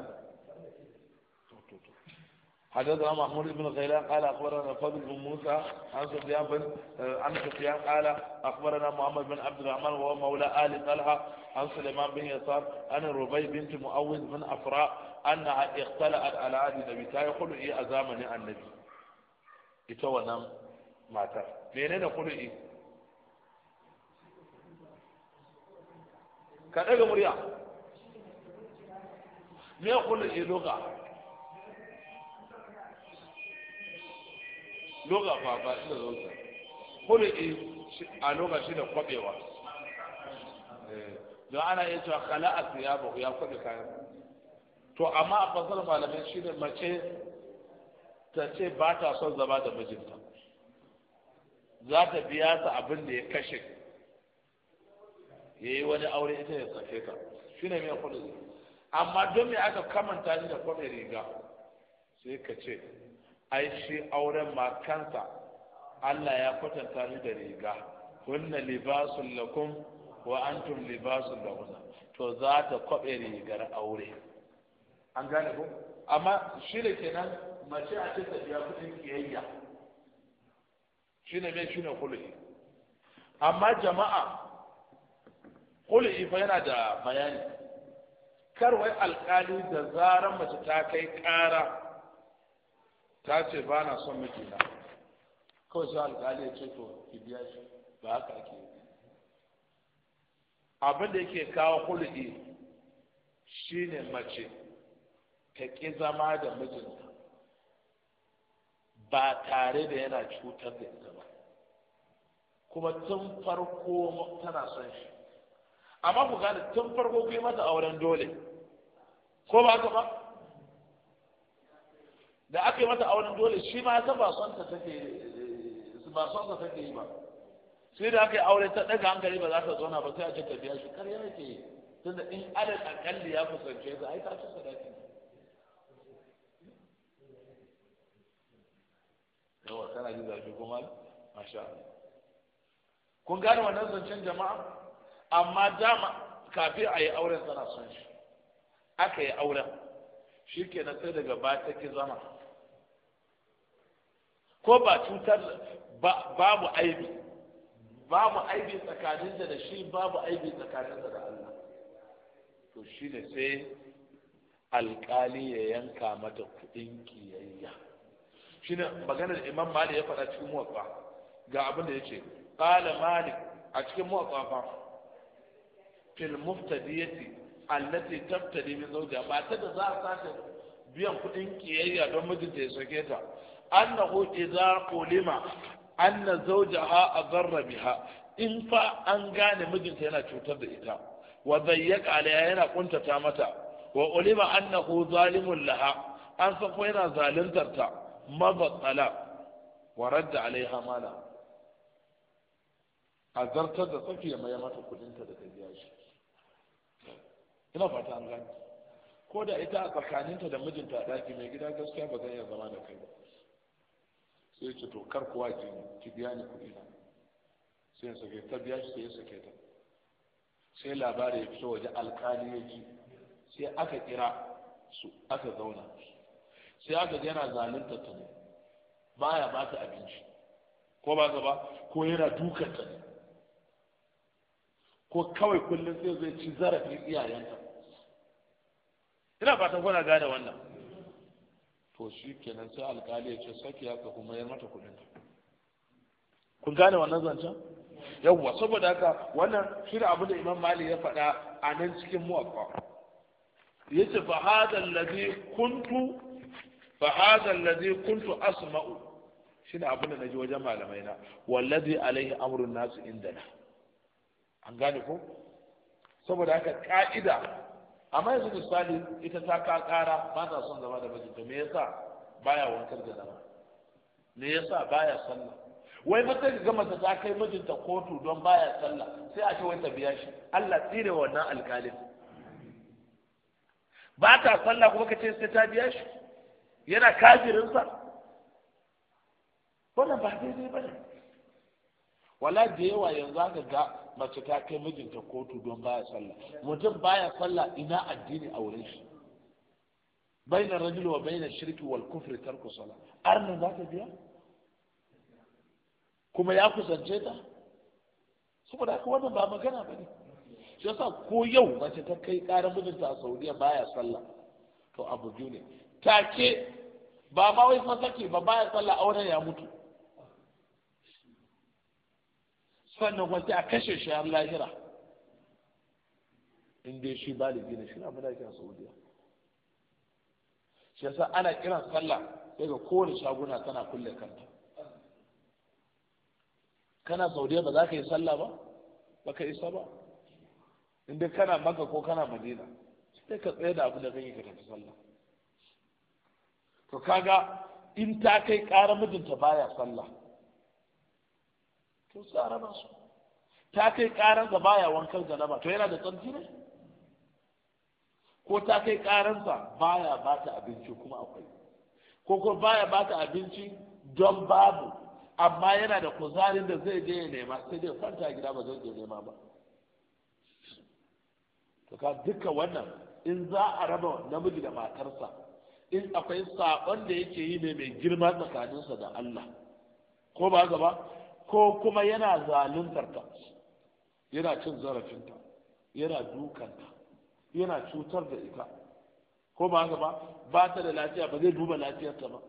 حدثنا محمود بن غيلان قال اخبرنا فضل بن موسى عن سفيان بن عن سفيان قال اخبرنا محمد بن عبد الرحمن وهو مولى ال طلحه عن سليمان بن يسار عن الربيع بنت مؤوذ بن افراء annaha ikhtala'at ala ahdi nabi ta yi khulu'i a zamanin annabi ita wannan matar menene khulu'i ka daga murya me khulu'i lugha lugha fa ba ina zo ta khulu'i a lugha shi da kwabewa eh, don ana iya cewa khala'a ya ba ya kwabe kayan to amma a fasar malamai shi ne mace ta ce ba ta son zama da mijinta za ta biya ta abin da ya kashe ya yi wani aure ita ya sake ka. shi ne mai kudu amma don me aka kamanta ni da kwame riga sai ka ce ai shi auren ma kansa Allah ya kwatanta ni da riga hunna libasun lakum wa antum libasun lahunna to za ta kwabe rigar aure an gane ko amma shi ne kenan mace a ce tafiya kudin kiyayya shi ne mai shi ne kulu'i amma jama'a kulu'i fa yana da bayani kar wai alkali da zarar mace ta kai kara ta ce ba na son na kawai sai alkali ya ce to ki biya shi ba haka ake yi abin da yake kawo kulu'i shine mace ta ƙi zama da mijinta ba tare da yana cutar da ita ba kuma tun farko tana son shi amma ku gane tun farko ku yi mata auren dole ko ba ka ba da aka yi mata auren dole shi ma ta ba son ta take ba son ta take yi ba sai da aka yi aure ta daga hankali ba za ta zauna ba sai a ce ta biya shi kar yana ke tunda in alal akalli ya kusance ta ai ta ci sadaki yawa kana ji zafi kuma masha kun gane wannan zancen jama'a amma dama kafin a yi auren tana son shi aka yi auren shi ke na sai daga ba ta ki zama ko ba cutar babu aibi babu aibi tsakaninta da shi babu aibi tsakaninta da Allah to shi ne sai alƙali ya yanka mata kuɗin kiyaye shine maganar imam malik ya faɗa cikin muwatta ga abin da yace qala malik a cikin muwatta fa fil muftadiyati allati tabtadi min zawja ba ta da za a sace biyan kuɗin kiyayya don mijinta ya sake ta annahu idza qulima anna zawjaha adarra biha in fa an gane mijinta yana cutar da ita wa zayyaka alaiha yana kuntata mata wa ulima annahu zalimun laha an san ko yana zaluntar ta مضى الطلاق ورد عليها مالها a zartar da tsakiya mai mata kudinta da ta biya shi ina fata an gani ko da ita a tsakaninta da mijinta a daki, mai gida gaskiya ba zan iya zama da kai ba sai ce to kar kuwa ki ki biya ni kuɗi na sai ya sake ta biya shi sai ya sake ta sai labari ya fito waje alƙali ya ji sai aka kira su aka zauna sai aka ga yana zalunta ta ne ya ba ta abinci ko ba gaba ko yana dukan ta ne ko kawai kullum sai zai ci zarafin iyayenta ina fatan kuna gane wannan to shi kenan sai alkali ya ce saki ya kuma ya mata kudin kun gane wannan zancen yawwa saboda haka wannan da abu da imam mali ya faɗa a nan cikin muwaffa ya ce fa hada allazi kuntu fa hadha alladhi qultu asma'u shine abin da naji wajen malamai na wallazi alaihi amrun nasu indana an gane ko saboda haka ka'ida amma yanzu misali ita ta ka kara ba ta son zama da mijinta me yasa baya wantar da zama me yasa baya sallah wai ba sai ga mace ta kai mijinta kotu don baya sallah sai a ce wai ta biya shi Allah tsire wannan alƙalin. ba ta sallah kuma ka ce sai ta biya shi yana kafirinsa wannan ba daidai ba ne wala da yawa yanzu aka ga mace ta kai mijinta kotu don baya sallah mutum baya sallah ina addini a wurin shi baina rajul wa baina shirki wal kufri tarku sallah arna za ta biya kuma ya kusance ta saboda haka wannan ba magana ba ne shi yasa ko yau mace ta kai karar mijinta a saudiya baya sallah to abu biyu ne take ba ma wai fasake ba baya sallah auren ya mutu sannan sai a kashe shi har lahira in dai shi da gina shi na muna a saudiya shi yasa ana kiran sallah daga kowane shaguna tana kulle kanta kana saudiya ba za ka yi sallah ba ba ka isa ba in dai kana maka ko kana madina sai ka tsaye da abu da zan yi ka tafi sallah to kaga in ta kai ƙara mijinta baya sallah to tsara ba su ta kai ƙaransa da baya wankan janaba to yana da tsanti ne ko ta kai ƙaransa baya ba ta abinci kuma akwai ko ko baya ba ta abinci don babu amma yana da kuzarin da zai je ya nema sai dai kwanta gida ba zai je nema ba to ka duka wannan in za a raba namiji da matarsa in akwai saɓon da yake yi ne mai girma tsakaninsa da Allah ko ba gaba ko kuma yana zaluntar ta yana cin zarafinta yana dukanta yana cutar da ita ko ba gaba ba ta da lafiya ba zai duba lafiyarta ba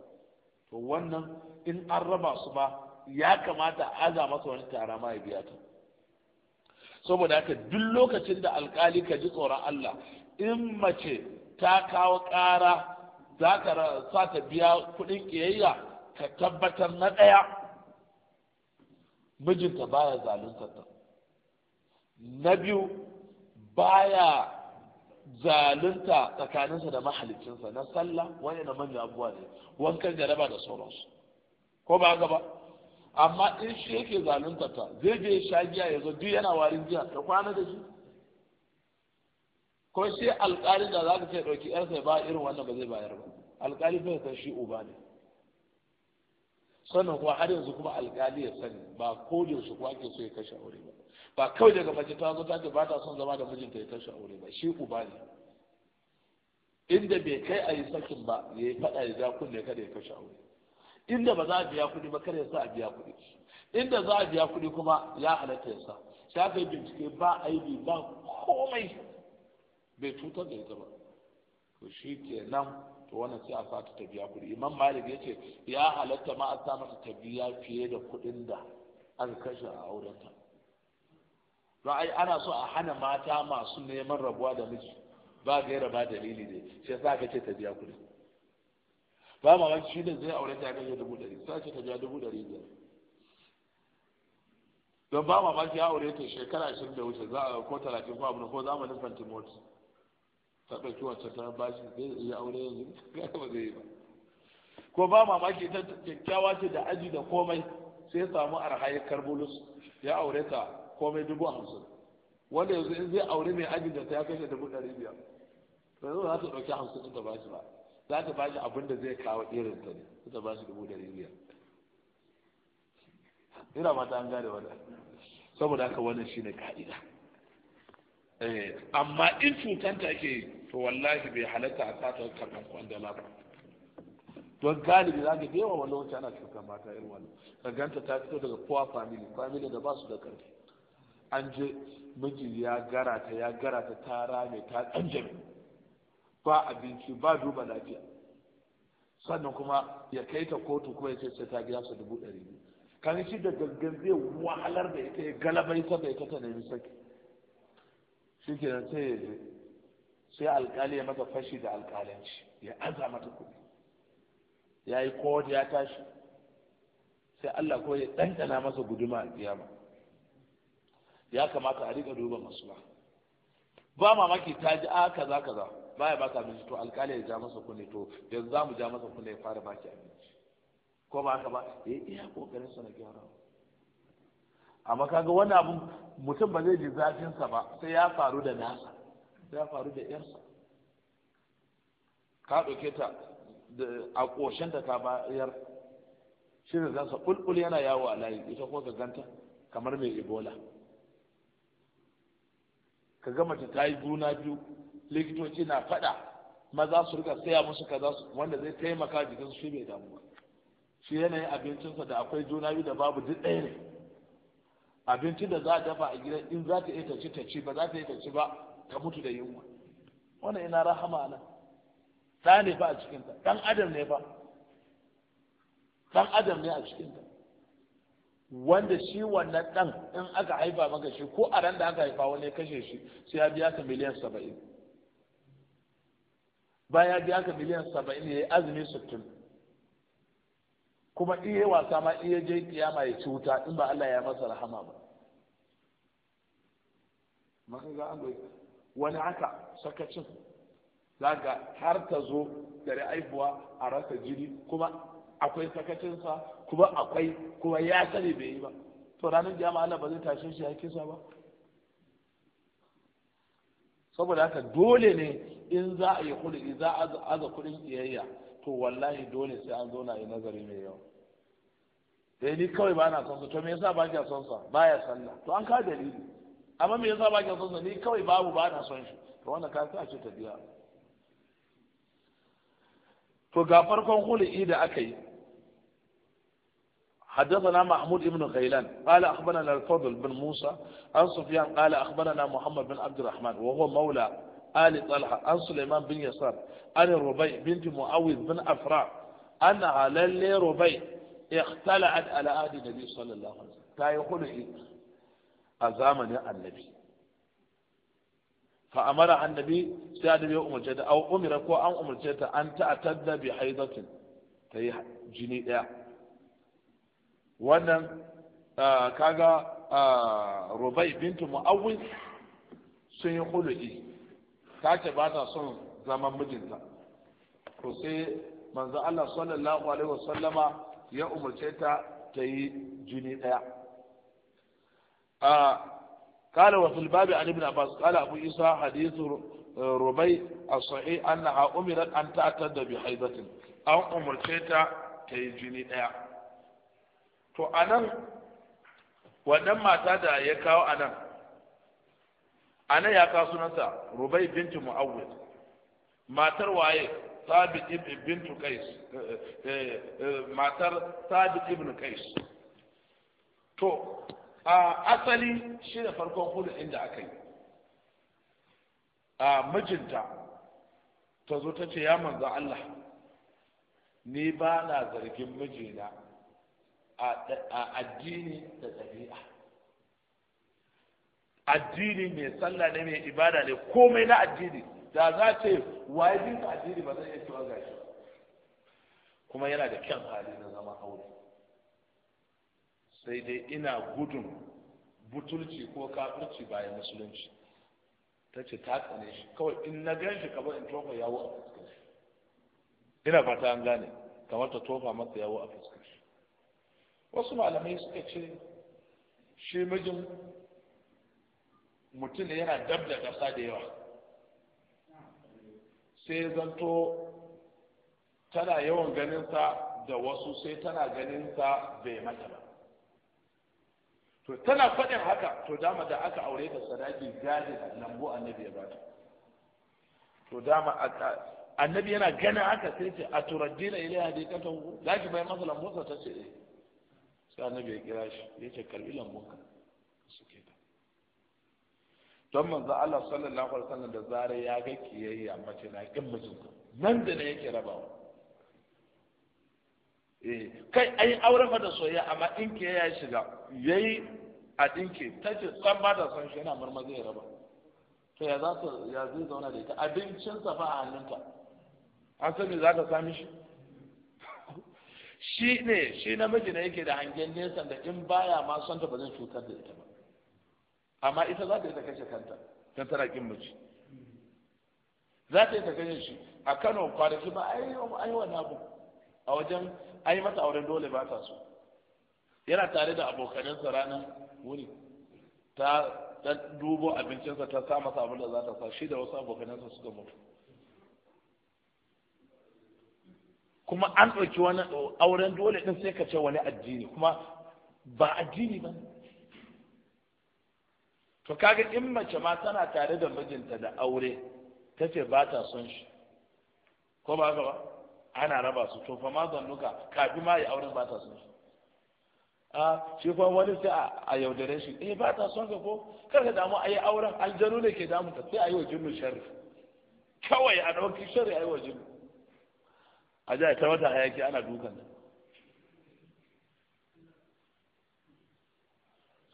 to wannan in an raba su ba ya kamata a aza masa wani tara ma ya biya ta saboda haka duk lokacin da alkali ka ji tsoron Allah in mace ta kawo ƙara za ka sa ta biya kuɗin ƙiyayya ka tabbatar na ɗaya mijinta baya zalunta ta na biyu baya zalunta tsakaninsa da mahalicinsa na sallah wani na manyan abubuwa ne wankan jaraba da sauransu ko ba gaba amma in shi yake zalunta ta zai je shagiya ya zo duk yana warin jiya ta kwana da shi ko shi alƙali da za ka ce ɗauki ƴarsa ba irin wannan ba zai bayar ba alƙali bai san shi uba ne sannan kuma har yanzu kuma alƙali ya sani ba ko da yaushe kuma ake so ya kashe aure ba ba kawai daga mace ta zo ta ce ba ta son zama da mijinta ya kashe aure ba shi uba ne inda bai kai a yi sakin ba ya yi faɗa ya ja kunne kada ya kashe aure inda ba za a biya kuɗi ba kada ya sa a biya kuɗi inda za a biya kuɗi kuma ya halatta ya sa shafe bincike ba aibi ba komai bai cutar da ita ba to shi ke nan to wannan sai a sata ta biya kuɗi imam malik ya ce ya halatta ma a sa mata ta biya fiye da kuɗin da aka kashe a aurenta don ai ana so a hana mata masu neman rabuwa da miji ba gaira ba dalili ne sai sa ka ce ta biya kuɗi ba wani shi ne zai aure ta kashe dubu ɗari sai ce ta biya dubu ɗari biyar don ba mamaki ya aure ta shekara ashirin da wuce ko talatin ko abu ko zamanin fantimoti ta ɗauki wacce ta bashi zai yi aure yanzu (laughs) ba zai yi ba ko ba mamaki ta kyakkyawa ce da aji da komai sai samu arhaye bulus ya aure ta komai dubu hamsin wanda yanzu in zai aure mai aji da ta ya kashe dubu ɗari biyar ba yanzu za ta ɗauki hamsin ta bashi ba za ta shi abin da zai kawo irin ta ne ta bashi dubu ɗari biyar ina ma ta an gane wannan saboda haka wannan shine ka'ida eh, amma in cutanta ke yi to wallahi bai halatta a sata karɓar kwandala ba don galibi za ka yawa wani wancan ana cuta mata irin wani ganta ta fito daga kowa family family da ba su da ƙarfi an je miji ya gara ta ya gara ta ta rame ta tsanjame ba abinci ba duba lafiya sannan kuma ya kai ta kotu kuma ya ce sai ta biya su dubu ɗari biyu kan shi da gangan zai wahalar da ita ya galabai da ita ta nemi saki shi kenan sai ya je sai alkali ya masa fashi da alkalanci ya aza mata kuɗi ya yi kowace ya tashi sai Allah ko ya ɗanɗana masa guduma a kiyama ya kamata a riƙa duba masula ba mamaki ta ji a ah, kaza kaza ba ya baka abinci to alkali ya ja masa kunne to yanzu za mu ja masa kunne ya fara baki abinci ko ba haka ba ya iya ƙoƙarin sa na gyara amma kaga wani abun mutum ba zai ji zafinsa ba sai ya faru da nasa ya faru da yarsa ka ɗauke ta a ƙoshinta ka bayar shi ne gansa ƙulƙul yana yawo a layi ita ko ka ganta kamar mai ebola ka gama ta ta yi juna biyu likitoci na faɗa maza su rika saya musu kaza wanda zai taimaka jikin su bai mai damuwa. shi yanayin abincinsa da akwai juna biyu da babu duk ɗaya ne abincin da za a dafa a gidan in za ta iya ta ci ta ci ba za ta iya ta ci ba ka mutu da yunwa wannan ina rahama nan ta ne ba a cikinta ɗan adam ne ba ɗan adam ne a cikinta wanda shi wannan ɗan in aka haifa maka shi ko a ran da aka haifa wani ya kashe shi sai ya biya ka miliyan saba'in baya ya biya ka miliyan saba'in ya yi azumi sittin kuma iya wasa ma iya je kiyama ya ci wuta in ba Allah ya masa rahama ba wani haka sakacin zaga har ta zo da aibuwa a rasa jini kuma akwai sakacinsa kuma akwai kuma ya sani bai yi ba to ranar jama'a Allah ba zai tashe shi ya kisa ba saboda haka dole ne in za a yi kudi za a aza kuɗin iyayya to wallahi dole sai an zauna yi nazari mai yawa dai ni kawai ba na son sa to me yasa ba kya son sa baya sallah to an ka dalili amma me yasa ba ki son sa ni kawai babu ba na son shi to wannan ka a ce ta biya to ga farkon hulɗi da aka yi حدثنا محمود بن غيلان قال أخبرنا الفضل بن موسى عن سفيان قال أخبرنا محمد بن عبد الرحمن وهو مولى آل طلحة عن سليمان بن يسار عن الربيع بنت معاوذ بن أفراع أنها للي ربيع اختلعت على آل النبي صلى الله عليه وسلم تاي خلقي a zamanin annabi fa amara annabi sai annabi ya umarce ta au umira ko an umarce ta an ta'attadda bi haidatin ta yi jini daya wannan kaga rubai bintu mu'awwin sun yi ƙulu'i. ta ce ba ta son zaman mijinta to sai manzo Allah sallallahu alaihi wasallama ya umarce ta ta yi jini daya قال وفي الباب عن ابن عباس قال ابو عيسى حديث ربي الصحيح انها امرت ان تعتد بحيضة أو أمرتها تيجني to anan wannan mata da ya kawo anan anan ya kawo sunanta rubai bintu mu'awwid matar waye sabit ibn bintu qais matar sabit ibn Kais. to a asali shi da farkon hulɗin inda aka yi a mijinta ta zo ta ce ya manzo Allah ni ba na zargin mijina a addini da ɗabi'a addini mai sallah ne mai ibada ne komai na addini da za ce waye addini ba zai iya tuwa gashi kuma yana da kyan hali na zama aure sai dai ina gudun butulci ko kafirci bayan musulunci ta ce ta tsane shi kawai in na gan shi kamar in tofa yawo a fuskar shi ina fata an gane kamar ta tofa masa yawo a fuskar shi wasu malamai suka ce shi mijin mutum ne yana dab da ƙasa da yawa sai zanto tana yawan ganinsa da wasu sai tana ganinsa bai mata ba to tana faɗin haka to dama da aka aure ta sadaki gadin lambu annabi ya bata to dama annabi yana ganin haka sai ce a turaddina ilaiha dai katan ku zaki bai masa lambunsa ta ce eh sai annabi ya kira shi ya ce karbi lambunka ke ta don manzo Allah sallallahu alaihi wasallam da Zare ya ga kiyayya mace na kin mijinka nan da ne yake rabawa eh, kai an yi auren fa da soyayya amma in ke ya shiga yayi a dinke ta ce san ba ta san shi yana marmar zai raba to ya za ta ya zai zauna da ita abincinsa fa a hannunta an san me za ka sami shi shi ne shi namiji ne yake da hangen nesa da in baya ma son ta ba zai cutar da ita ba amma ita za ta yi ta kashe kanta don tara kin mace za ta yi ta kashe shi a kano kwanaki ba ai ai wani abu a wajen ai mata auren dole ba ta so yana tare da abokanansa ranar wuni ta ta dubo abincinsa ta sa masa abin da za ta sa shi da wasu abokanansa suka mutu kuma an ɗauki wani auren dole ɗin sai ka ce wani addini kuma ba addini ba to kaga in mace ma tana tare da mijinta da aure ta ce ba ta son shi ko ba ka ba ana raba su to fa ma zannuka kafi ma ya auren ba ta son shi a shi fa wani sai a yaudare shi eh ba ta son ka ko kar ka damu ayi auren aljanu ne ke damu ta sai ayi wa jinnu sharri kawai a dauki sharri ayi wa jinnu a ja ta wata hayaki ana dukan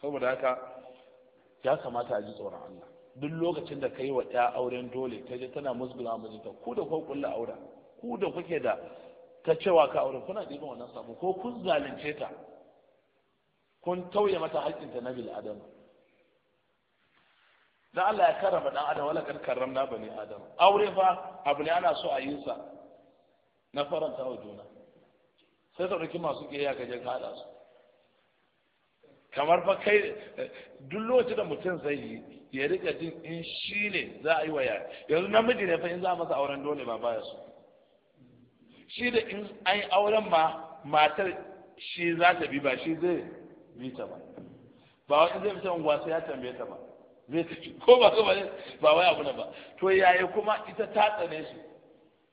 saboda haka ya kamata a ji tsoron Allah duk lokacin da kai wa ɗaya auren dole ta je tana musgula mijinta ku da kuka kulla aura ku da kuke da ta cewa ka auren kuna ɗiban wannan sabo ko kun zalunce ta kun tauye mata haƙƙinta na bil adam dan Allah ya karama dan adam wala kan karramna bani adam aure fa abu ne ana so a yi sa na faranta wa juna sai ka ɗauki masu ke ya kaje ka hada su kamar fa kai duk lokacin da mutum zai yi ya rika jin in shi ne za a yi wa yaya yanzu namiji ne fa in za a masa auren dole ma baya su shi da in an yi auren ma matar shi za ta bi ba shi zai bita ba ba wani zai fita wasu ya tambaye ta ba zai ta ko ba ba ba wai abu na ba to yaya kuma ita ta tsane shi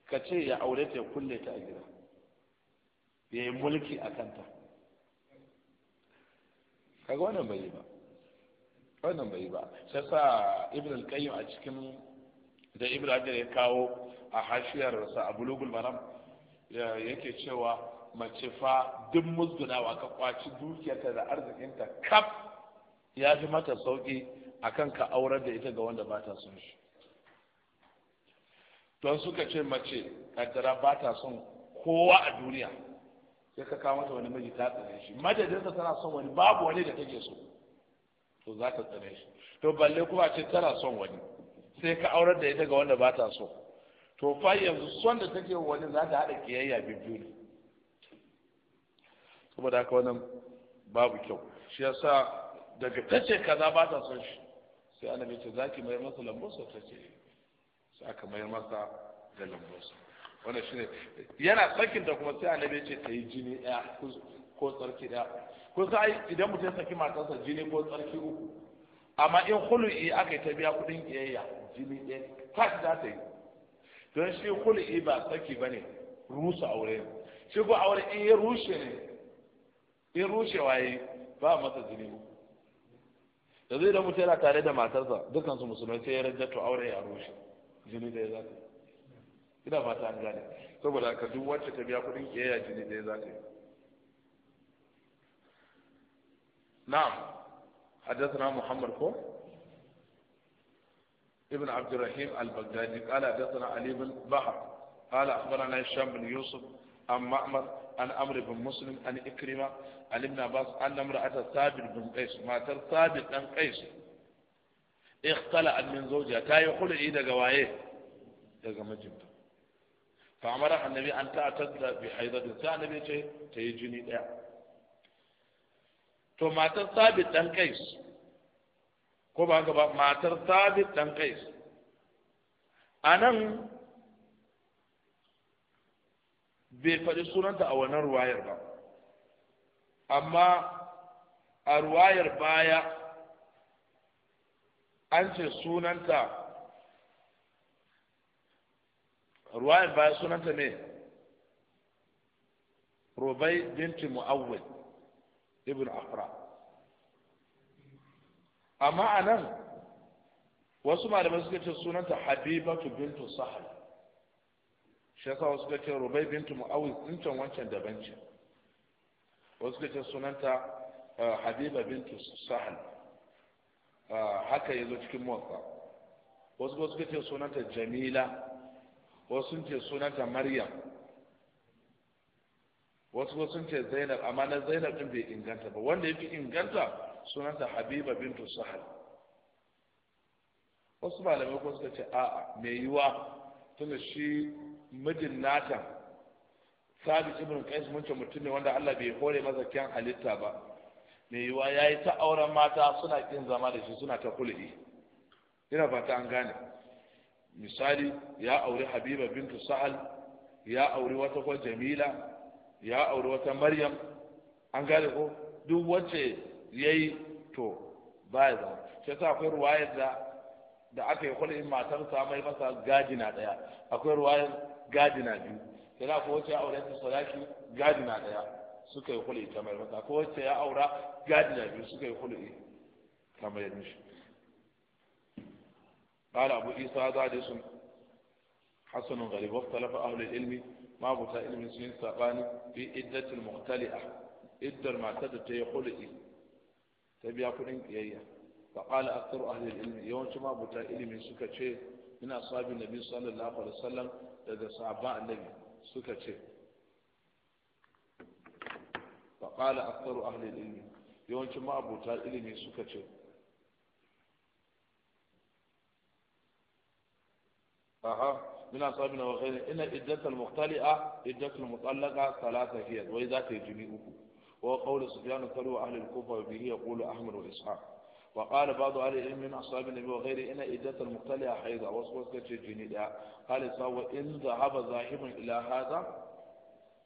ka ce ya aure ta ya kulle ta a gida ya yi mulki a kanta kaga wannan bai yi ba wannan bai yi ba sai sa ibn al-qayyim a cikin da ibrahim ya kawo a hashiyar sa a maram yake cewa mace fa duk musgunawa ka kwaci dukiyarta da arzikinta kaf ya fi mata sauki kan ka aurar da ita ga wanda ba ta son shi don suka ce mace kaddara ba ta son kowa a duniya sai ka kawo mata wani miji ta tsare shi madadinsa tana son wani babu wani da take so to za ta tsare shi to balle kuma ce tana son wani sai ka aurar da ita ga wanda ba ta so to fa yanzu son da take wani za ta haɗa kiyayya bibiyu ne saboda haka wannan babu kyau shi yasa daga tace kaza ba ta son shi sai mai ce zaki mayar masa lambosa ta ce sai aka mayar masa da lambosa wannan shine yana tsakin da kuma sai mai ce ta yi jini ɗaya ko tsarki ɗaya ko sai idan mutum ya saki matarsa jini ko tsarki uku amma in hulu'i aka yi ta biya kuɗin ƙiyayya jini ɗaya ta za ta yi don shi hulu'i ba tsaki ba ne rusa aure shi ko aure in ya rushe ne in rushe waye ba masa jini da zai da mutu yana tare da matarsa dukkan su musulmai sai ya rajjato aure ya rushe jini da ya za ta yi. ina fata an gane saboda ka duk wacce ta biya kuɗin kiyaya jini da ya za ta yi na'am حدثنا محمد كو ابن عبد الرحيم البغدادي قال حدثنا علي بن بحر قال اخبرنا هشام بن Yusuf عن معمر عن امر بن مسلم عن إكرمة عن ابن عباس أن امرأة ثابت بن قيس ما تر ثابت بن قيس اختلأ من زوجها تا يقول إيه دقا وايه دقا مجمتا فأمرها النبي أن تعتد بحيضة ساعة نبي تي تيجني دا تو ما تر ثابت بن قيس ba haka ba matar sabit dan kais bai faɗi sunanta a wannan ruwayar ba amma a ruwayar baya an ce sunanta ruwayar baya sunanta ne rubai binti mu'awwid ibn afra amma a nan wasu malamai suka ce sunanta habibatu bintu sahal shi yasa wasu ka ce rubai bintu mu'awis din can wancan da ce wasu ka ce sunanta eh, habiba bintu sahal eh, haka zo cikin motsa wasu wasu ka ce sunanta jamila wasu sun ce sunanta maryam wasu sun ce zainab amma na zainab din bai inganta ba wanda ya fi inganta sunanta habiba bintu sahal wasu malamai ko suka ce a'a mai yiwa tunda shi mijin nata sabit ibn qais mun ce mutum ne wanda Allah bai hore masa kyan halitta ba me yiwa yayi ta auren mata suna kin zama da shi suna ta kulli ina fata an gane misali ya auri habiba bintu sa'al ya auri wata ko jamila ya auri wata maryam an gane ko duk wacce yayi to baya zama sai ta akwai ruwayar da da aka yi in matar sa mai masa gaji na daya akwai ruwayar gadina biyu sai da kowace ya aure ta sadaki gadina daya suka yi hulu ita mai mata kowace ya aura gadina biyu suka yi hulu ita mai mishi قال أبو إيسى هذا حسن غريب واختلف أهل العلم ما أبو سائل سنين ساقاني في إدة المختلئة إدة المعتدة تيخلئ تبيع كل إيه فقال أكثر أهل العلم يوم ما أبو سائل من من أصحاب النبي صلى الله عليه وسلم daga sahabban annabi suka ce fa qala aktharu ahli ilmi yawancin abota ilimi suka ce aha من أصحابنا وغيرهم إن إدة المختلئة إدة المطلقة ثلاثة هي وإذا تجميعه وقول سفيان الثوري وأهل الكوفة به يقول أحمد وإسحاق وقال بعض أهل العلم من أصحاب النبي وغيره إن إدة المقتلع حيضة وصوت كتير جنيد قال سوى إن ذهب ذاهب إلى هذا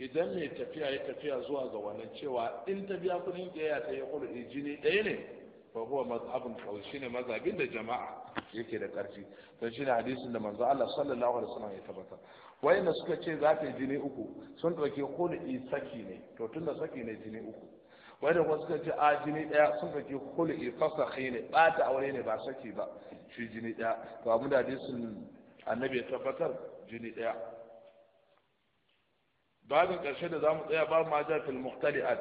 idan mai tafiya ya tafiya zuwa ga wannan cewa in ta biya kudin ƙiyaya ta yi kudu jini ɗaya ne fa huwa mazhabun qawl shine mazhabin da jama'a yake da ƙarfi don shine hadisin da manzo Allah sallallahu alaihi wasallam ya tabbata wayanda suka ce za ta yi jini uku sun dauke kudu saki ne to tunda saki ne jini uku wadda wasu ka ce a jini ɗaya sun saki hul'i fasahi ne ɓata aure ne ba saki ba shi jini ɗaya to abin da hadisin annabi ya tabbatar jini ɗaya babin ƙarshe da za mu tsaya ba ma ja fil muhtali'at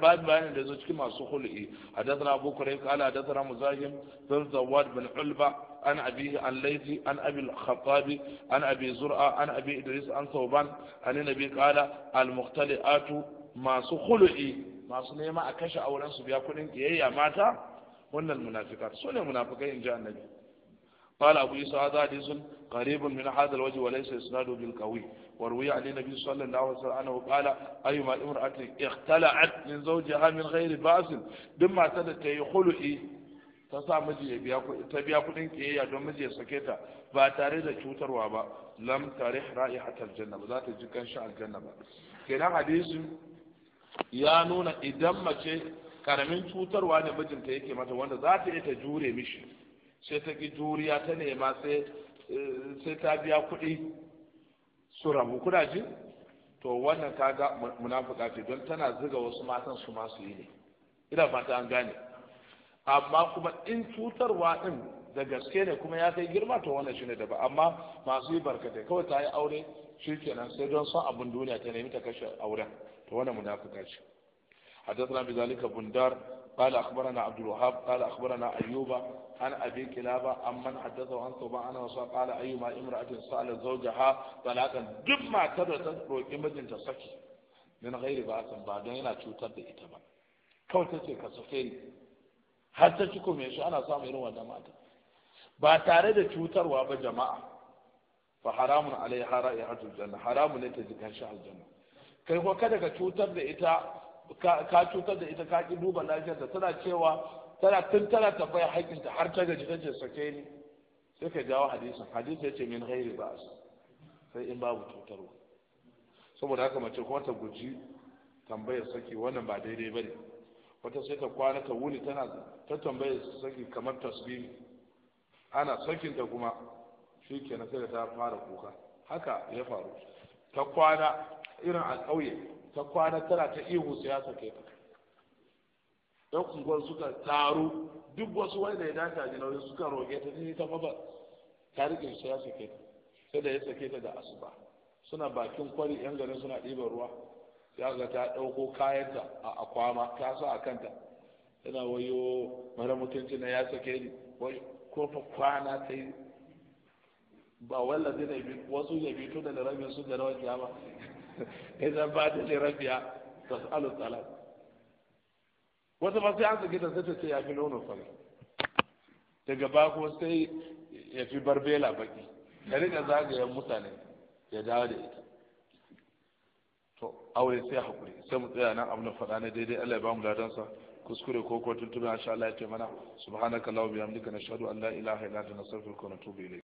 babin bayanin da zo cikin masu hul'i hadathana abu kurayb qala hadathana muzahim bin zawad bin ulba عن أبيه an ليثي عن أبي الخطاب عن أبي زرعة عن أبي إدريس عن ثوبان عن النبي قال المختلئات masu سخلئي masu nema a kashe aurensu su biya kudin kiyayya mata wannan munafikat su ne munafikai in ji annabi qala abu isa hadha hadithun qaribun min hadha alwajh wa laysa isnadu bil qawi wa ruwiya an nabi sallallahu alaihi wasallam anahu qala ayu ma imra'atin ikhtala'at min zawjiha ta yi khulu'i ta biya kuɗin ta biya kudin don miji ya sake ta ba tare da cutarwa ba lam tarih ra'ihatal janna ba za ta ji kan sha aljanna ba hadisi ya nuna idan mace karamin cutarwa ne mijinta yake mata wanda za ta iya ta jure mishi sai ta ki juriya ta nema sai eh, ta biya kuɗi su rabu kuna ji to wannan ga munafuka ce don tana ziga wasu matan su masu yi ne idan fata an gane amma kuma in cutarwa din da gaske ne kuma ya kai girma to wannan shine da ba amma masu yi barkatai kawai ta yi aure shi kenan sai don son abin duniya ta nemi ta kashe auren وانا منافق عشان حدثنا بذلك بندار قال أخبرنا عبد الوهاب قال أخبرنا أيوب عن أبي كلابة عمن حدثه عن طبعا عنه قال أيما امرأة سألت زوجها طلاقا duk matar da ta roƙi mijinta saki min ghairi ba'san ba don yana cutar da ita ba kawai ta ce ka sake ni har ta ci kuma shi ana samun irin wannan mata ba tare da cutarwa ba jama'a fa haramun alaiha ra'ihatul janna haramun ne ta jikan shi aljanna kai ko kada ka cutar da ita ka cutar da ita ka ki duba lafiyarta tana cewa tana tun tana tambaya haƙƙinta har ta gaji tace sake ni sai ka jawo hadisin hadisi ya ce min ghairi ba sai in babu cutarwa saboda haka mace kuma ta guji tambayar saki wannan ba daidai bane wata sai ta kwana ta wuni tana ta tambayar saki kamar tasbih ana sakinta kuma kenan sai ta fara kuka haka ya faru ta kwana irin a ƙauye ta kwana tara ta ihu sai ya sake ta dan unguwar suka taru duk wasu wanda ya dace ji nauyi suka roƙe ta ni ta maba ta riƙe sai ya sake ta sai da ya sake ta da asuba suna bakin kwari yan gari suna ɗiban ruwa ya ga ta ɗauko kayanta a akwama ta sa a kanta tana wayo mara mutunci na ya sake ni ko fa kwana ta yi ba wallazi ne wasu bi tun da rabin su da rawar kiyama (laughs) idan ba da lirabiya tasalu salat wata ba sai an saki da sai ce ya fi nono fara daga ba ko sai ya fi barbela baki ya rika zagayen mutane ya dawo da ita to aure sai hakuri sai mu tsaya nan abu na faɗa ne daidai Allah ya ba mu ladansa kuskure ko ko tuntuna insha Allah ya ce mana subhanaka allahumma bihamdika nashhadu an la ilaha illa anta nastaghfiruka wa natubu ilayk